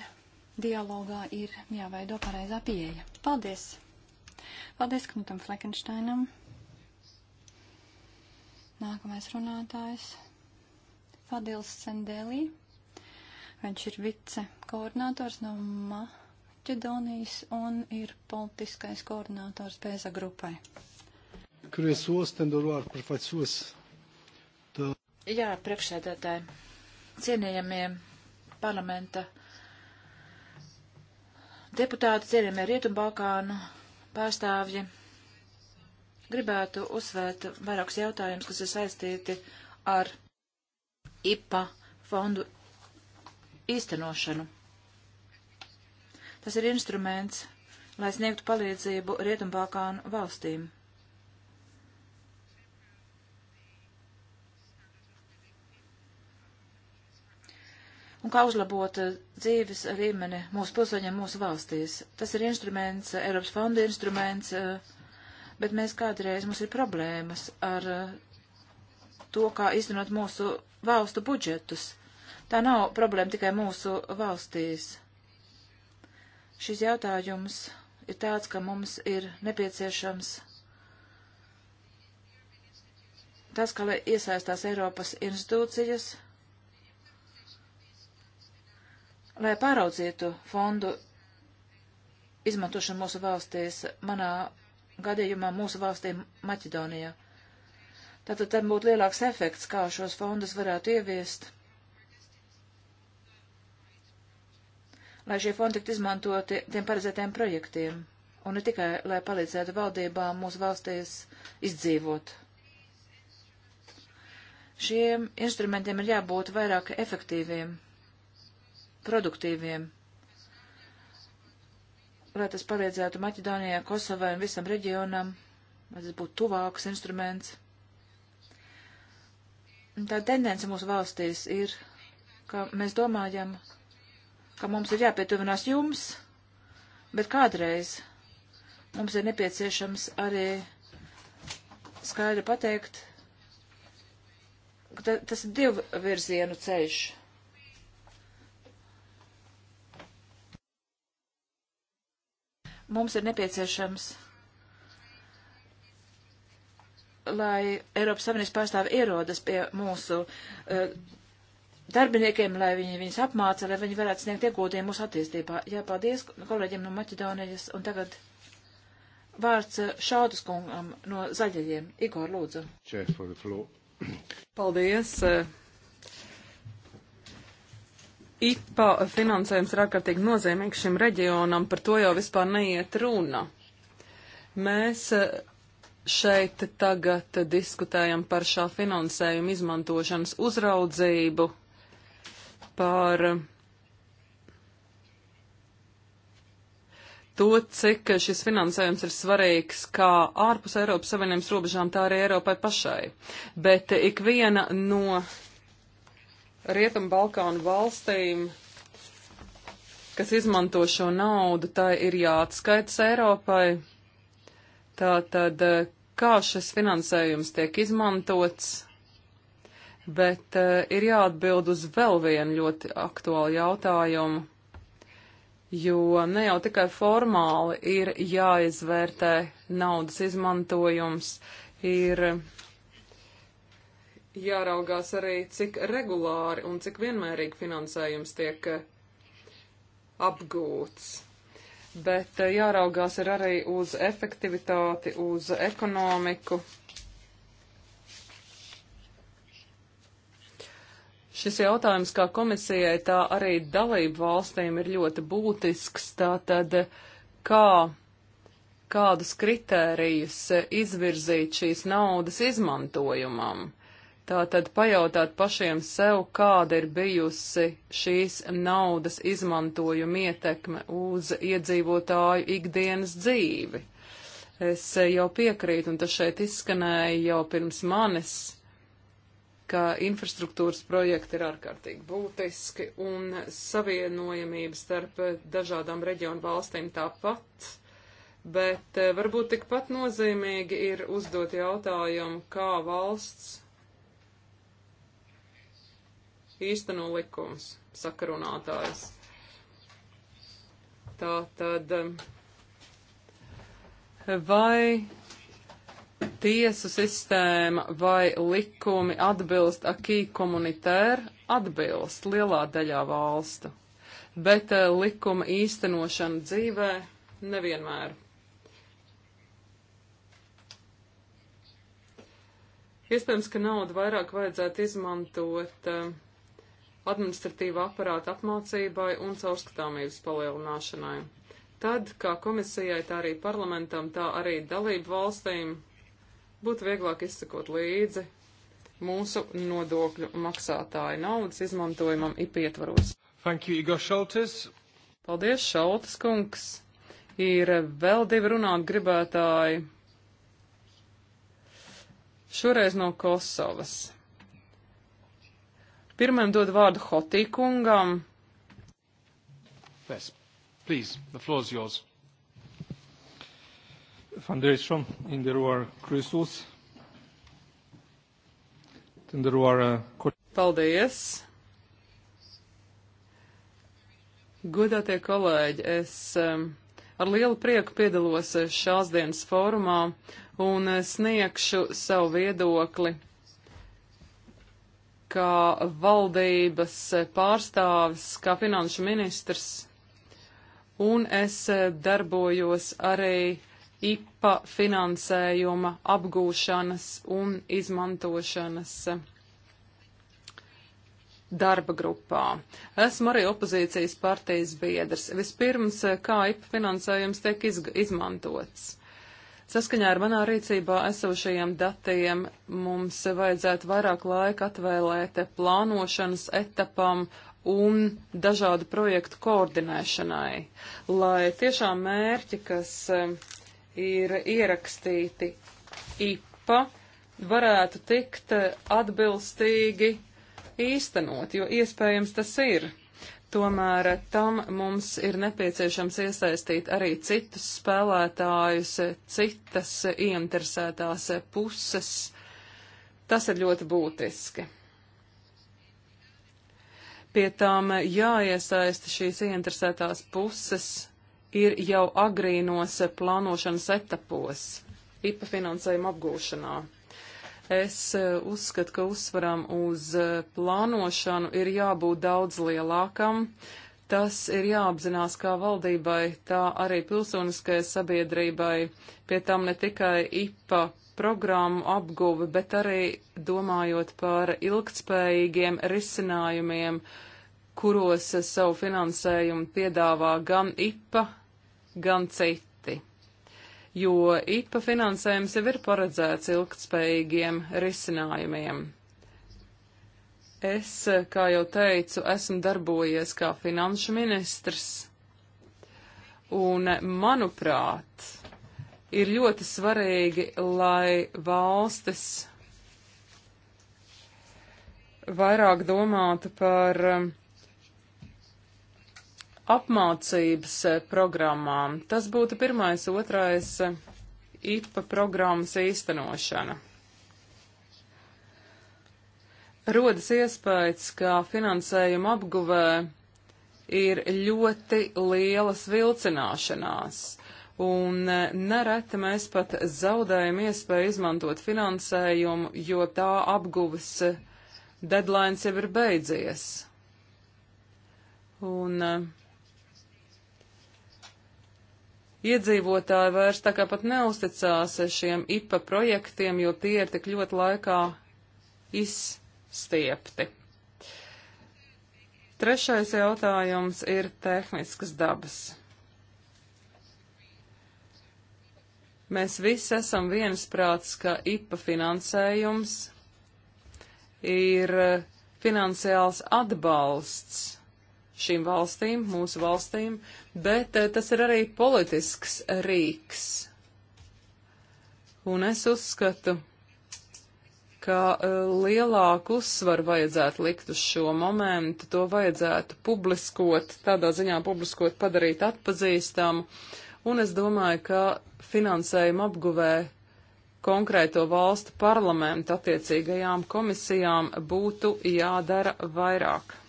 [SPEAKER 4] dialogā ir jāveido pareizā pieeja. Paldies! Paldies Knutam Fleckensteinam! Nākamais runātājs - Fadils Sendelī. Viņš ir vice koordinators no Maķedonijas un ir politiskais koordinators PESA grupai.
[SPEAKER 2] Jā, priekšsēdētāji, cienījamie parlamenta deputāti, cienījamie Rietumbalkānu pārstāvji gribētu uzsvērt vairākus jautājumus, kas ir saistīti ar IPA fondu īstenošanu. Tas ir instruments, lai sniegtu palīdzību Rietumbalkānu valstīm. Un kā uzlabot dzīves līmeni mūsu pilsoņiem mūsu valstīs. Tas ir instruments, Eiropas fonda instruments, uh, bet mēs kādreiz mums ir problēmas ar eh, to, kā izrunāt mūsu valstu budžetus. Tā nav problēma tikai mūsu valstīs. Šis jautājums ir tāds, ka mums ir nepieciešams tas, ka iesaistās Eiropas institūcijas, lai pāraudzītu fondu izmantošanu mūsu valstīs. Manā gadījumā mūsu valstī Maķedonijā. Tātad tam būtu lielāks efekts, kā šos fondus varētu ieviest, lai šie fondi tiktu izmantoti tiem paredzētiem projektiem, un ne tikai, lai palīdzētu valdībām mūsu valstīs izdzīvot. Šiem instrumentiem ir jābūt vairāk efektīviem, produktīviem lai tas palīdzētu Maķedonijai, Kosovai un visam reģionam, lai tas būtu tuvāks instruments. Un tā tendence mūsu valstīs ir, ka mēs domājam, ka mums ir jāpietuvinās jums, bet kādreiz mums ir nepieciešams arī skaidri pateikt, ka tas ir divu virzienu ceļš mums ir nepieciešams, lai Eiropas Savienības pārstāvi ierodas pie mūsu uh, darbiniekiem, lai viņi viņus apmāca, lai viņi varētu sniegt ieguldījumu mūsu attīstībā. Jā, paldies kolēģiem no Maķedonijas. Un tagad vārds eh, Šaudas kungam no zaļajiem.
[SPEAKER 3] Igor, lūdzu. Paldies. Uh IPA finansējums ir ārkārtīgi nozīmīgs šim reģionam, par to jau vispār neiet runa. Mēs e, šeit tagad diskutējam par šā finansējuma izmantošanas uzraudzību, par to, cik šis finansējums ir svarīgs kā ārpus Eiropas Savienības robežām, tā arī Eiropai pašai. Bet ikviena no Rietumbalkānu valstīm, kas izmanto šo naudu, tai ir jāatskaitas Eiropai. Tātad, kā šis finansējums tiek izmantots, bet uh, ir jāatbild uz vēl vienu ļoti aktuālu jautājumu, jo ne jau tikai formāli ir jāizvērtē naudas izmantojums, ir uh, jāraugās arī, cik regulāri un cik vienmērīgi finansējums tiek eh, apgūts. Bet eh, jāraugās ir arī uz efektivitāti, uz ekonomiku. Šis jautājums kā komisijai, tā arī dalību valstīm ir ļoti būtisks. Tātad, kā, kādus kritērijus eh, izvirzīt šīs naudas izmantojumam? Tātad pajautāt pašiem sev, kāda ir bijusi šīs naudas izmantojuma ietekme uz iedzīvotāju ikdienas dzīvi. Es jau piekrītu, un tas šeit izskanēja jau pirms manis, ka infrastruktūras projekti ir ārkārtīgi būtiski un savienojamība starp dažādām reģionu valstīm tāpat bet eh, varbūt tikpat nozīmīgi ir uzdot jautājumu, kā valsts īsteno likums, saka runātājs. Tā tad, um, vai tiesu sistēma vai likumi atbilst akī komunitēr, atbilst lielā daļā valstu, bet uh, likuma īstenošana dzīvē nevienmēr. Iespējams, ka naudu vairāk vajadzētu izmantot uh, administratīva aparāta apmācībai un caurskatāmības palielināšanai. Tad, kā komisijai, tā arī parlamentam, tā arī dalību valstīm būtu vieglāk izsakot līdzi mūsu nodokļu maksātāju naudas izmantojumam IP ietvaros. Thank you, Igor Šaltis. Paldies, Šaltis kungs. Ir vēl divi runāt gribētāji. Šoreiz no Kosovas. Pirmajam dod vārdu Hotī kungam.
[SPEAKER 1] Yes, please, the floor is yours. Foundation in the Ruar Cruises. In the Ruar. Uh,
[SPEAKER 3] Paldies. Godātie kolēģi, es um, ar lielu prieku piedalos šās dienas fórumā un uh, sniegšu savu viedokli kā valdības pārstāvis, kā finanšu ministrs, un es darbojos arī IPA finansējuma apgūšanas un izmantošanas darba grupā. Esmu arī opozīcijas partijas biedrs. Vispirms, kā IPA finansējums tiek izmantots. Saskaņā ar manā rīcībā esošajiem datiem mums vajadzētu vairāk laika atvēlēt plānošanas etapam un dažādu projektu koordinēšanai, lai tiešām mērķi, kas um, ir ierakstīti IPA, varētu tikt atbilstīgi īstenot, jo iespējams tas ir. Tomēr tam mums ir nepieciešams iesaistīt arī citus spēlētājus, citas ieinteresētās puses. Tas ir ļoti būtiski. Pie tām jāiesaista šīs ieinteresētās puses ir jau agrīnos plānošanas etapos, IPA finansējuma apgūšanā. Es e, uzskatu, ka uzsvaram uz e, plānošanu ir jābūt daudz lielākam. Tas ir jāapzinās kā valdībai, tā arī pilsoniskajai sabiedrībai, pie tam ne tikai IPA programmu apguve, bet arī domājot par ilgtspējīgiem risinājumiem, kuros savu finansējumu piedāvā gan IPA, gan citi jo IPA finansējums jau ir paredzēts ilgtspējīgiem risinājumiem. Es, kā jau teicu, esmu darbojies kā finanšu ministrs, un manuprāt, ir ļoti svarīgi, lai valstis vairāk domātu par um, apmācības eh, programmām. Tas būtu pirmais, otrais eh, IPA programmas īstenošana. Rodas iespējas, ka finansējuma apguvē ir ļoti lielas vilcināšanās, un eh, nereti mēs pat zaudējam iespēju izmantot finansējumu, jo tā apguves deadlines jau ir beidzies. Un uh, iedzīvotāji vairs tā kā pat neusticās šiem IPA projektiem, jo tie ir tik ļoti laikā izstiepti. Trešais jautājums ir tehniskas dabas. Mēs visi esam viensprāts, ka IPA finansējums ir finansiāls atbalsts šīm valstīm, mūsu valstīm, bet eh, tas ir arī politisks rīks. Un es uzskatu, ka eh, lielāku uzsvaru vajadzētu likt uz šo momentu, to vajadzētu publiskot, tādā ziņā publiskot, padarīt atpazīstamu, un es domāju, ka finansējumu apguvē konkrēto valstu parlamentu attiecīgajām komisijām būtu jādara vairāk.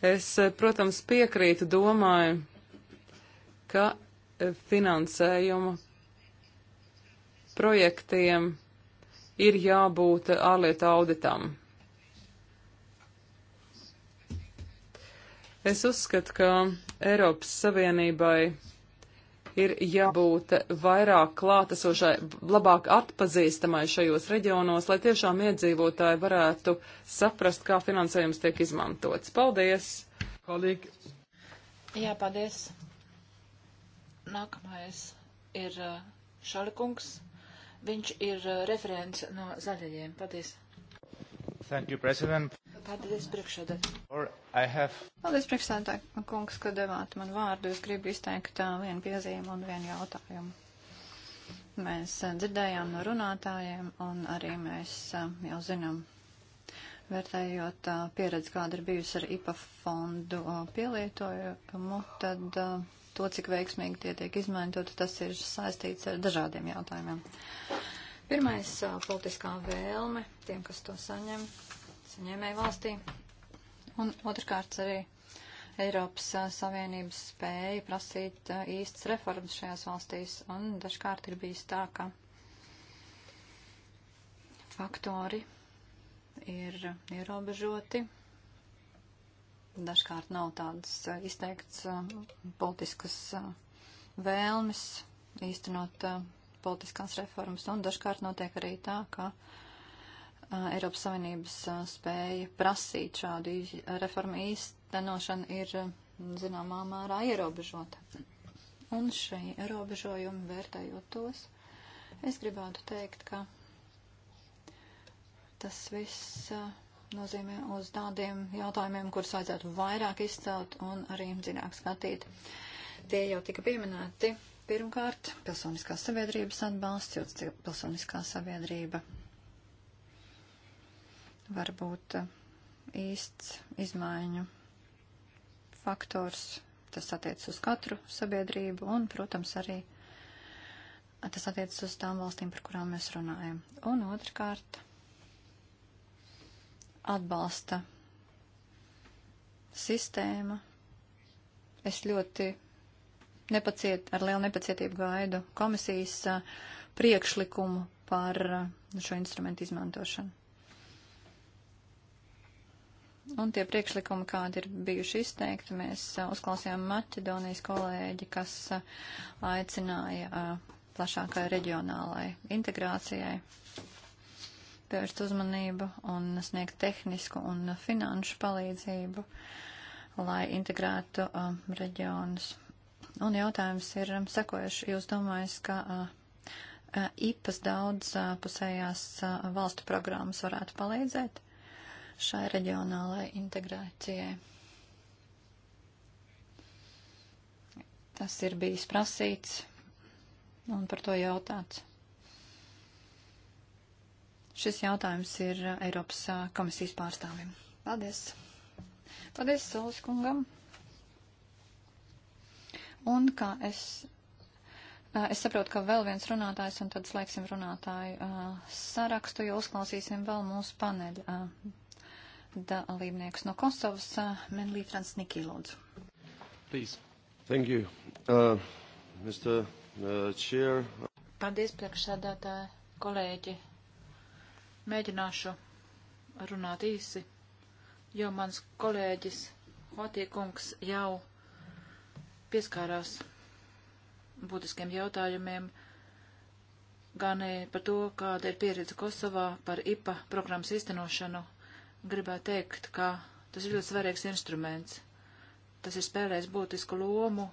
[SPEAKER 3] Es, eh, protams, piekrītu domāju, ka eh, finansējuma projektiem ir jābūt eh, ārlietu auditam. Es uzskatu, ka Eiropas Savienībai ir jābūt vairāk klātesošai, labāk atpazīstamai šajos reģionos, lai tiešām iedzīvotāji varētu saprast, kā finansējums tiek izmantots. Paldies! Kolīgi!
[SPEAKER 2] Jā, paldies! Nākamais ir uh, Šalikungs. Viņš ir uh, referents no zaļajiem. Paldies!
[SPEAKER 1] Thank you, President.
[SPEAKER 2] Paldies, priekšsēdētāji.
[SPEAKER 1] Have...
[SPEAKER 4] Paldies, priekšsēdētāji, kungs, ka devāt man vārdu. Es gribu izteikt vienu piezīmu un vienu jautājumu. Mēs dzirdējām no runātājiem un arī mēs jau zinām, vērtējot pieredzi, kāda ir bijusi ar IPA fondu pielietojumu, tad to, cik veiksmīgi tie tiek izmantot, tas ir saistīts ar dažādiem jautājumiem. Pirmais - politiskā vēlme tiem, kas to saņem ņēmēju valstī. Un otrkārt arī Eiropas Savienības spēja prasīt īstas reformas šajās valstīs. Un dažkārt ir bijis tā, ka faktori ir ierobežoti. Dažkārt nav tādas izteikts politiskas vēlmes īstenot politiskās reformas, un dažkārt notiek arī tā, ka uh, Eiropas Savienības spēja prasīt šādu reformu īstenošanu ir zināmā mērā ierobežota. Un šī ierobežojuma vērtējot tos, es gribētu teikt, ka tas viss nozīmē uz tādiem jautājumiem, kurus vajadzētu vairāk izcelt un arī dziļāk skatīt. Tie jau tika pieminēti pirmkārt pilsoniskās sabiedrības atbalsts, jo pilsoniskā sabiedrība var būt eh, īsts izmaiņu faktors. Tas attiec uz katru sabiedrību un, protams, arī tas attiec uz tām valstīm, par kurām mēs runājam. Un otrkārt, atbalsta sistēma. Es ļoti nepaciet, ar lielu nepacietību gaidu komisijas eh, priekšlikumu par eh, šo instrumentu izmantošanu. Un tie priekšlikumi, kādi ir bijuši izteikti, mēs uzklausījām Maķedonijas kolēģi, kas aicināja plašākai reģionālai integrācijai pievērst uzmanību un sniegt tehnisku un finanšu palīdzību, lai integrētu reģionus. Un jautājums ir sekojuši. Jūs domājat, ka IPAS daudz pusējās valstu programmas varētu palīdzēt? šai reģionālajai integrācijai. Tas ir bijis prasīts un par to jautāts. Šis jautājums ir Eiropas komisijas pārstāvim. Paldies! Paldies Solis kungam! Un kā es Es saprotu, ka vēl viens runātājs, un tad slēgsim runātāju uh, sarakstu, jo uzklausīsim vēl mūsu paneļa uh, dalībniekus no Kosovas. Eh, Menlī Frans Nikī, lūdzu.
[SPEAKER 1] Please. Thank you. Uh, Mr. Uh, Chair.
[SPEAKER 2] Paldies, priekšsādātāji, kolēģi. Mēģināšu runāt īsi, jo mans kolēģis Hotīkungs jau pieskārās būtiskiem jautājumiem gan eh, par to, kāda ir pieredze Kosovā par IPA programmas īstenošanu gribētu teikt, ka tas ir ļoti svarīgs instruments. Tas ir spēlējis būtisku lomu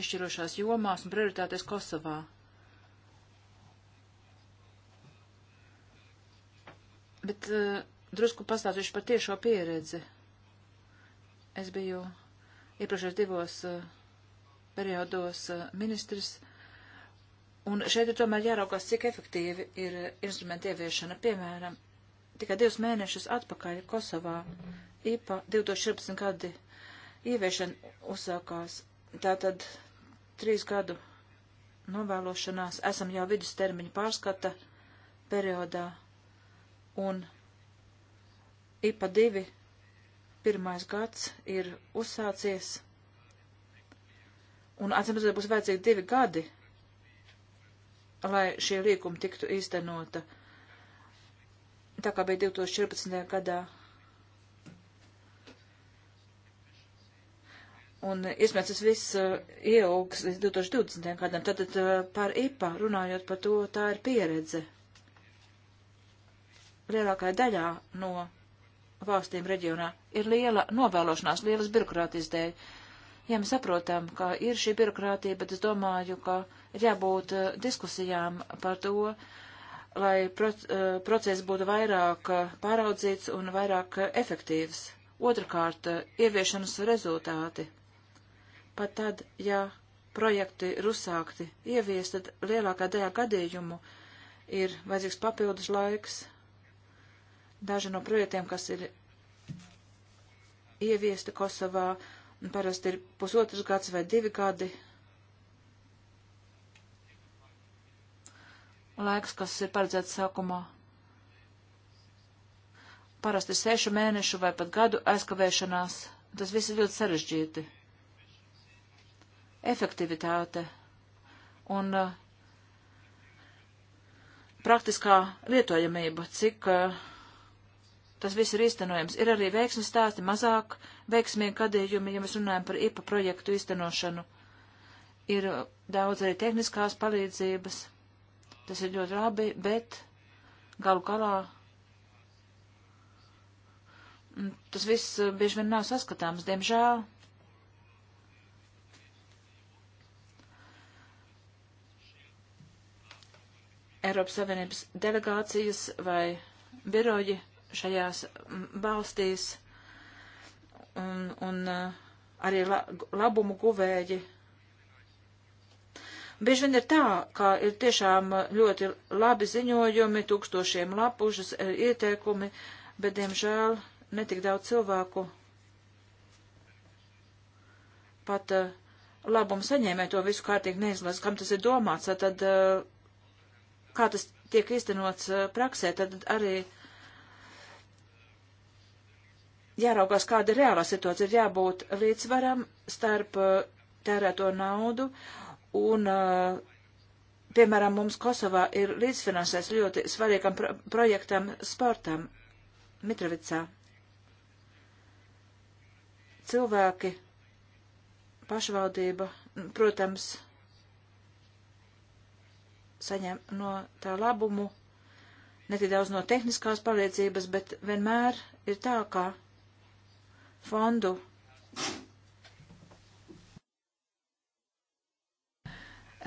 [SPEAKER 2] izšķirošās jomās un prioritātēs Kosovā. Bet uh, drusku pastāstīšu par tiešo pieredzi. Es biju iepriekšējos divos uh, periodos uh, ministrs, un šeit ir tomēr jāraukās, cik efektīvi ir instrumenta ieviešana. Piemēram, tikai divus mēnešus atpakaļ Kosovā. IPA 2014 gadi ieviešana uzsākās. Tātad trīs gadu novēlošanās esam jau vidustermiņa pārskata periodā un IPA 2 pirmais gads ir uzsācies, un atsimredzot būs vajadzīgi divi gadi, lai šī līkuma tiktu īstenota tā kā bija 2014. gadā. Un, iespējams, tas viss uh, ieaugs līdz 2020. gadam. Tātad uh, par IPA runājot par to, tā ir pieredze. Lielākajā daļā no valstīm reģionā ir liela novēlošanās, lielas birokrātijas dēļ. Jā, mēs saprotam, ka ir šī birokrātija, bet es domāju, ka ir jābūt uh, diskusijām par to, uh, lai proc, eh, process būtu vairāk eh, pāraudzīts un vairāk eh, efektīvs. Otrakārt, ieviešanas rezultāti. Pat tad, ja projekti ir uzsākti, ieviest, tad lielākā daļā gadījumu ir vajadzīgs papildus laiks. Daži no projektiem, kas ir ieviesti Kosovā, parasti ir pusotrs gads vai divi gadi, laiks, kas ir paredzēts sākumā. Parasti sešu mēnešu vai pat gadu aizkavēšanās. Tas viss ir ļoti sarežģīti. Efektivitāte un uh, praktiskā lietojamība, cik uh, tas viss ir īstenojams. Ir arī veiksmes stāsti mazāk veiksmīgi gadījumi, ja mēs runājam par IPA projektu īstenošanu. Ir uh, daudz arī tehniskās palīdzības. Tas ir ļoti labi, bet galu galā tas viss eh, bieži vien nav saskatāms, diemžēl. Eiropas Savienības delegācijas vai biroji šajās valstīs un, un eh, arī labumu guvēji Bieži vien ir tā, ka ir tiešām ļoti labi ziņojumi, tūkstošiem lapušas eh, ieteikumi, bet, diemžēl, netik daudz cilvēku pat uh, labumu saņēmē to visu kārtīgi neizlas, kam tas ir domāts, tad uh, kā tas tiek īstenots uh, praksē, tad arī jāraugās, kāda ir reālā situācija, ir jābūt līdzvaram starp tērēto naudu Un, piemēram, mums Kosovā ir līdzfinansēts ļoti svarīgam pro projektam sportam Mitrovicā. Cilvēki, pašvaldība, protams, saņem no tā labumu, netik daudz no tehniskās palīdzības, bet vienmēr ir tā, ka fondu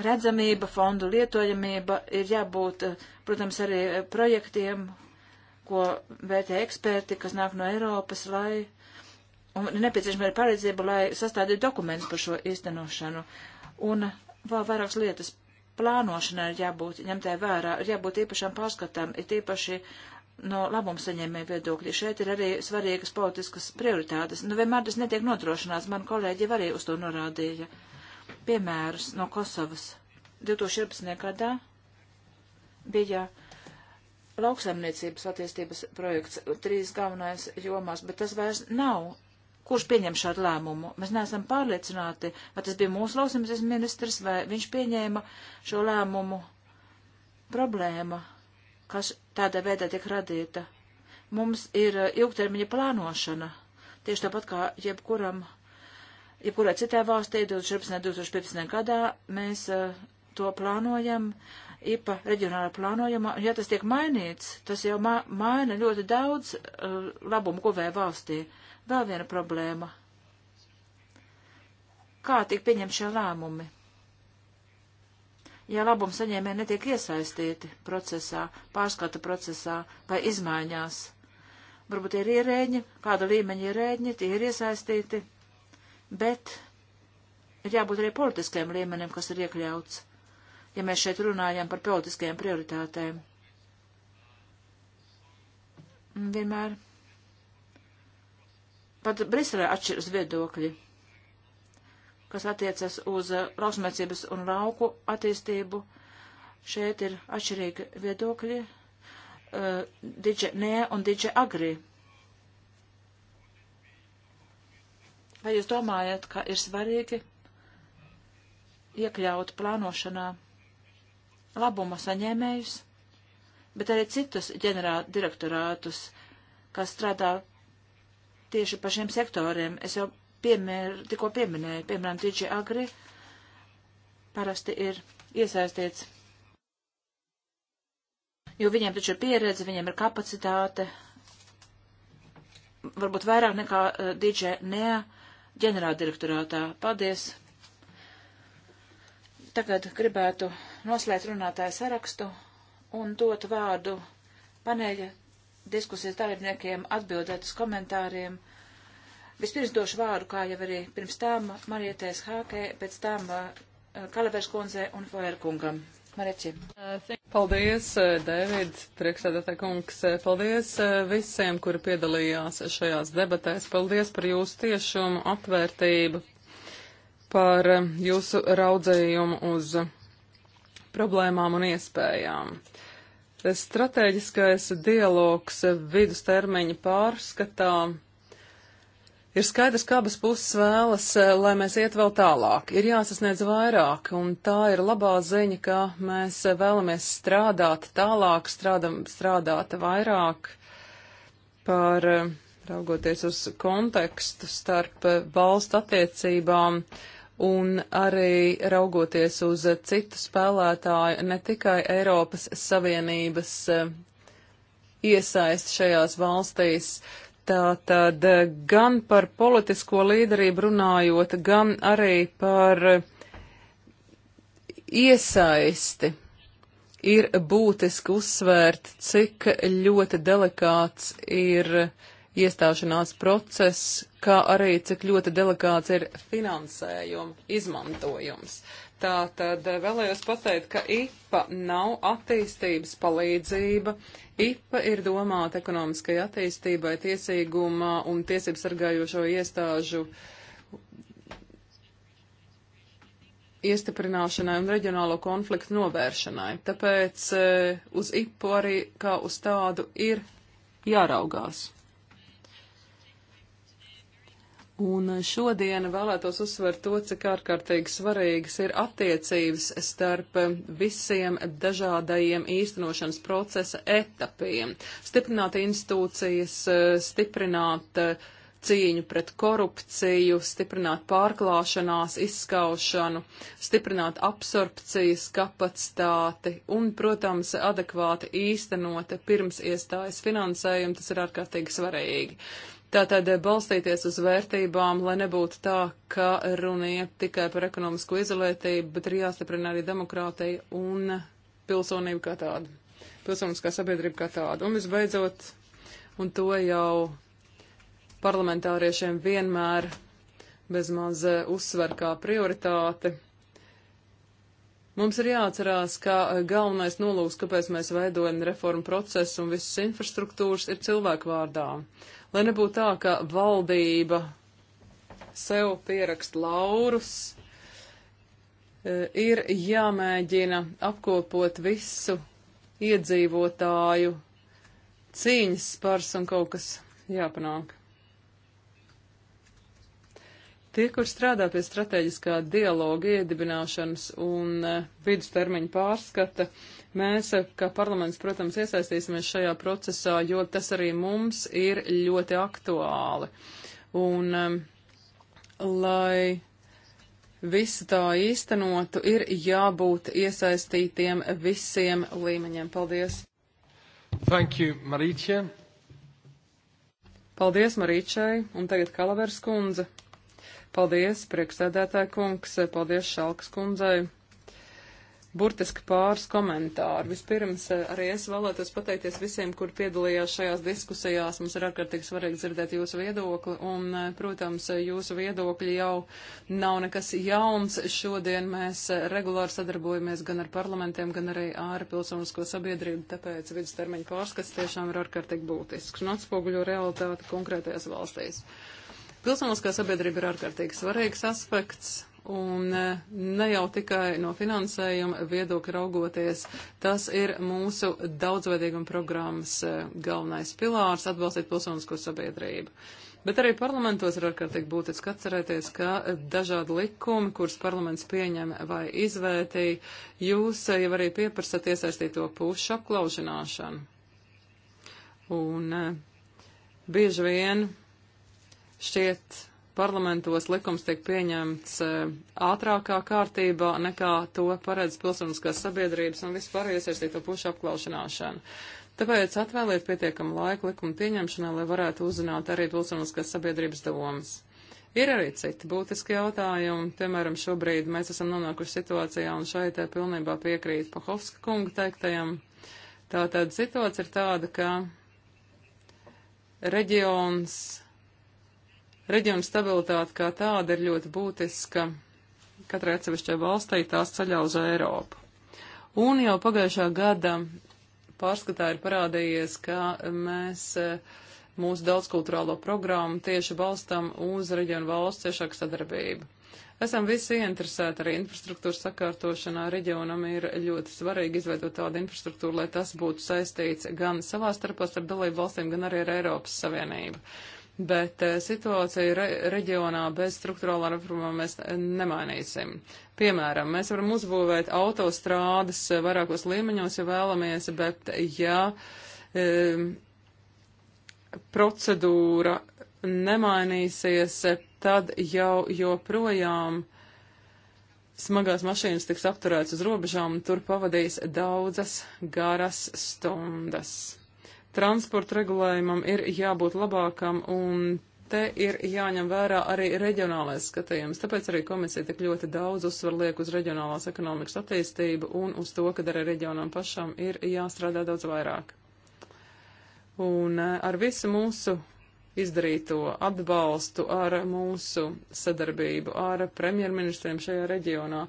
[SPEAKER 2] redzamība, fondu lietojamība ir jābūt, eh, protams, arī eh, projektiem, ko vērtē eksperti, kas nāk no Eiropas, lai, un nepieciešama ir paredzība, lai sastādītu dokumentus par šo īstenošanu. Un vēl vairākas lietas plānošanai ir jābūt ņemtē vērā, ir jābūt īpašām pārskatām, ir īpaši no labuma saņēmēja viedokļa. Šeit ir arī svarīgas politiskas prioritātes. Nu, vienmēr tas netiek nodrošināts, man kolēģi arī uz to norādīja. Uh, piemērus no Kosovas. 2014. gadā bija lauksaimniecības attīstības projekts trīs galvenais jomās, bet tas vairs nav. Kurš pieņem šādu lēmumu? Mēs neesam pārliecināti, vai tas bija mūsu lauksaimniecības ministrs, vai viņš pieņēma šo lēmumu. Problēma, kas tādā veidā tiek radīta. Mums ir uh, ilgtermiņa plānošana, tieši tāpat kā jebkuram jebkurā citā valstī 2014. 2015. gadā mēs uh, to plānojam, IPA reģionāla plānojumā, un ja tas tiek mainīts, tas jau ma maina ļoti daudz uh, labumu guvē valstī. Vēl viena problēma. Kā tiek pieņemti šie lēmumi? Ja labumu saņēmēji netiek iesaistīti procesā, pārskata procesā vai izmaiņās, varbūt ir ierēģi, kāda līmeņa ierēģi, tie ir iesaistīti bet ir jābūt arī politiskajam līmenim, kas ir iekļauts, ja mēs šeit runājam par politiskajām prioritātēm. Vienmēr. Pat Briselē atšķiras viedokļi, kas attiecas uz uh, lauksamniecības un lauku attīstību. Šeit ir atšķirīgi viedokļi uh, Diģe Nē un Diģe Agri. Vai jūs domājat, ka ir svarīgi iekļaut plānošanā labuma saņēmējus, bet arī citus ģenerāldirektorātus, kas strādā tieši par šiem sektoriem? Es jau piemēr, tikko pieminēju, piemēram, Digi Agri parasti ir iesaistīts, jo viņiem taču ir pieredze, viņiem ir kapacitāte, varbūt vairāk nekā uh, eh, DJ Nea, ģenerāldirektorātā. Paldies! Tagad gribētu noslēgt runātāju sarakstu un dot vārdu paneļa diskusijas dalībniekiem atbildēt uz komentāriem. Vispirms došu vārdu, kā jau arī pirms tam, Marietēs Hākē, pēc tam uh, Kalavērs kundzei un
[SPEAKER 3] Foerkungam. kungam. Marečim. Paldies, eh, Dēvids, priekšsēdētā kungs. Eh, paldies eh, visiem, kuri piedalījās šajās debatēs. Paldies par jūsu tiešumu, atvērtību, par jūsu raudzējumu uz problēmām un iespējām. Stratēģiskais dialogs vidustermiņa pārskatām Ir skaidrs, ka abas puses vēlas, eh, lai mēs iet vēl tālāk. Ir jāsasniedz vairāk, un tā ir labā ziņa, ka mēs vēlamies strādāt tālāk, strādam, strādāt vairāk par eh, raugoties uz kontekstu starp eh, valstu attiecībām un arī raugoties uz citu spēlētāju, ne tikai Eiropas Savienības iesaist šajās valstīs. Tātad gan par politisko līderību runājot, gan arī par iesaisti ir būtiski uzsvērt, cik ļoti delikāts ir iestāšanās process, kā arī cik ļoti delikāts ir finansējuma izmantojums. Tā tad eh, vēlējos pateikt, ka IPA nav attīstības palīdzība. IPA ir domāta ekonomiskai attīstībai, tiesīgumā un tiesību sargājošo iestāžu iestiprināšanai un reģionālo konfliktu novēršanai. Tāpēc eh, uz IPU arī kā uz tādu ir jāraugās. Un šodien vēlētos uzsvērt to, cik ārkārtīgi svarīgas ir attiecības starp visiem dažādajiem īstenošanas procesa etapiem. Stiprināt institūcijas, stiprināt cīņu pret korupciju, stiprināt pārklāšanās, izskaušanu, stiprināt absorpcijas kapacitāti un, protams, adekvāti īstenot pirms iestājas finansējumu. Tas ir ārkārtīgi svarīgi. Tātad balstīties uz vērtībām, lai nebūtu tā, ka runiet tikai par ekonomisko izolētību, bet ir jāstiprina arī demokrātija un pilsonība kā tāda, pilsoniskā sabiedrība kā tāda. Un visbeidzot, un to jau parlamentāriešiem vienmēr bezmaz uzsver kā prioritāti. Mums ir jāatcerās, ka galvenais nolūks, kāpēc mēs veidojam reformu procesu un visas infrastruktūras, ir cilvēku vārdā. Lai nebūtu tā, ka valdība sev pierakst laurus, e, ir jāmēģina apkopot visu iedzīvotāju cīņas spars un kaut kas jāpanāk. Tie, kur strādā pie strateģiskā dialoga iedibināšanas un eh, vidustermiņa pārskata, mēs, eh, kā parlaments, protams, iesaistīsimies šajā procesā, jo tas arī mums ir ļoti aktuāli. Un, eh, lai visu tā īstenotu, ir jābūt iesaistītiem visiem līmeņiem. Paldies! Thank you, Marīķie! Paldies Marīčai, un tagad Kalavers kundze. Paldies, priekšsēdētāja kungs, paldies Šalkas kundzei. Burtiski pāris komentāru. Vispirms eh, arī es vēlētos pateikties visiem, kur piedalījās šajās diskusijās. Mums ir ārkārtīgi svarīgi dzirdēt jūsu viedokli, un, eh, protams, jūsu viedokļi jau nav nekas jauns. Šodien mēs eh, regulāri sadarbojamies gan ar parlamentiem, gan arī ar pilsonisko sabiedrību, tāpēc vidustermiņa pārskats tiešām ir ārkārtīgi būtisks un atspoguļo realitāti konkrētajās valstīs. Pilsoniskā sabiedrība ir ārkārtīgi svarīgs aspekts. Un eh, ne jau tikai no finansējuma viedokļa raugoties, tas ir mūsu daudzveidīguma programmas eh, galvenais pilārs - atbalstīt pilsonisko sabiedrību. Bet arī parlamentos ir ārkārtīgi būtiski atcerēties, ka dažādi likumi, kurus parlaments pieņem vai izvērtī, jūs eh, jau arī pieprasat iesaistīto pušu apklaužināšanu. Un bieži vien Šķiet, parlamentos likums tiek pieņemts e, ātrākā kārtībā nekā to paredz pilsoniskās sabiedrības un vispār iesaistīto pušu apklaušanāšana. Tāpēc atvēliet pietiekamu laiku likuma pieņemšanai, lai varētu uzzināt arī pilsoniskās sabiedrības domas. Ir arī citi būtiski jautājumi, piemēram, šobrīd mēs esam nonākuši situācijā, un šeit e, pilnībā piekrīt Pahovska kunga teiktajam. Tātad situācija ir tāda, ka reģions Reģiona stabilitāte kā tāda ir ļoti būtiska katrai atsevišķai valstī, tās ceļā uz Eiropu. Un jau pagājušā gada pārskatā ir parādījies, ka mēs e, mūsu daudzkulturālo programmu tieši balstam uz reģionu valsts ciešāku sadarbību. Esam visi ieinteresēti arī infrastruktūras sakārtošanā. Reģionam ir ļoti svarīgi izveidot tādu infrastruktūru, lai tas būtu saistīts gan savā starpā starp dalību valstīm, gan arī ar Eiropas Savienību bet eh, situāciju re reģionā bez struktūrālā reformām mēs nemainīsim. Piemēram, mēs varam uzbūvēt autostrādes eh, vairākos līmeņos, ja vēlamies, bet ja e, procedūra nemainīsies, tad jau joprojām smagās mašīnas tiks apturētas uz robežām un tur pavadīs daudzas garas stundas transporta regulējumam ir jābūt labākam un te ir jāņem vērā arī reģionālais skatījums. Tāpēc arī komisija tik ļoti daudz uzsver liek uz reģionālās ekonomikas attīstību un uz to, ka arī reģionam pašam ir jāstrādā daudz vairāk. Un eh, ar visu mūsu izdarīto atbalstu, ar mūsu sadarbību ar premjerministriem šajā reģionā.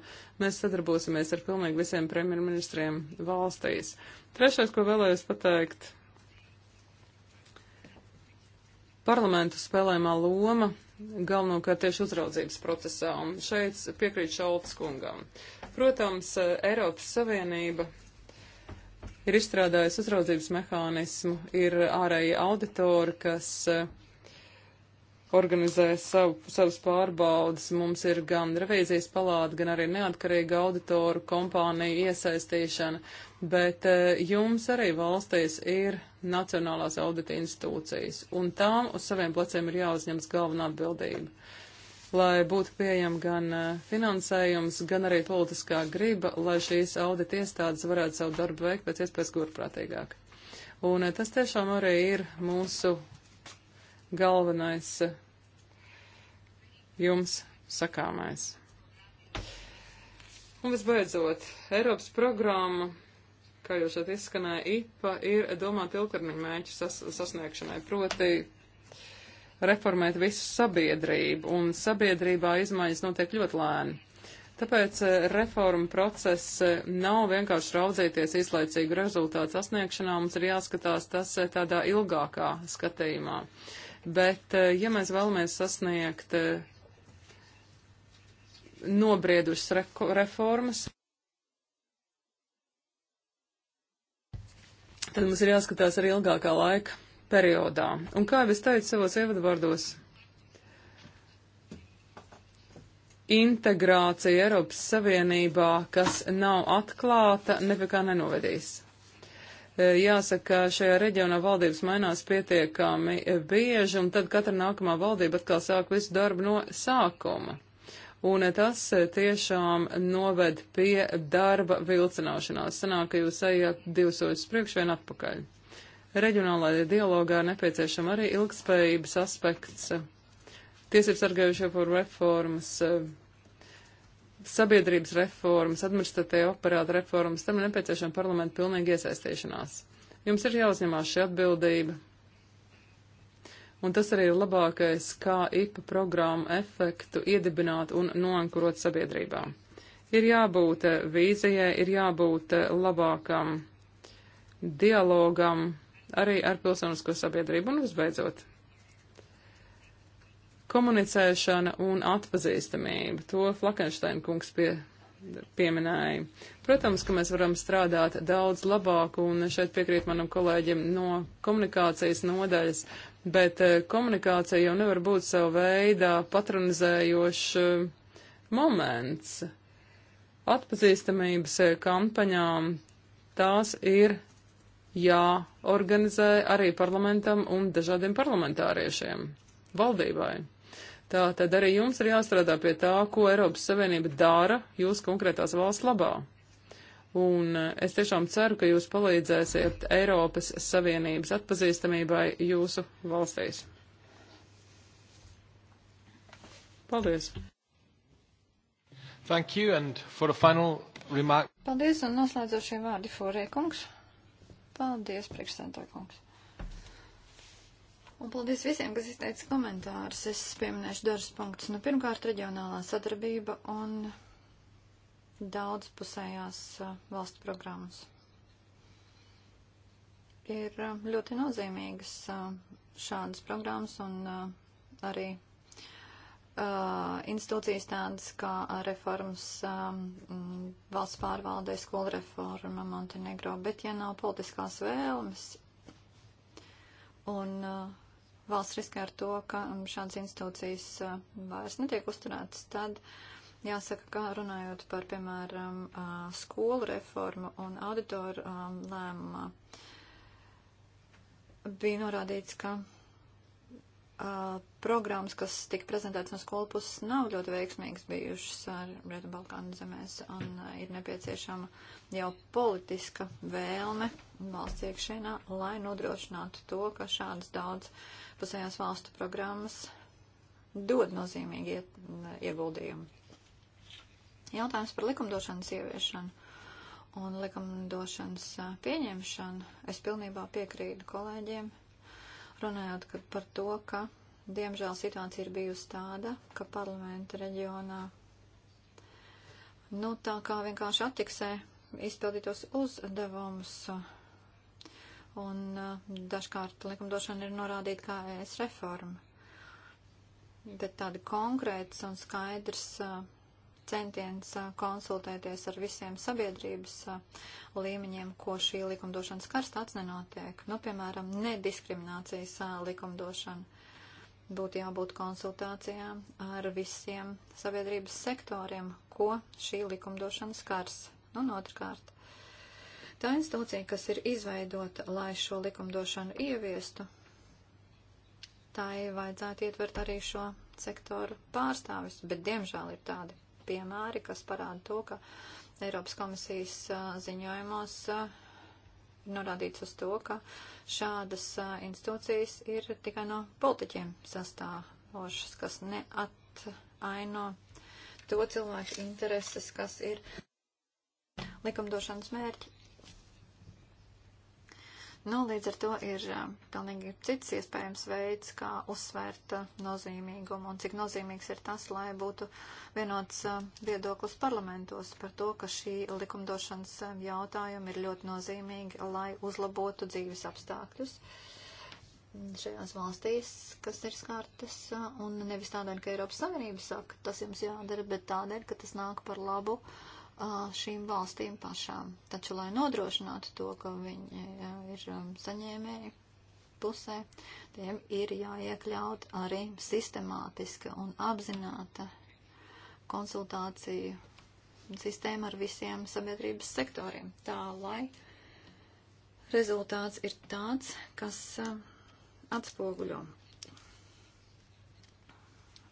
[SPEAKER 3] Mēs sadarbosimies ar pilnīgi visiem premjerministriem valstīs. Trešais, ko vēlējos pateikt, parlamentu spēlēmā loma galvenokārt tieši uzraudzības procesā, un šeit piekrīt Šalts kungam. Protams, Eiropas Savienība ir izstrādājusi uzraudzības mehānismu, ir ārēji auditori, kas uh, organizē savu, savus pārbaudas. Mums ir gan revīzijas palāta, gan arī neatkarīga auditoru kompānija iesaistīšana, bet e, jums arī valstīs ir nacionālās audita institūcijas, un tām uz saviem pleciem ir jāuzņems galvenā atbildība. Lai būtu pieejama gan e, finansējums, gan arī politiskā griba, lai šīs audita iestādes varētu savu darbu veikt pēc iespējas gurprātīgāk. Un e, tas tiešām arī ir mūsu galvenais eh, jums sakāmais. Un visbeidzot, Eiropas programma, kā jau šeit izskanēja, IPA ir domāta ilgtermiņa mērķu sas sasniegšanai, proti reformēt visu sabiedrību, un sabiedrībā izmaiņas notiek ļoti lēni. Tāpēc eh, reforma process nav vienkārši raudzēties izlaicīgu rezultātu sasniegšanā, mums ir jāskatās tas eh, tādā ilgākā skatījumā. Bet, eh, ja mēs vēlamies sasniegt nobriedušas reformas, tad mums ir jāskatās arī ilgākā laika periodā. Un kā jau es teicu savos ievadvārdos, integrācija Eiropas Savienībā, kas nav atklāta, nepikā nenovedīs. E, jāsaka, šajā reģionā valdības mainās pietiekami bieži, un tad katra nākamā valdība atkal sāk visu darbu no sākuma. Un tas tiešām noved pie darba vilcināšanās. Sanāk, ka jūs ejat divus soļus priekš vien atpakaļ. Reģionālajā dialogā nepieciešama arī ilgspējības aspekts tiesību sargājušo par reformas, eh, sabiedrības reformas, administratīvā operāta reformas, tam ir nepieciešama parlamenta pilnīga iesaistīšanās. Jums ir jāuzņemās šī atbildība. Un tas arī ir labākais, kā IPA programmu efektu iedibināt un noankurot sabiedrībā. Ir jābūt eh, vīzijai, ir jābūt eh, labākam dialogam arī ar pilsonisko sabiedrību un visbeidzot komunicēšana un atpazīstamība. To Flakensteina kungs pie, pieminēja. Protams, ka mēs varam strādāt daudz labāk, un šeit piekrīt manam kolēģim no komunikācijas nodaļas, bet eh, komunikācija jau nevar būt savu veidā patronizējošs eh, moments. Atpazīstamības eh, kampaņām tās ir jāorganizē arī parlamentam un dažādiem parlamentāriešiem, valdībai. Tā tad arī jums ir jāstrādā pie tā, ko Eiropas Savienība dara jūs konkrētās valsts labā. Un eh, es tiešām ceru, ka jūs palīdzēsiet Eiropas Savienības atpazīstamībai jūsu valstīs. Paldies!
[SPEAKER 1] Thank you and for a final remark.
[SPEAKER 4] Paldies un noslēdzošie vārdi, Forē kungs. Paldies, priekšstādā kungs. Un paldies visiem, kas izteica komentārus. Es pieminēšu dažus punktus. Nu, pirmkārt, reģionālā sadarbība un daudzpusējās uh, valstu programmas ir uh, ļoti nozīmīgas uh, šādas programmas un arī institūcijas tādas kā reformas um, valsts pārvaldē, skola reforma Montenegro, bet ja nav politiskās vēlmes un uh, valsts riskē ar to, ka um, šādas institūcijas uh, vairs netiek uzturētas, tad jāsaka, ka runājot par, piemēram, uh, skolu reformu un auditoru um, lēmumā, bija norādīts, ka Uh, programmas, kas tika prezentētas no skolu puses, nav ļoti veiksmīgas bijušas ar Rietu Balkānu zemēs, un uh, ir nepieciešama jau politiska vēlme valsts iekšēnā, lai nodrošinātu to, ka šādas daudz pusējās valstu programmas dod nozīmīgi iet, ieguldījumi. Jautājums par likumdošanas ieviešanu un likumdošanas pieņemšanu. Es pilnībā piekrītu kolēģiem runājot par to, ka diemžēl situācija ir bijusi tāda, ka parlamenta reģionā, nu tā kā vienkārši attiksē izpildītos uzdevumus, un dažkārt likumdošana ir norādīta kā ES reforma. Bet tāda konkrēts un skaidrs centiens konsultēties ar visiem sabiedrības līmeņiem, ko šī likumdošanas karstāts nenotiek. Nu, piemēram, nediskriminācijas likumdošana. Būtu jābūt konsultācijām ar visiem sabiedrības sektoriem, ko šī likumdošana skars. Nu, un otrkārt, tā institūcija, kas ir izveidota, lai šo likumdošanu ieviestu, tai vajadzētu ietvert arī šo sektoru pārstāvis, bet diemžēl ir tādi piemēri, kas parāda to, ka Eiropas komisijas ziņojumos norādīts uz to, ka šādas institūcijas ir tikai no politiķiem sastāvošas, kas neataino to cilvēku intereses, kas ir likumdošanas mērķi. Nu, līdz ar to ir pilnīgi cits iespējams veids, kā uzsvērt nozīmīgumu un cik nozīmīgs ir tas, lai būtu vienots viedoklis parlamentos par to, ka šī likumdošanas jautājumi ir ļoti nozīmīgi, lai uzlabotu dzīves apstākļus šajās valstīs, kas ir skārtas, un nevis tādēļ, ka Eiropas Savienība saka, tas jums jādara, bet tādēļ, ka tas nāk par labu uh, šīm valstīm pašām. Taču, lai nodrošinātu to, ka viņi ir saņēmēji pusē, tiem ir jāiekļaut arī sistemātiska un apzināta konsultāciju sistēma ar visiem sabiedrības sektoriem. Tā, lai rezultāts ir tāds, kas atspoguļo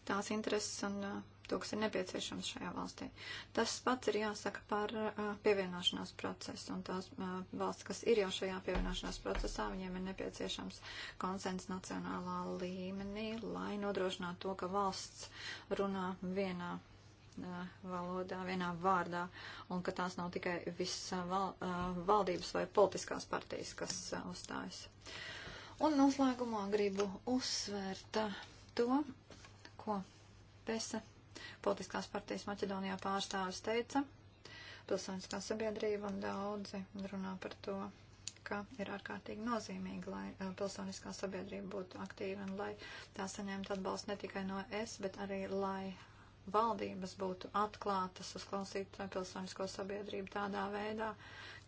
[SPEAKER 4] tās intereses un uh, to, kas ir nepieciešams šajā valstī. Tas pats ir jāsaka par pievienošanās procesu, un tās valsts, kas ir jau šajā pievienošanās procesā, viņiem ir nepieciešams konsens nacionālā līmenī, lai nodrošinātu to, ka valsts runā vienā valodā, vienā vārdā, un ka tās nav tikai visas val, valdības vai politiskās partijas, kas uzstājas. Un noslēgumā gribu uzsvērt to, ko Pesa politiskās partijas Maķedonijā pārstāvis teica, pilsoniskā sabiedrība un daudzi runā par to, ka ir ārkārtīgi nozīmīgi, lai eh, pilsoniskā sabiedrība būtu aktīva un lai tā saņemtu atbalstu ne tikai no es, bet arī lai valdības būtu atklātas uzklausīt pilsonisko sabiedrību tādā veidā,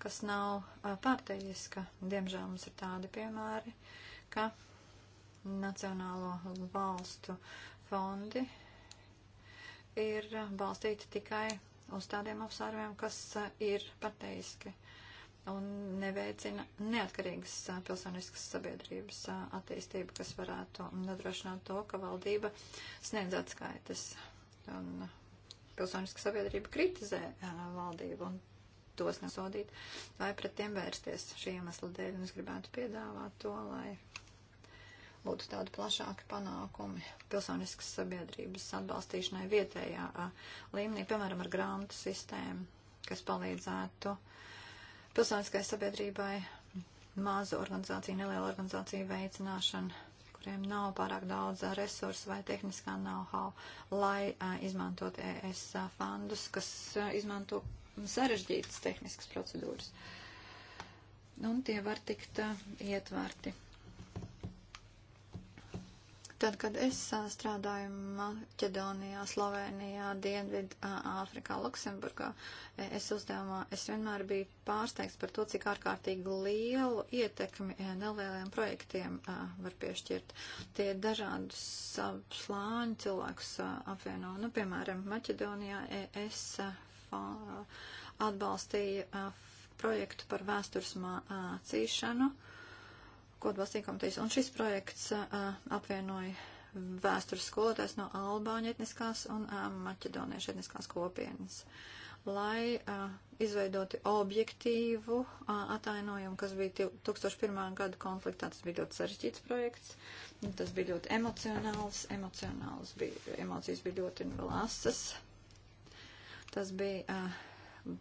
[SPEAKER 4] kas nav eh, pārteiska. Diemžēl mums ir tādi piemēri, ka Nacionālo valstu fondi ir balstīti tikai uz tādiem apsvērumiem, kas ir pateiski un neveicina neatkarīgas pilsoniskas sabiedrības attīstību, kas varētu nodrošināt to, ka valdība sniedz atskaites. Un pilsoniska sabiedrība kritizē valdību un tos nesodīt vai pret tiem vērsties šī iemesla dēļ. Un es gribētu piedāvāt to, lai būtu tādi plašāki panākumi pilsoniskas sabiedrības atbalstīšanai vietējā līmenī, piemēram, ar grāmatu sistēmu, kas palīdzētu pilsoniskai sabiedrībai mazu organizāciju, nelielu organizāciju veicināšanu, kuriem nav pārāk daudz resursu vai tehniskā know-how, lai izmantot ES fondus, kas izmanto sarežģītas tehniskas procedūras. Un tie var tikt ietverti Tad, kad es strādāju Maķedonijā, Slovenijā, Dienvidu, Āfrikā, Luksemburgā, e, es uzdevumā, es vienmēr biju pārsteigts par to, cik ārkārtīgi lielu ietekmi nelieliem projektiem var piešķirt. Tie dažādus slāņu cilvēkus apvieno. Nu, piemēram, Maķedonijā e, es atbalstīju projektu par vēstures mācīšanu. Uh, kodbalstīja komitejas. Un šis projekts uh, apvienoja vēstures skolotājs no Albāņu etniskās un uh, maķedoniešu etniskās kopienas, lai uh, izveidoti objektīvu uh, atainojumu, kas bija 2001. gada konfliktā. Tas bija ļoti sarežģīts projekts, tas bija ļoti emocionāls, emocionāls bija, emocijas bija ļoti lasas. Tas bija uh,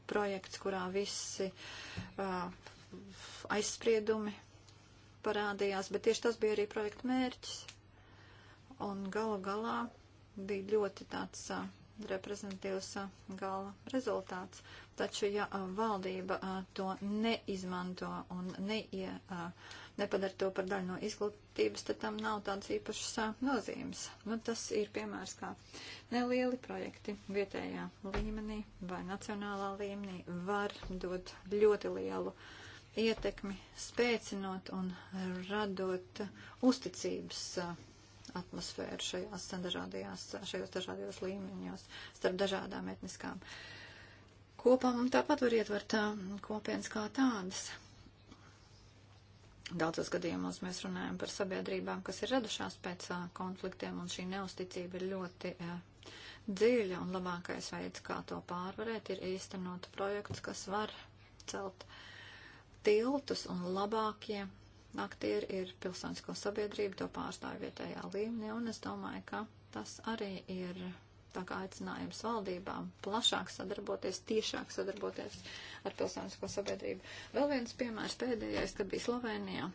[SPEAKER 4] projekts, kurā visi uh, aizspriedumi parādījās, bet tieši tas bija arī projekta mērķis. Un galu galā bija ļoti tāds a, reprezentatīvs a, gala rezultāts. Taču, ja a, valdība to neizmanto un neie, nepadara to par daļu no izglītības, tad tam nav tādas īpašas nozīmes. Nu, tas ir piemērs kā nelieli projekti vietējā līmenī vai nacionālā līmenī var dot ļoti lielu uh, ietekmi, spēcinot un radot uzticības uh, atmosfēru šajās dažādajās, šajos dažādajos līmeņos starp dažādām etniskām kopām. Un tāpat var ietvert tā, um, kopienas kā tādas. Daudzos gadījumos mēs runājam par sabiedrībām, kas ir radušās pēc uh, konfliktiem, un šī neusticība ir ļoti uh, dziļa, un labākais veids, kā to pārvarēt, ir īstenot projekts, kas var celt uh, tiltus un labākie aktieri ir pilsonisko sabiedrību, to pārstāvju vietējā līmenī, un es domāju, ka tas arī ir tā kā aicinājums valdībām plašāk sadarboties, tiešāk sadarboties ar pilsonisko sabiedrību. Vēl viens piemērs pēdējais, kad bija Slovenijā,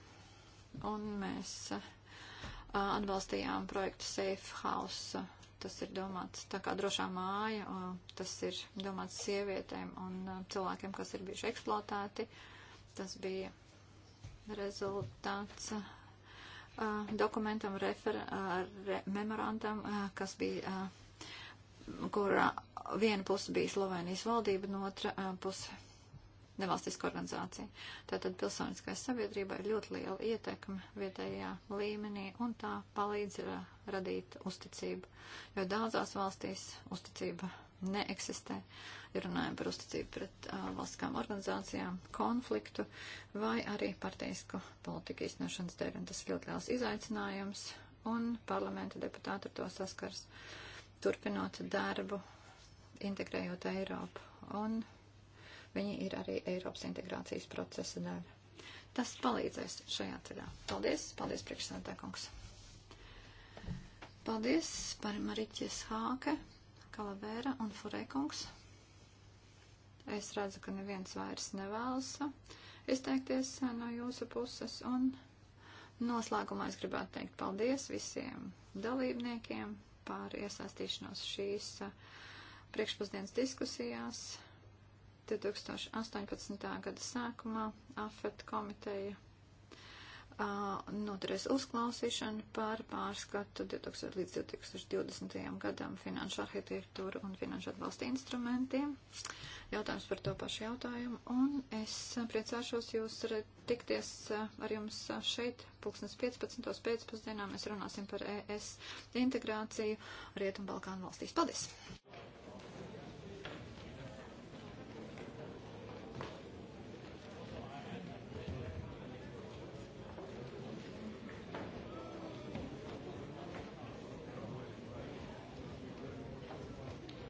[SPEAKER 4] un mēs a, eh, atbalstījām projektu Safe House. Tas ir domāts tā kā drošā māja, a, tas ir domāts sievietēm un a, eh, cilvēkiem, kas ir bijuši eksploatēti. Uh, Tas bija rezultāts uh, dokumentam, refer, uh, re, memorandam, uh, kas bija, uh, kurā viena puse bija Slovenijas valdība, un otra uh, puse nevalstiska organizācija. Tātad pilsoniskai sabiedrībai ir ļoti liela ietekme vietējā līmenī, un tā palīdz uh, radīt uzticību, jo daudzās valstīs uzticība neeksistē. Ir runājumi par uzticību pret uh, valstiskām organizācijām, konfliktu vai arī partijasku politiku īstenošanas dēļ. Un tas ir ļoti liels izaicinājums, un parlamenta deputāti ar to saskars, turpinot darbu, integrējot Eiropu. Un viņi ir arī Eiropas integrācijas procesa daļa. Tas palīdzēs šajā ceļā. Paldies, paldies priekšsēdētāj kungs. Paldies par Mariķis Hāke. Kalavēra un Furekungs. Es redzu, ka neviens vairs nevēlas izteikties eh, no jūsu puses. Un noslēgumā es gribētu teikt paldies visiem dalībniekiem par iesaistīšanos šīs eh, priekšpusdienas diskusijās. 2018. gada sākumā AFET komiteja noturēs uzklausīšanu par pārskatu 2000 līdz 2020. gadam finanšu arhitektūru un finanšu atbalsta instrumentiem. Jautājums par to pašu jautājumu. Un es priecāšos jūs tikties ar jums šeit pulksnes 15. pēcpusdienā. Mēs runāsim par ES integrāciju Rietumbalkānu valstīs. Paldies!